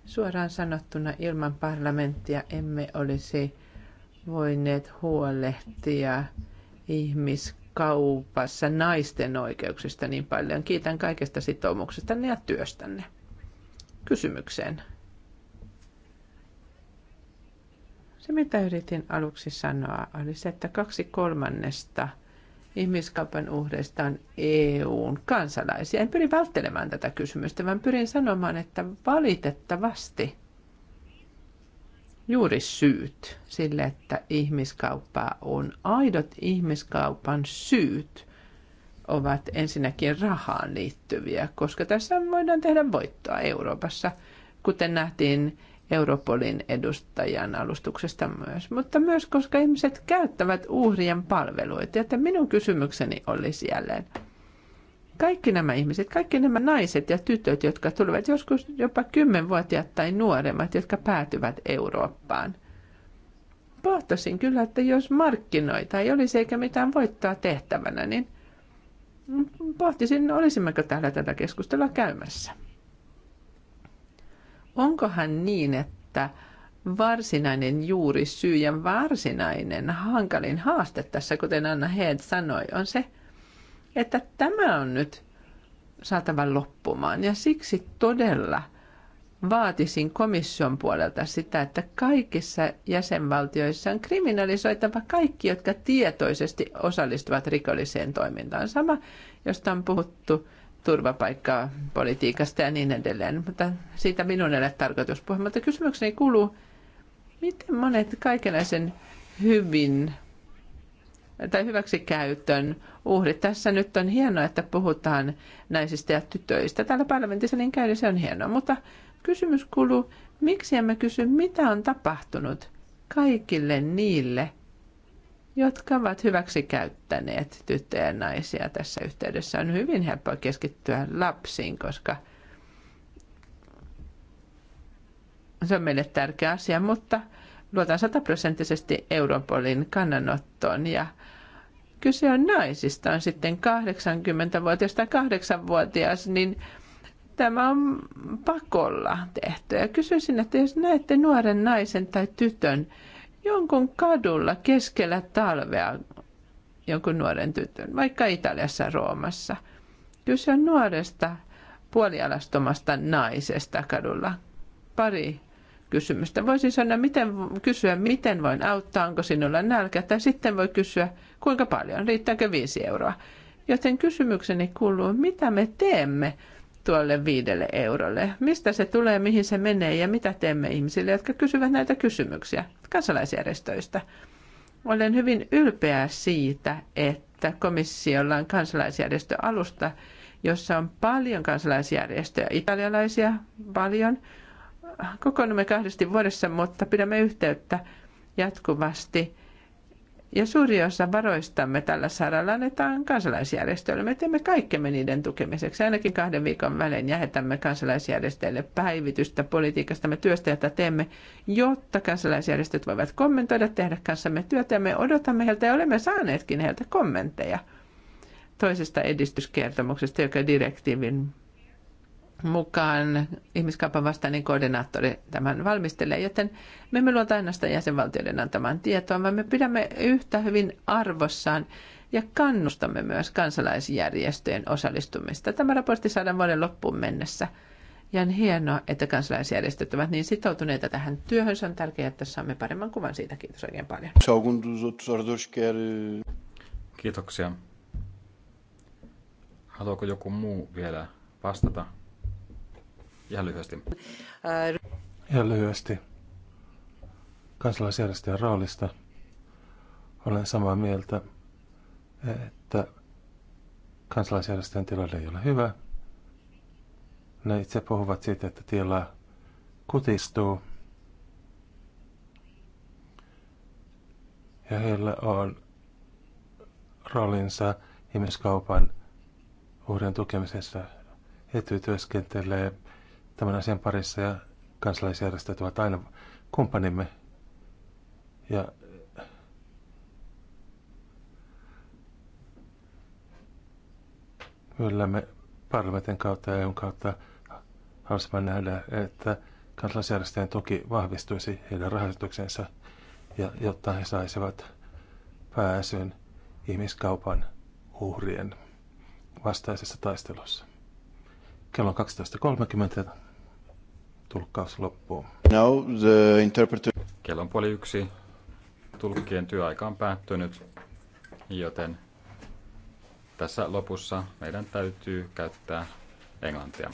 suoraan sanottuna ilman parlamenttia emme olisi voineet huolehtia ihmiskaupassa naisten oikeuksista niin paljon. Kiitän kaikesta sitoumuksestanne ja työstänne. Kysymykseen. Se, mitä yritin aluksi sanoa, oli se, että kaksi kolmannesta ihmiskaupan uhreista on EUn kansalaisia. En pyri välttelemään tätä kysymystä, vaan pyrin sanomaan, että valitettavasti juuri syyt sille, että ihmiskauppaa on, aidot ihmiskaupan syyt ovat ensinnäkin rahaan liittyviä, koska tässä voidaan tehdä voittoa Euroopassa, kuten nähtiin Europolin edustajan alustuksesta myös, mutta myös koska ihmiset käyttävät uhrien palveluita. Että minun kysymykseni olisi jälleen, kaikki nämä ihmiset, kaikki nämä naiset ja tytöt, jotka tulevat joskus jopa kymmenvuotiaat tai nuoremmat, jotka päätyvät Eurooppaan. Pohtosin kyllä, että jos markkinoita ei olisi eikä mitään voittoa tehtävänä, niin pohtisin, olisimmeko täällä tätä keskustelua käymässä. Onkohan niin, että varsinainen juurisyy ja varsinainen hankalin haaste tässä, kuten Anna Heed sanoi, on se, että tämä on nyt saatava loppumaan. Ja siksi todella vaatisin komission puolelta sitä, että kaikissa jäsenvaltioissa on kriminalisoitava kaikki, jotka tietoisesti osallistuvat rikolliseen toimintaan. Sama, josta on puhuttu politiikasta ja niin edelleen. Mutta siitä minun ei ole tarkoitus puhua. Mutta kysymykseni kuuluu, miten monet kaikenlaisen hyvin tai hyväksikäytön uhrit. Tässä nyt on hienoa, että puhutaan naisista ja tytöistä. Täällä parlamentissa niin käy, se on hienoa. Mutta kysymys kuuluu, miksi emme kysy, mitä on tapahtunut kaikille niille – jotka ovat hyväksi käyttäneet tyttöjä ja naisia tässä yhteydessä. On hyvin helppoa keskittyä lapsiin, koska se on meille tärkeä asia, mutta luotan sataprosenttisesti Europolin kannanottoon ja kyse on naisista, on sitten 80-vuotias tai 8-vuotias, niin tämä on pakolla tehty. Ja kysyisin, että jos näette nuoren naisen tai tytön, jonkun kadulla keskellä talvea jonkun nuoren tytön, vaikka Italiassa Roomassa. Kyse on nuoresta puolialastomasta naisesta kadulla. Pari kysymystä. Voisin sanoa, miten, kysyä, miten voin auttaa, onko sinulla nälkä, tai sitten voi kysyä, kuinka paljon, riittääkö viisi euroa. Joten kysymykseni kuuluu, mitä me teemme tuolle viidelle eurolle? Mistä se tulee, mihin se menee ja mitä teemme ihmisille, jotka kysyvät näitä kysymyksiä kansalaisjärjestöistä? Olen hyvin ylpeä siitä, että komissiolla on kansalaisjärjestöalusta, alusta, jossa on paljon kansalaisjärjestöjä, italialaisia paljon. Kokoonnumme kahdesti vuodessa, mutta pidämme yhteyttä jatkuvasti ja suuri osa varoistamme tällä saralla annetaan kansalaisjärjestöille. Me teemme kaikkemme niiden tukemiseksi. Ainakin kahden viikon välein jähetämme kansalaisjärjestöille päivitystä Me työstä, jota teemme, jotta kansalaisjärjestöt voivat kommentoida, tehdä kanssamme työtä. Ja me odotamme heiltä ja olemme saaneetkin heiltä kommentteja toisesta edistyskertomuksesta, joka direktiivin mukaan ihmiskaupan vastainen koordinaattori tämän valmistelee, joten me emme luota ainoastaan jäsenvaltioiden antamaan tietoa, vaan me pidämme yhtä hyvin arvossaan ja kannustamme myös kansalaisjärjestöjen osallistumista. Tämä raportti saadaan vuoden loppuun mennessä. Ja on hienoa, että kansalaisjärjestöt ovat niin sitoutuneita tähän työhön. Se on tärkeää, että saamme paremman kuvan siitä. Kiitos oikein paljon. Eh? Kiitoksia. Haluaako joku muu vielä vastata Ihan lyhyesti. Ihan lyhyesti. Kansalaisjärjestöjen roolista olen samaa mieltä, että kansalaisjärjestöjen tilanne ei ole hyvä. Ne itse puhuvat siitä, että tila kutistuu. Ja heillä on roolinsa ihmiskaupan uhrien tukemisessa. Etyy työskentelee tämän asian parissa ja kansalaisjärjestöt ovat aina kumppanimme. Ja yllämme parlamentin kautta ja EUn kautta haluaisimme nähdä, että kansalaisjärjestöjen tuki vahvistuisi heidän rahoituksensa ja jotta he saisivat pääsyn ihmiskaupan uhrien vastaisessa taistelussa. Kello on 12.30 Tulkkaus loppuu. Now the interpreter... Kello on puoli yksi. Tulkkien työaika on päättynyt, joten tässä lopussa meidän täytyy käyttää englantia.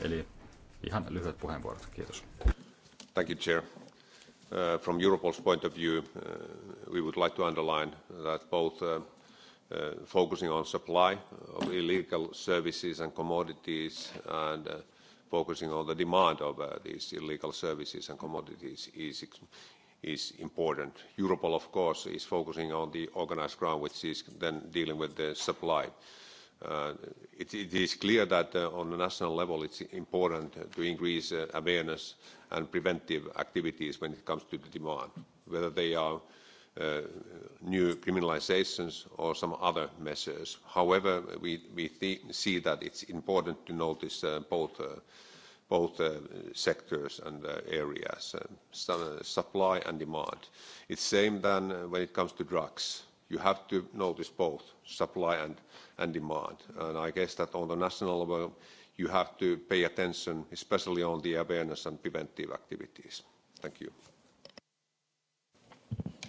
Eli ihan lyhyet puheenvuorot. Kiitos. Thank you, Chair. Uh, from Europol's point of view, uh, we would like to underline that both uh, uh, focusing on supply of illegal services and commodities and uh, focusing on the demand of uh, these illegal services and commodities is is important. Europol, of course, is focusing on the organized crime, which is then dealing with the supply. Uh, it, it is clear that uh, on the national level, it's important to increase uh, awareness and preventive activities when it comes to the demand, whether they are uh, new criminalizations or some other measures. However, we, we see that it's important to notice uh, both, uh, both uh, sectors and uh, areas, uh, some, uh, supply and demand. It's same than uh, when it comes to drugs. You have to notice both supply and, and demand. And I guess that on the national level, you have to pay attention, especially on the awareness and preventive activities. Thank you.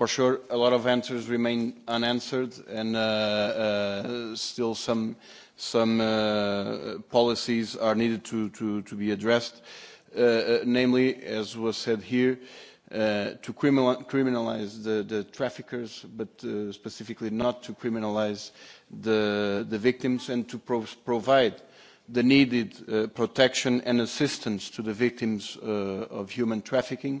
for sure, a lot of answers remain unanswered, and uh, uh, still some some uh, policies are needed to to, to be addressed. Uh, uh, namely, as was said here, uh, to criminalize the, the traffickers, but specifically not to criminalize the the victims, and to pro provide the needed protection and assistance to the victims of human trafficking